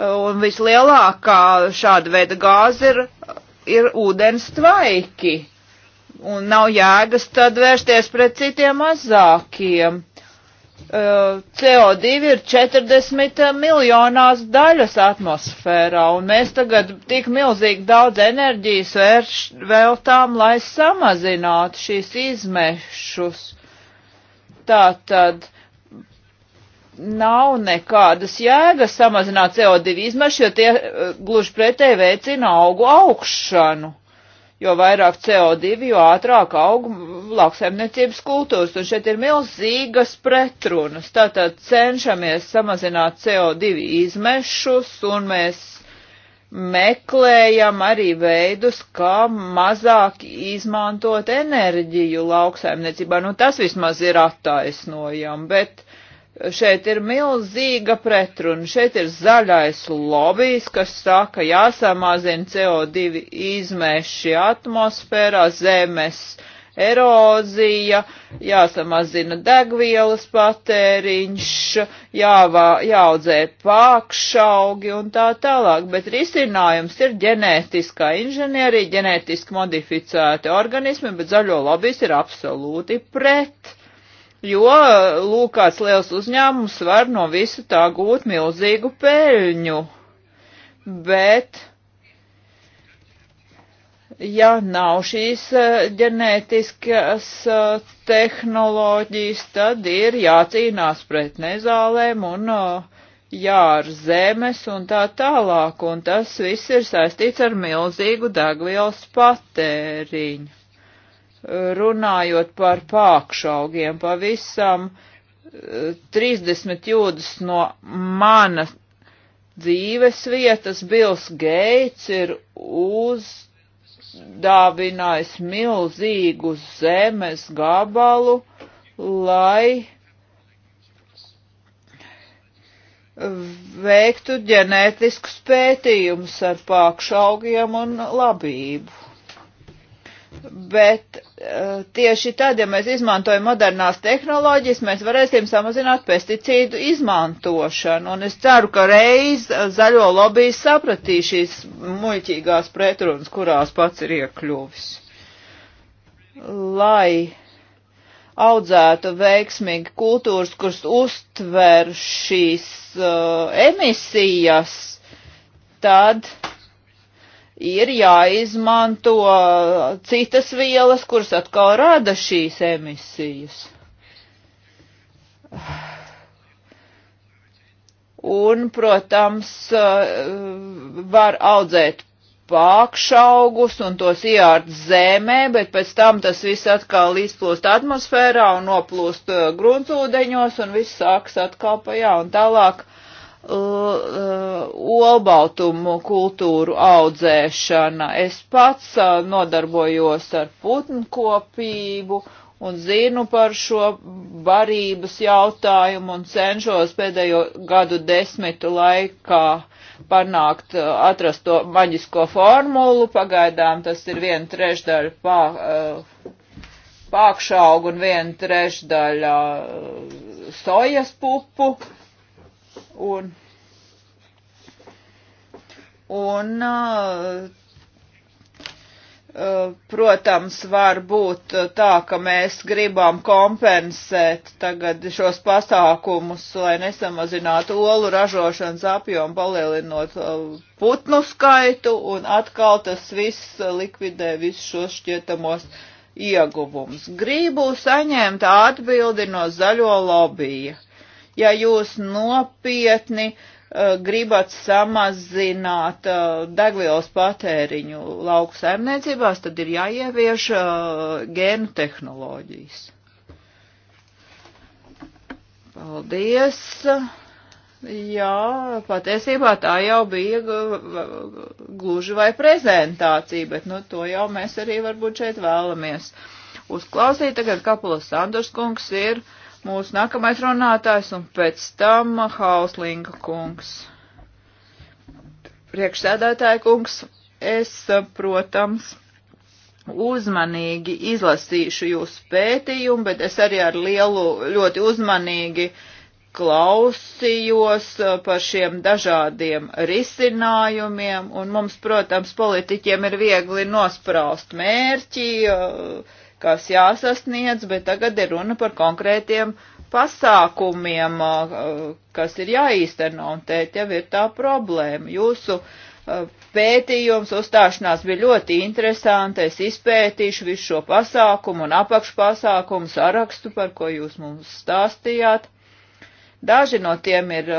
Un vislielākā šāda veida gāze ir, ir ūdens tvaiki. Un nav jēgas tad vērsties pret citiem mazākiem. Uh, CO2 ir 40 miljonās daļas atmosfērā, un mēs tagad tik milzīgi daudz enerģijas vērš, veltām, lai samazinātu šīs izmešus. Tātad. Uh, nav nekādas jēgas samazināt CO2 izmešus, jo tie eh, gluži pretēji veicina augu augšanu. Jo vairāk CO2, jo ātrāk aug lauksaimniecības kultūras, un šeit ir milzīgas pretrunas. Tātad cenšamies samazināt CO2 izmešus, un mēs meklējam arī veidus, kā mazāk izmantot enerģiju lauksaimniecībā. Nu, tas vismaz ir attaisnojam, bet šeit ir milzīga pretruna. Šeit ir zaļais lobijs, kas saka, jāsamazina CO2 izmeši atmosfērā, zemes erozija, jāsamazina degvielas patēriņš, jāvā, jāaudzē pākšaugi un tā tālāk. Bet risinājums ir ģenētiskā inženierija, ģenētiski modificēti organismi, bet zaļo lobijs ir absolūti pret jo, lūk, kāds liels uzņēmums var no visu tā gūt milzīgu peļņu. Bet, ja nav šīs eh, ģenētiskas eh, tehnoloģijas, tad ir jācīnās pret nezālēm un eh, jārzemes un tā tālāk, un tas viss ir saistīts ar milzīgu degvielas patēriņu runājot par pākšaugiem, pavisam 30 eh, jūdas no mana dzīves vietas Bils Geits ir uzdāvinājis milzīgu zemes gabalu, lai veiktu ģenētiskus pētījumus ar pākšaugiem un labību. Bet uh, tieši tad, ja mēs izmantojam modernās tehnoloģijas, mēs varēsim samazināt pesticīdu izmantošanu. Un es ceru, ka reiz eh, zaļo lobijas sapratīs šīs muļķīgās pretrunas, kurās pats ir iekļuvis. Lai audzētu veiksmīgi kultūras, kuras uztver šīs uh, emisijas, tad uh, ir jāizmanto citas vielas, kuras atkal rada šīs emisijas. Un, protams, var audzēt pākšaugus un tos iārt zemē, bet pēc tam tas viss atkal izplūst atmosfērā un noplūst gruntsūdeņos un viss sāks atkal pa jā un tālāk. Uh, Uh, uh, olbaltumu kultūru audzēšana. Es pats uh, nodarbojos ar putnkopību un zinu par šo barības jautājumu un cenšos pēdējo gadu desmitu laikā panākt, atrast to maģisko formulu. Pagaidām tas ir viena trešdaļa pā, pākšaugu un viena trešdaļa sojas pupu. Uh, Un, un uh, uh, protams, var būt tā, ka mēs gribam kompensēt tagad šos pasākumus, lai nesamazinātu olu ražošanas apjomu, palielinot uh, putnu skaitu, un atkal tas viss likvidē visus šos šķietamos ieguvumus. Gribu saņemt atbildi no zaļo lobija ja jūs nopietni uh, gribat samazināt uh, degvielas patēriņu lauku saimniecībās, tad ir jāievieš uh, gēnu tehnoloģijas. Paldies! Jā, patiesībā tā jau bija gluži vai prezentācija, bet nu to jau mēs arī varbūt šeit vēlamies uzklausīt. Tagad Kapulas Sandors kungs ir uh, mūsu nākamais runātājs un pēc tam Hauslinga kungs. Priekšsēdētāja kungs, es, protams, uzmanīgi izlasīšu jūsu pētījumu, bet es arī ar lielu, ļoti uzmanīgi klausījos eh, par šiem dažādiem risinājumiem, un mums, protams, politiķiem ir viegli nospraust mērķi, uh, kas jāsasniedz, bet tagad ir runa par konkrētiem pasākumiem, uh, uh, kas ir jāīsteno, un te jau ir tā problēma. Jūsu uh, pētījums uzstāšanās bija ļoti interesanti, es izpētīšu visu šo pasākumu un apakšpasākumu sarakstu, par ko jūs mums stāstījāt. Daži no tiem ir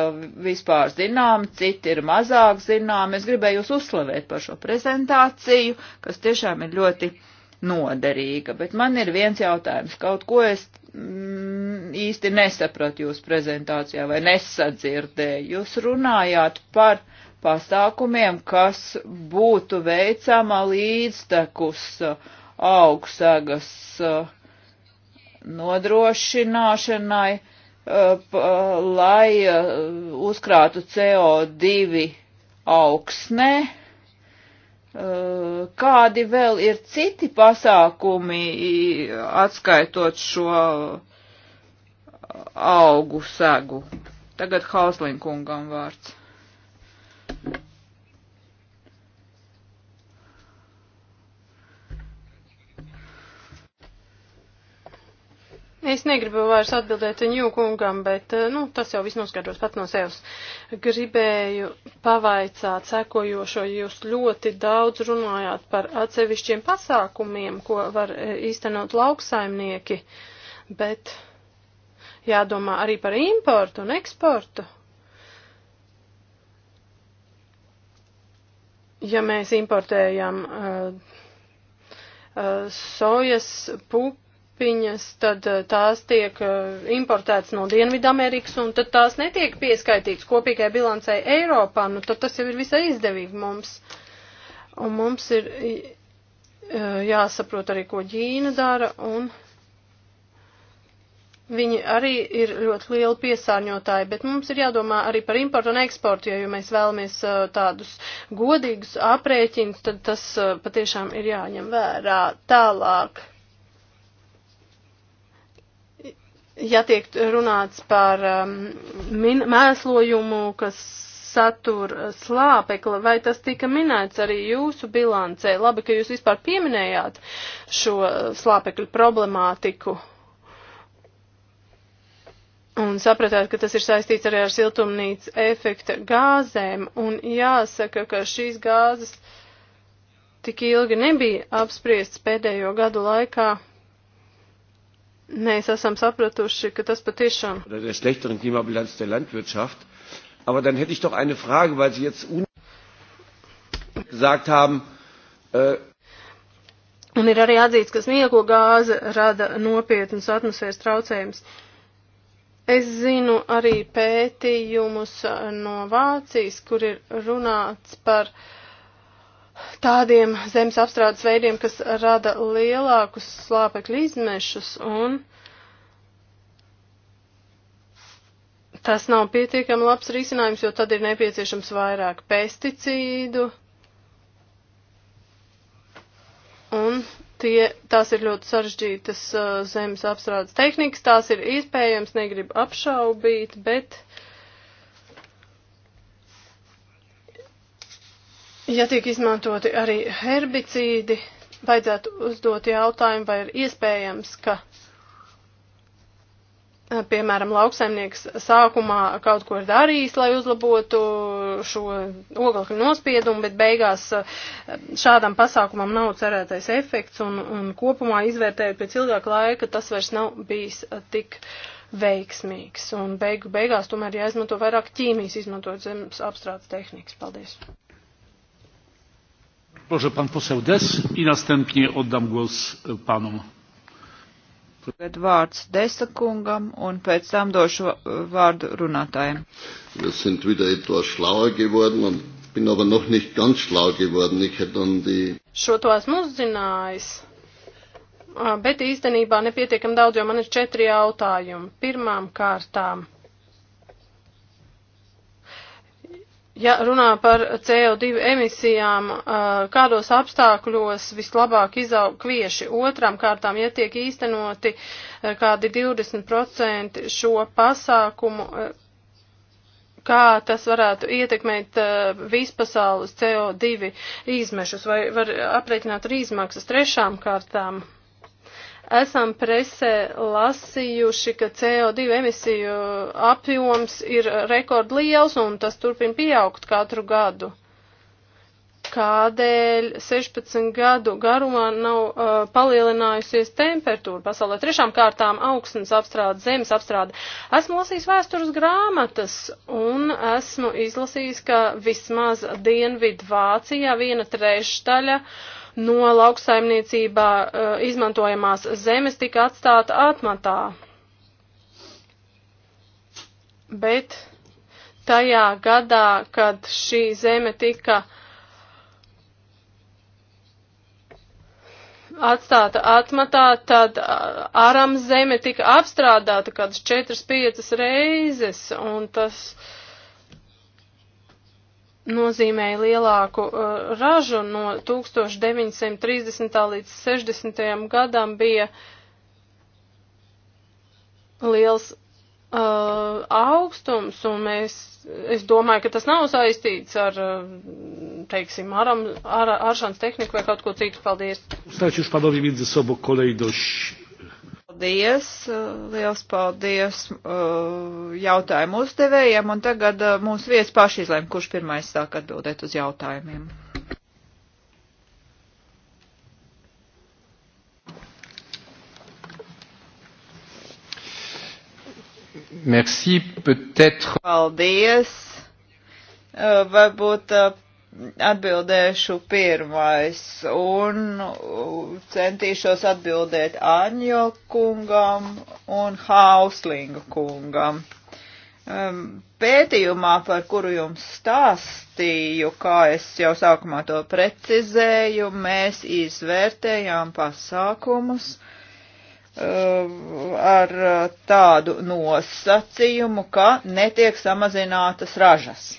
vispār zināmi, citi ir mazāk zināmi. Es gribēju jūs uzslavēt par šo prezentāciju, kas tiešām ir ļoti interesanti noderīga. Bet man ir viens jautājums. Kaut ko es mm, īsti nesapratu jūsu prezentācijā vai nesadzirdēju. Jūs runājāt par pasākumiem, kas būtu veicama līdztekus uh, augsagas uh, nodrošināšanai, uh, lai uzkrātu CO2 augsnē Eh, kādi vēl ir citi pasākumi atskaitot šo augu segu? Tagad Hauslinkungam vārds. Es negribu vairs atbildēt viņu kungam, bet, eh, nu, tas jau viss noskaidros pat no sevis. Gribēju pavaicāt sekojošo, jūs ļoti daudz runājāt par atsevišķiem pasākumiem, ko var eh, īstenot lauksaimnieki, bet jādomā arī par importu un eksportu. Ja mēs importējam uh, uh, sojas pup, pupiņas, tad eh, tās tiek eh, importētas no Dienvidamerikas, un tad tās netiek pieskaitītas kopīgai bilancei Eiropā, nu tad tas jau ir visai izdevīgi mums. Un mums ir eh, jāsaprot arī, ko Ķīna dara, un viņi arī ir ļoti lieli piesārņotāji, bet mums ir jādomā arī par importu un eksportu, jo, ja mēs vēlamies tādus godīgus aprēķinus, tad tas patiešām ir jāņem vērā tālāk. ja tiek runāts par um, min, mēslojumu, kas satur uh, slāpekli, vai tas tika minēts arī jūsu bilancē? Labi, ka jūs vispār pieminējāt šo uh, slāpekļu problemātiku. Un sapratāt, ka tas ir saistīts arī ar siltumnīca efekta gāzēm. Un jāsaka, ka šīs gāzes tik ilgi nebija apspriestas pēdējo gadu laikā. Mēs esam sapratuši, ka tas patiešām. Der schlechteren Klimabilanz der Landwirtschaft. Aber dann hätte ich doch eine Frage, weil Sie jetzt gesagt haben. Äh, Un ir arī atzīts, ka sniego gāze rada nopietnus atmosfēras traucējumus. Es zinu arī pētījumus äh, no Vācijas, kur ir runāts par uh, tādiem zemes apstrādes veidiem, kas rada lielākus slāpekļu izmešus un tas nav pietiekami labs risinājums, jo tad ir nepieciešams vairāk pesticīdu un tie, tās ir ļoti sarežģītas uh, zemes apstrādes tehnikas, tās ir iespējams, negribu apšaubīt, bet uh, Ja tiek izmantoti arī herbicīdi, vajadzētu uzdot jautājumu, vai ir iespējams, ka, eh, piemēram, lauksaimnieks sākumā kaut ko ir darījis, lai uzlabotu šo oglekļu nospiedumu, bet beigās eh, šādam pasākumam nav cerētais efekts, un, un kopumā izvērtējot pēc ilgāka laika, tas vairs nav bijis eh, tik veiksmīgs, un beigu beigās tomēr jāizmanto vairāk ķīmijas, izmantojot zemes apstrādes tehnikas. Paldies! Proszę pan poseł Des i następnie oddam głos e, panom. Tagad vārds Desa kungam un pēc tam došu e, vārdu runātājiem. Wir sind wieder etwas schlauer geworden und bin aber noch nicht ganz schlau geworden. Ich hätte dann die. Šo to esmu uzzinājis. Bet īstenībā nepietiekam daudz, jo man ir četri jautājumi. Pirmām kārtām Ja runā par CO2 emisijām, uh, kādos apstākļos vislabāk izaug kvieši otram kārtām, ja tiek īstenoti uh, kādi 20% šo pasākumu, uh, kā tas varētu ietekmēt vispasaules CO2 izmešus, vai var aprēķināt arī izmaksas trešām kārtām? Esam presē lasījuši, ka CO2 emisiju apjoms ir rekordliels un tas turpina pieaugt katru gadu. Kādēļ 16 gadu garumā nav uh, palielinājusies temperatūra pasaulē? Trešām kārtām augsnes apstrāde, zemes apstrāde. Esmu lasījis vēstures grāmatas un esmu izlasījis, ka vismaz Dienvidu Vācijā viena trešdaļa uh, no lauksaimniecībā eh, izmantojamās zemes tika atstāta atmatā. Bet tajā gadā, kad šī zeme tika atstāta atmatā, tad eh, aram zeme tika apstrādāta kādas 4-5 reizes, un tas uh, nozīmēja lielāku uh, ražu no 1930. līdz 60. gadam bija liels uh, augstums, un mēs, es domāju, ka tas nav saistīts ar, uh, teiksim, aram, ar, aršanas tehniku vai kaut ko citu. Paldies! Uzstājuši padovi między sobą kolejność Paldies, eh, liels paldies eh, jautājumu uzdevējiem, un tagad eh, mūsu viesi paši izlēma, kurš pirmais sāk atbildēt uz jautājumiem. Merci, peut-être. Paldies. Varbūt atbildēšu pirmais un centīšos atbildēt Aņo kungam un Hauslinga kungam. Pētījumā, par kuru jums stāstīju, kā es jau sākumā to precizēju, mēs izvērtējām pasākumus, ar tādu nosacījumu, ka netiek samazinātas ražas.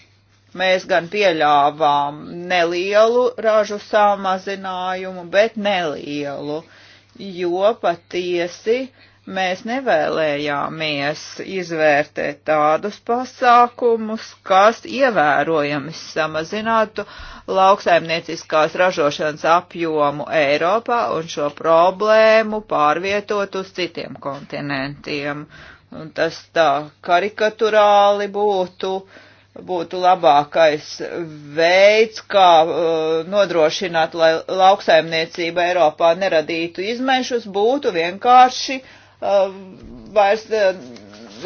Mēs gan pieļāvām nelielu ražu samazinājumu, bet nelielu, jo patiesi mēs nevēlējāmies izvērtēt tādus pasākumus, kas ievērojami samazinātu lauksaimnieciskās ražošanas apjomu Eiropā un šo problēmu pārvietot uz citiem kontinentiem. Un tas tā karikaturāli būtu uh, būtu labākais veids, kā uh, nodrošināt, lai lauksaimniecība Eiropā neradītu izmešus, būtu vienkārši uh, vairs uh,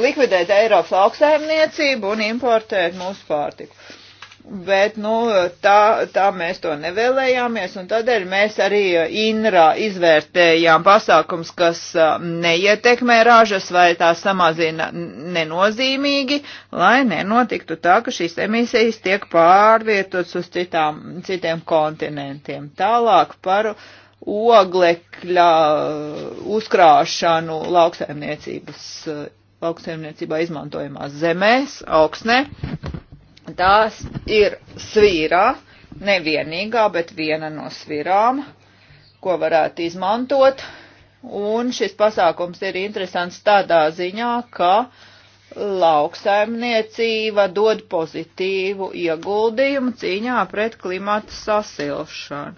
likvidēt Eiropas lauksaimniecību un importēt mūsu pārtiku bet nu, tā, tā mēs to nevēlējāmies, un tādēļ mēs arī eh, INRA izvērtējām pasākums, kas eh, neietekmē ražas vai tā samazina nenozīmīgi, lai nenotiktu tā, ka šīs emisijas tiek pārvietotas uz citām, citiem kontinentiem. Tālāk par oglekļa eh, uzkrāšanu lauksaimniecības lauksaimniecībā izmantojamās zemēs, augsnē. Tās ir svīrā, nevienīgā, bet viena no svīrām, ko varētu izmantot. Un šis pasākums ir interesants tādā ziņā, ka lauksaimniecība dod pozitīvu ieguldījumu cīņā pret klimata sasilšanu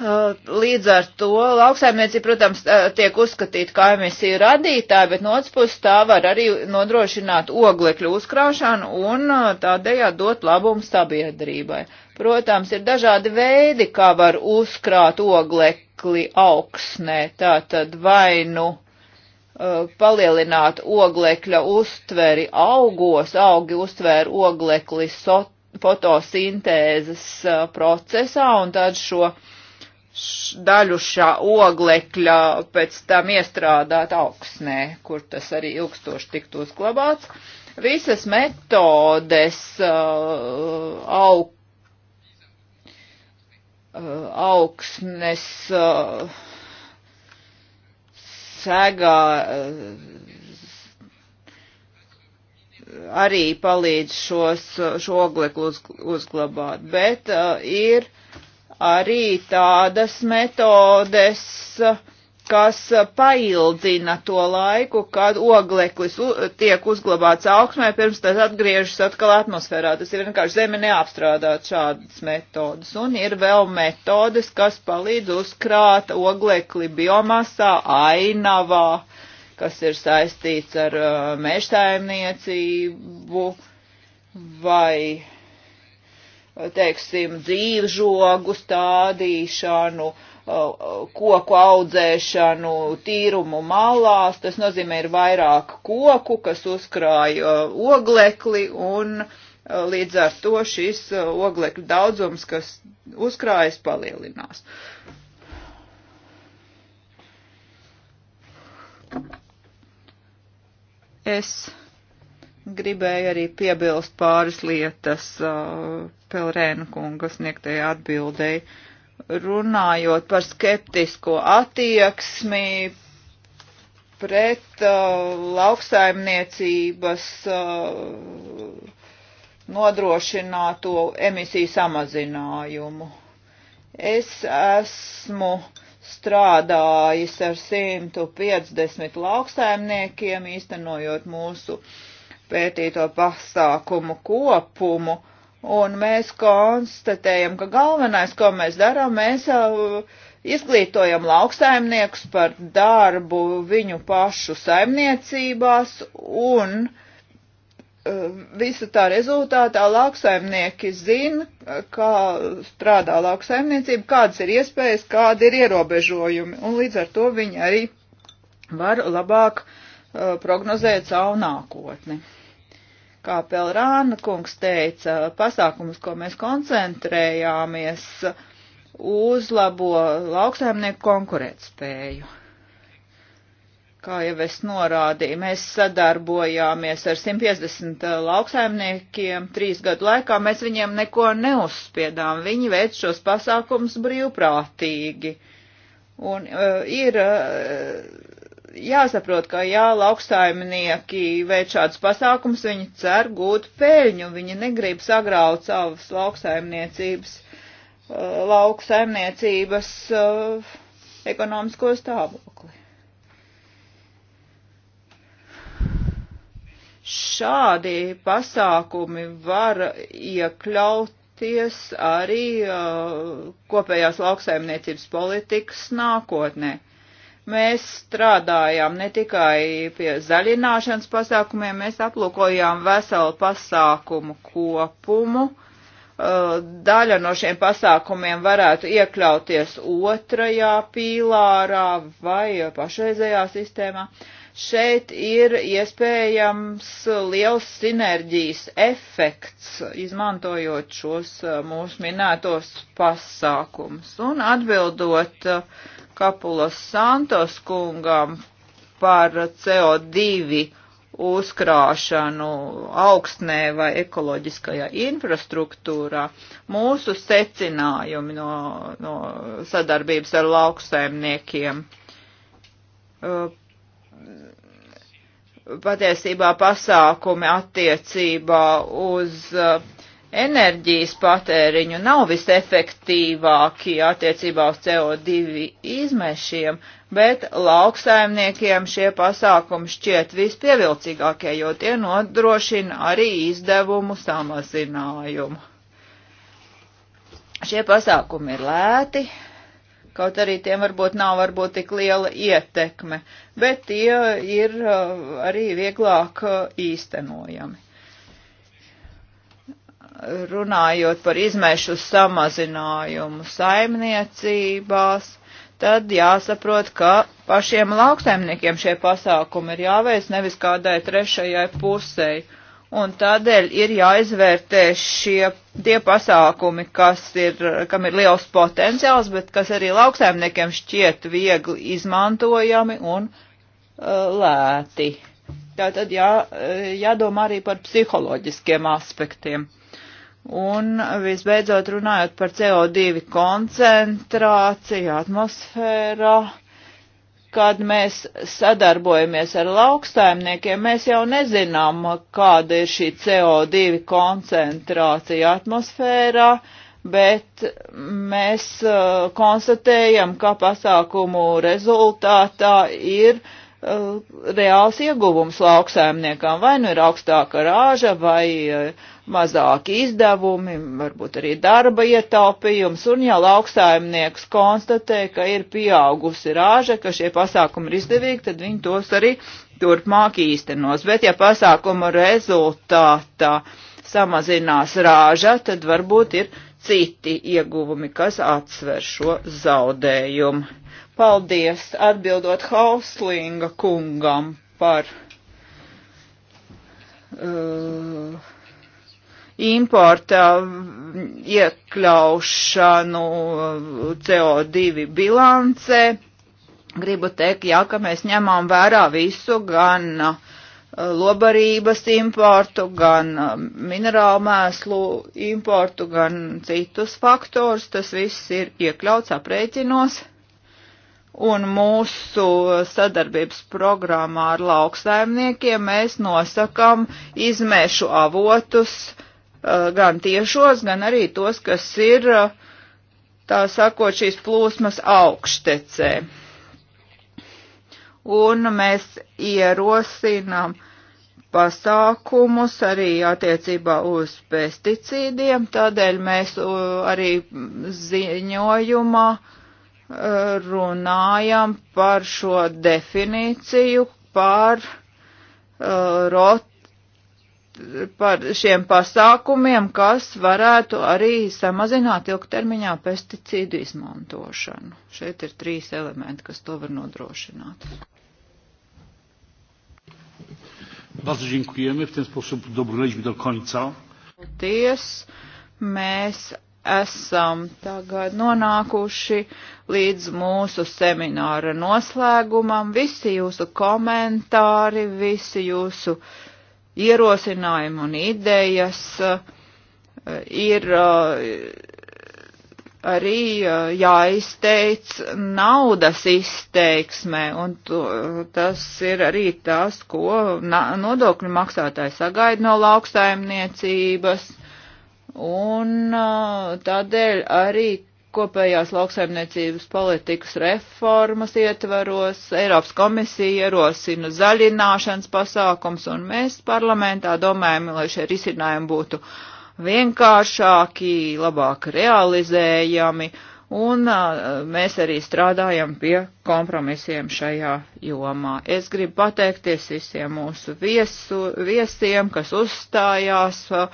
Uh, līdz ar to lauksaimniecība, protams, uh, tiek uzskatīta kā emisiju radītāja, bet no otras puses tā var arī nodrošināt oglekļu uzkraušanu un uh, tādējādi dot labumu sabiedrībai. Protams, ir dažādi veidi, kā var uzkrāt oglekli augsnē, tātad vai nu uh, palielināt oglekļa uztveri augos, augi uztver oglekli so, fotosintēzes uh, procesā un tad šo uh, daļu šā oglekļa pēc tam iestrādāt augsnē, kur tas arī ilgstoši tiktu uzglabāts. Visas metodes uh, aug, uh, augsnes uh, segā uh, arī palīdz šos, šo ogleklu uz, uzglabāt, bet uh, ir arī tādas metodes, kas paildzina to laiku, kad ogleklis tiek uzglabāts augsmē, pirms tas atgriežas atkal atmosfērā. Tas ir vienkārši zeme neapstrādāt šādas metodas. Un ir vēl metodes, kas palīdz uzkrāt oglekli biomasā, ainavā, kas ir saistīts ar uh, mežsaimniecību vai teiksim, dzīvžogu stādīšanu, koku audzēšanu, tīrumu malās. Tas nozīmē, ir vairāk koku, kas uzkrāja oglekli un līdz ar to šis oglekļu daudzums, kas uzkrājas, palielinās. Es Gribēju arī piebilst pāris lietas uh, Pelrēna kunga sniegtajā atbildēji. Runājot par skeptisko attieksmi pret uh, lauksaimniecības uh, nodrošināto emisiju samazinājumu. Es esmu strādājis ar 150 lauksaimniekiem, īstenojot mūsu uh, pētīto pasākumu kopumu, un mēs konstatējam, ka galvenais, ko mēs darām, mēs uh, izglītojam lauksaimniekus par darbu viņu pašu saimniecībās, un uh, visa tā rezultātā lauksaimnieki zina, kā strādā lauksaimniecība, kādas ir iespējas, kādi ir ierobežojumi, un līdz ar to viņi arī var labāk uh, prognozēt savu nākotni kā Pelrāna kungs teica, pasākumus, ko mēs koncentrējāmies, uzlabo lauksaimnieku konkurētspēju. Kā jau es norādīju, mēs sadarbojāmies ar 150 uh, lauksaimniekiem trīs gadu laikā, mēs viņiem neko neuzspiedām, viņi veic šos pasākumus brīvprātīgi. Un uh, ir uh, jāsaprot, ka jā, lauksaimnieki veic šādus pasākumus, viņi cer gūt peļņu, viņi negrib sagraut savas lauksaimniecības, eh, lauksaimniecības eh, ekonomisko stāvokli. Šādi pasākumi var iekļaut skatīties arī uh, kopējās lauksaimniecības politikas nākotnē. Mēs strādājām ne tikai pie zaļināšanas pasākumiem, mēs aplūkojām veselu pasākumu kopumu. Uh, daļa no šiem pasākumiem varētu iekļauties otrajā pīlārā vai pašreizējā sistēmā šeit ir iespējams liels sinerģijas efekts, izmantojot šos uh, mūsu minētos pasākums. Un atbildot uh, Kapulas Santos kungam par CO2 uzkrāšanu augstnē vai ekoloģiskajā infrastruktūrā. Mūsu secinājumi no, no sadarbības ar lauksaimniekiem uh, patiesībā pasākumi attiecībā uz uh, enerģijas patēriņu nav visefektīvākie attiecībā uz CO2 izmešiem, bet lauksaimniekiem šie pasākumi šķiet vispievilcīgākie, jo tie nodrošina arī izdevumu samazinājumu. Šie pasākumi ir lēti, kaut arī tiem varbūt nav varbūt tik liela ietekme, bet tie ir uh, arī vieglāk uh, īstenojami runājot par izmešu samazinājumu saimniecībās, tad jāsaprot, ka pašiem lauksaimniekiem šie pasākumi ir jāveic nevis kādai trešajai pusei. Un tādēļ ir jāizvērtē šie tie pasākumi, kas ir, kam ir liels potenciāls, bet kas arī lauksaimniekiem šķiet viegli izmantojami un uh, lēti. Tātad jā, jādomā arī par psiholoģiskiem aspektiem. Un visbeidzot runājot par CO2 koncentrāciju atmosfērā, kad mēs sadarbojamies ar lauksaimniekiem, mēs jau nezinām, kāda ir šī CO2 koncentrācija atmosfērā, bet mēs uh, konstatējam, ka pasākumu rezultātā ir uh, Uh, reāls ieguvums lauksaimniekam. Vai nu ir augstāka rāža, vai uh, mazāki izdevumi, varbūt arī darba ietaupījums. Un ja lauksaimnieks konstatē, ka ir pieaugusi rāža, ka šie pasākumi ir izdevīgi, tad viņi tos arī turpmāk īstenos. Bet ja pasākumu rezultātā samazinās rāža, tad varbūt ir citi ieguvumi, kas atsver šo zaudējumu. Paldies, atbildot Hauslinga kungam par uh, importa iekļaušanu CO2 bilancē. Gribu teikt, jā, ka mēs ņemam vērā visu gan uh, lobarības importu, gan uh, minerālu mēslu importu, gan citus faktorus. Tas viss ir iekļauts aprēķinos un mūsu sadarbības programmā ar lauksaimniekiem mēs nosakam izmēšu avotus, eh, gan tiešos, gan arī tos, kas ir, eh, tā sakot, šīs plūsmas augštecē. Un mēs ierosinām pasākumus arī attiecībā uz pesticīdiem, tādēļ mēs eh, arī ziņojumā uh, runājam par šo definīciju, par uh, rot par šiem pasākumiem, kas varētu arī samazināt ilgtermiņā pesticīdu izmantošanu. Šeit ir trīs elementi, kas to var nodrošināt. Bardzo dziękujemy. W ten sposób dobrnęliśmy do końca. Paldies. Mēs esam tagad nonākuši līdz mūsu semināra noslēgumam. Visi jūsu komentāri, visi jūsu ierosinājumi un idejas eh, ir eh, arī eh, jāizteic naudas izteiksmē, un to, tas ir arī tas, ko nodokļu maksātāji sagaida no lauksaimniecības Un tādēļ arī kopējās lauksaimniecības politikas reformas ietvaros, Eiropas komisija ierosina zaļināšanas pasākums, un mēs parlamentā domājam, lai šie risinājumi būtu vienkāršāki, labāk realizējami, uh, un a, mēs arī strādājam pie kompromisiem šajā jomā. Es gribu pateikties visiem mūsu viesu, viesiem, kas uzstājās a,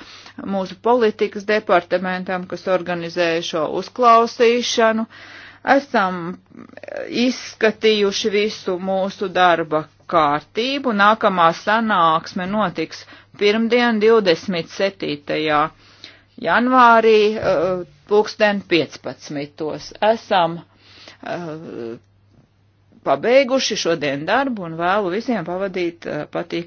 mūsu politikas departamentam, kas organizēja šo uzklausīšanu. Esam izskatījuši visu mūsu darba kārtību. Nākamā sanāksme notiks pirmdien 27 janvārī uh, pulksten 15. Esam uh, pabeiguši šodien darbu un vēlu visiem pavadīt uh, patīk.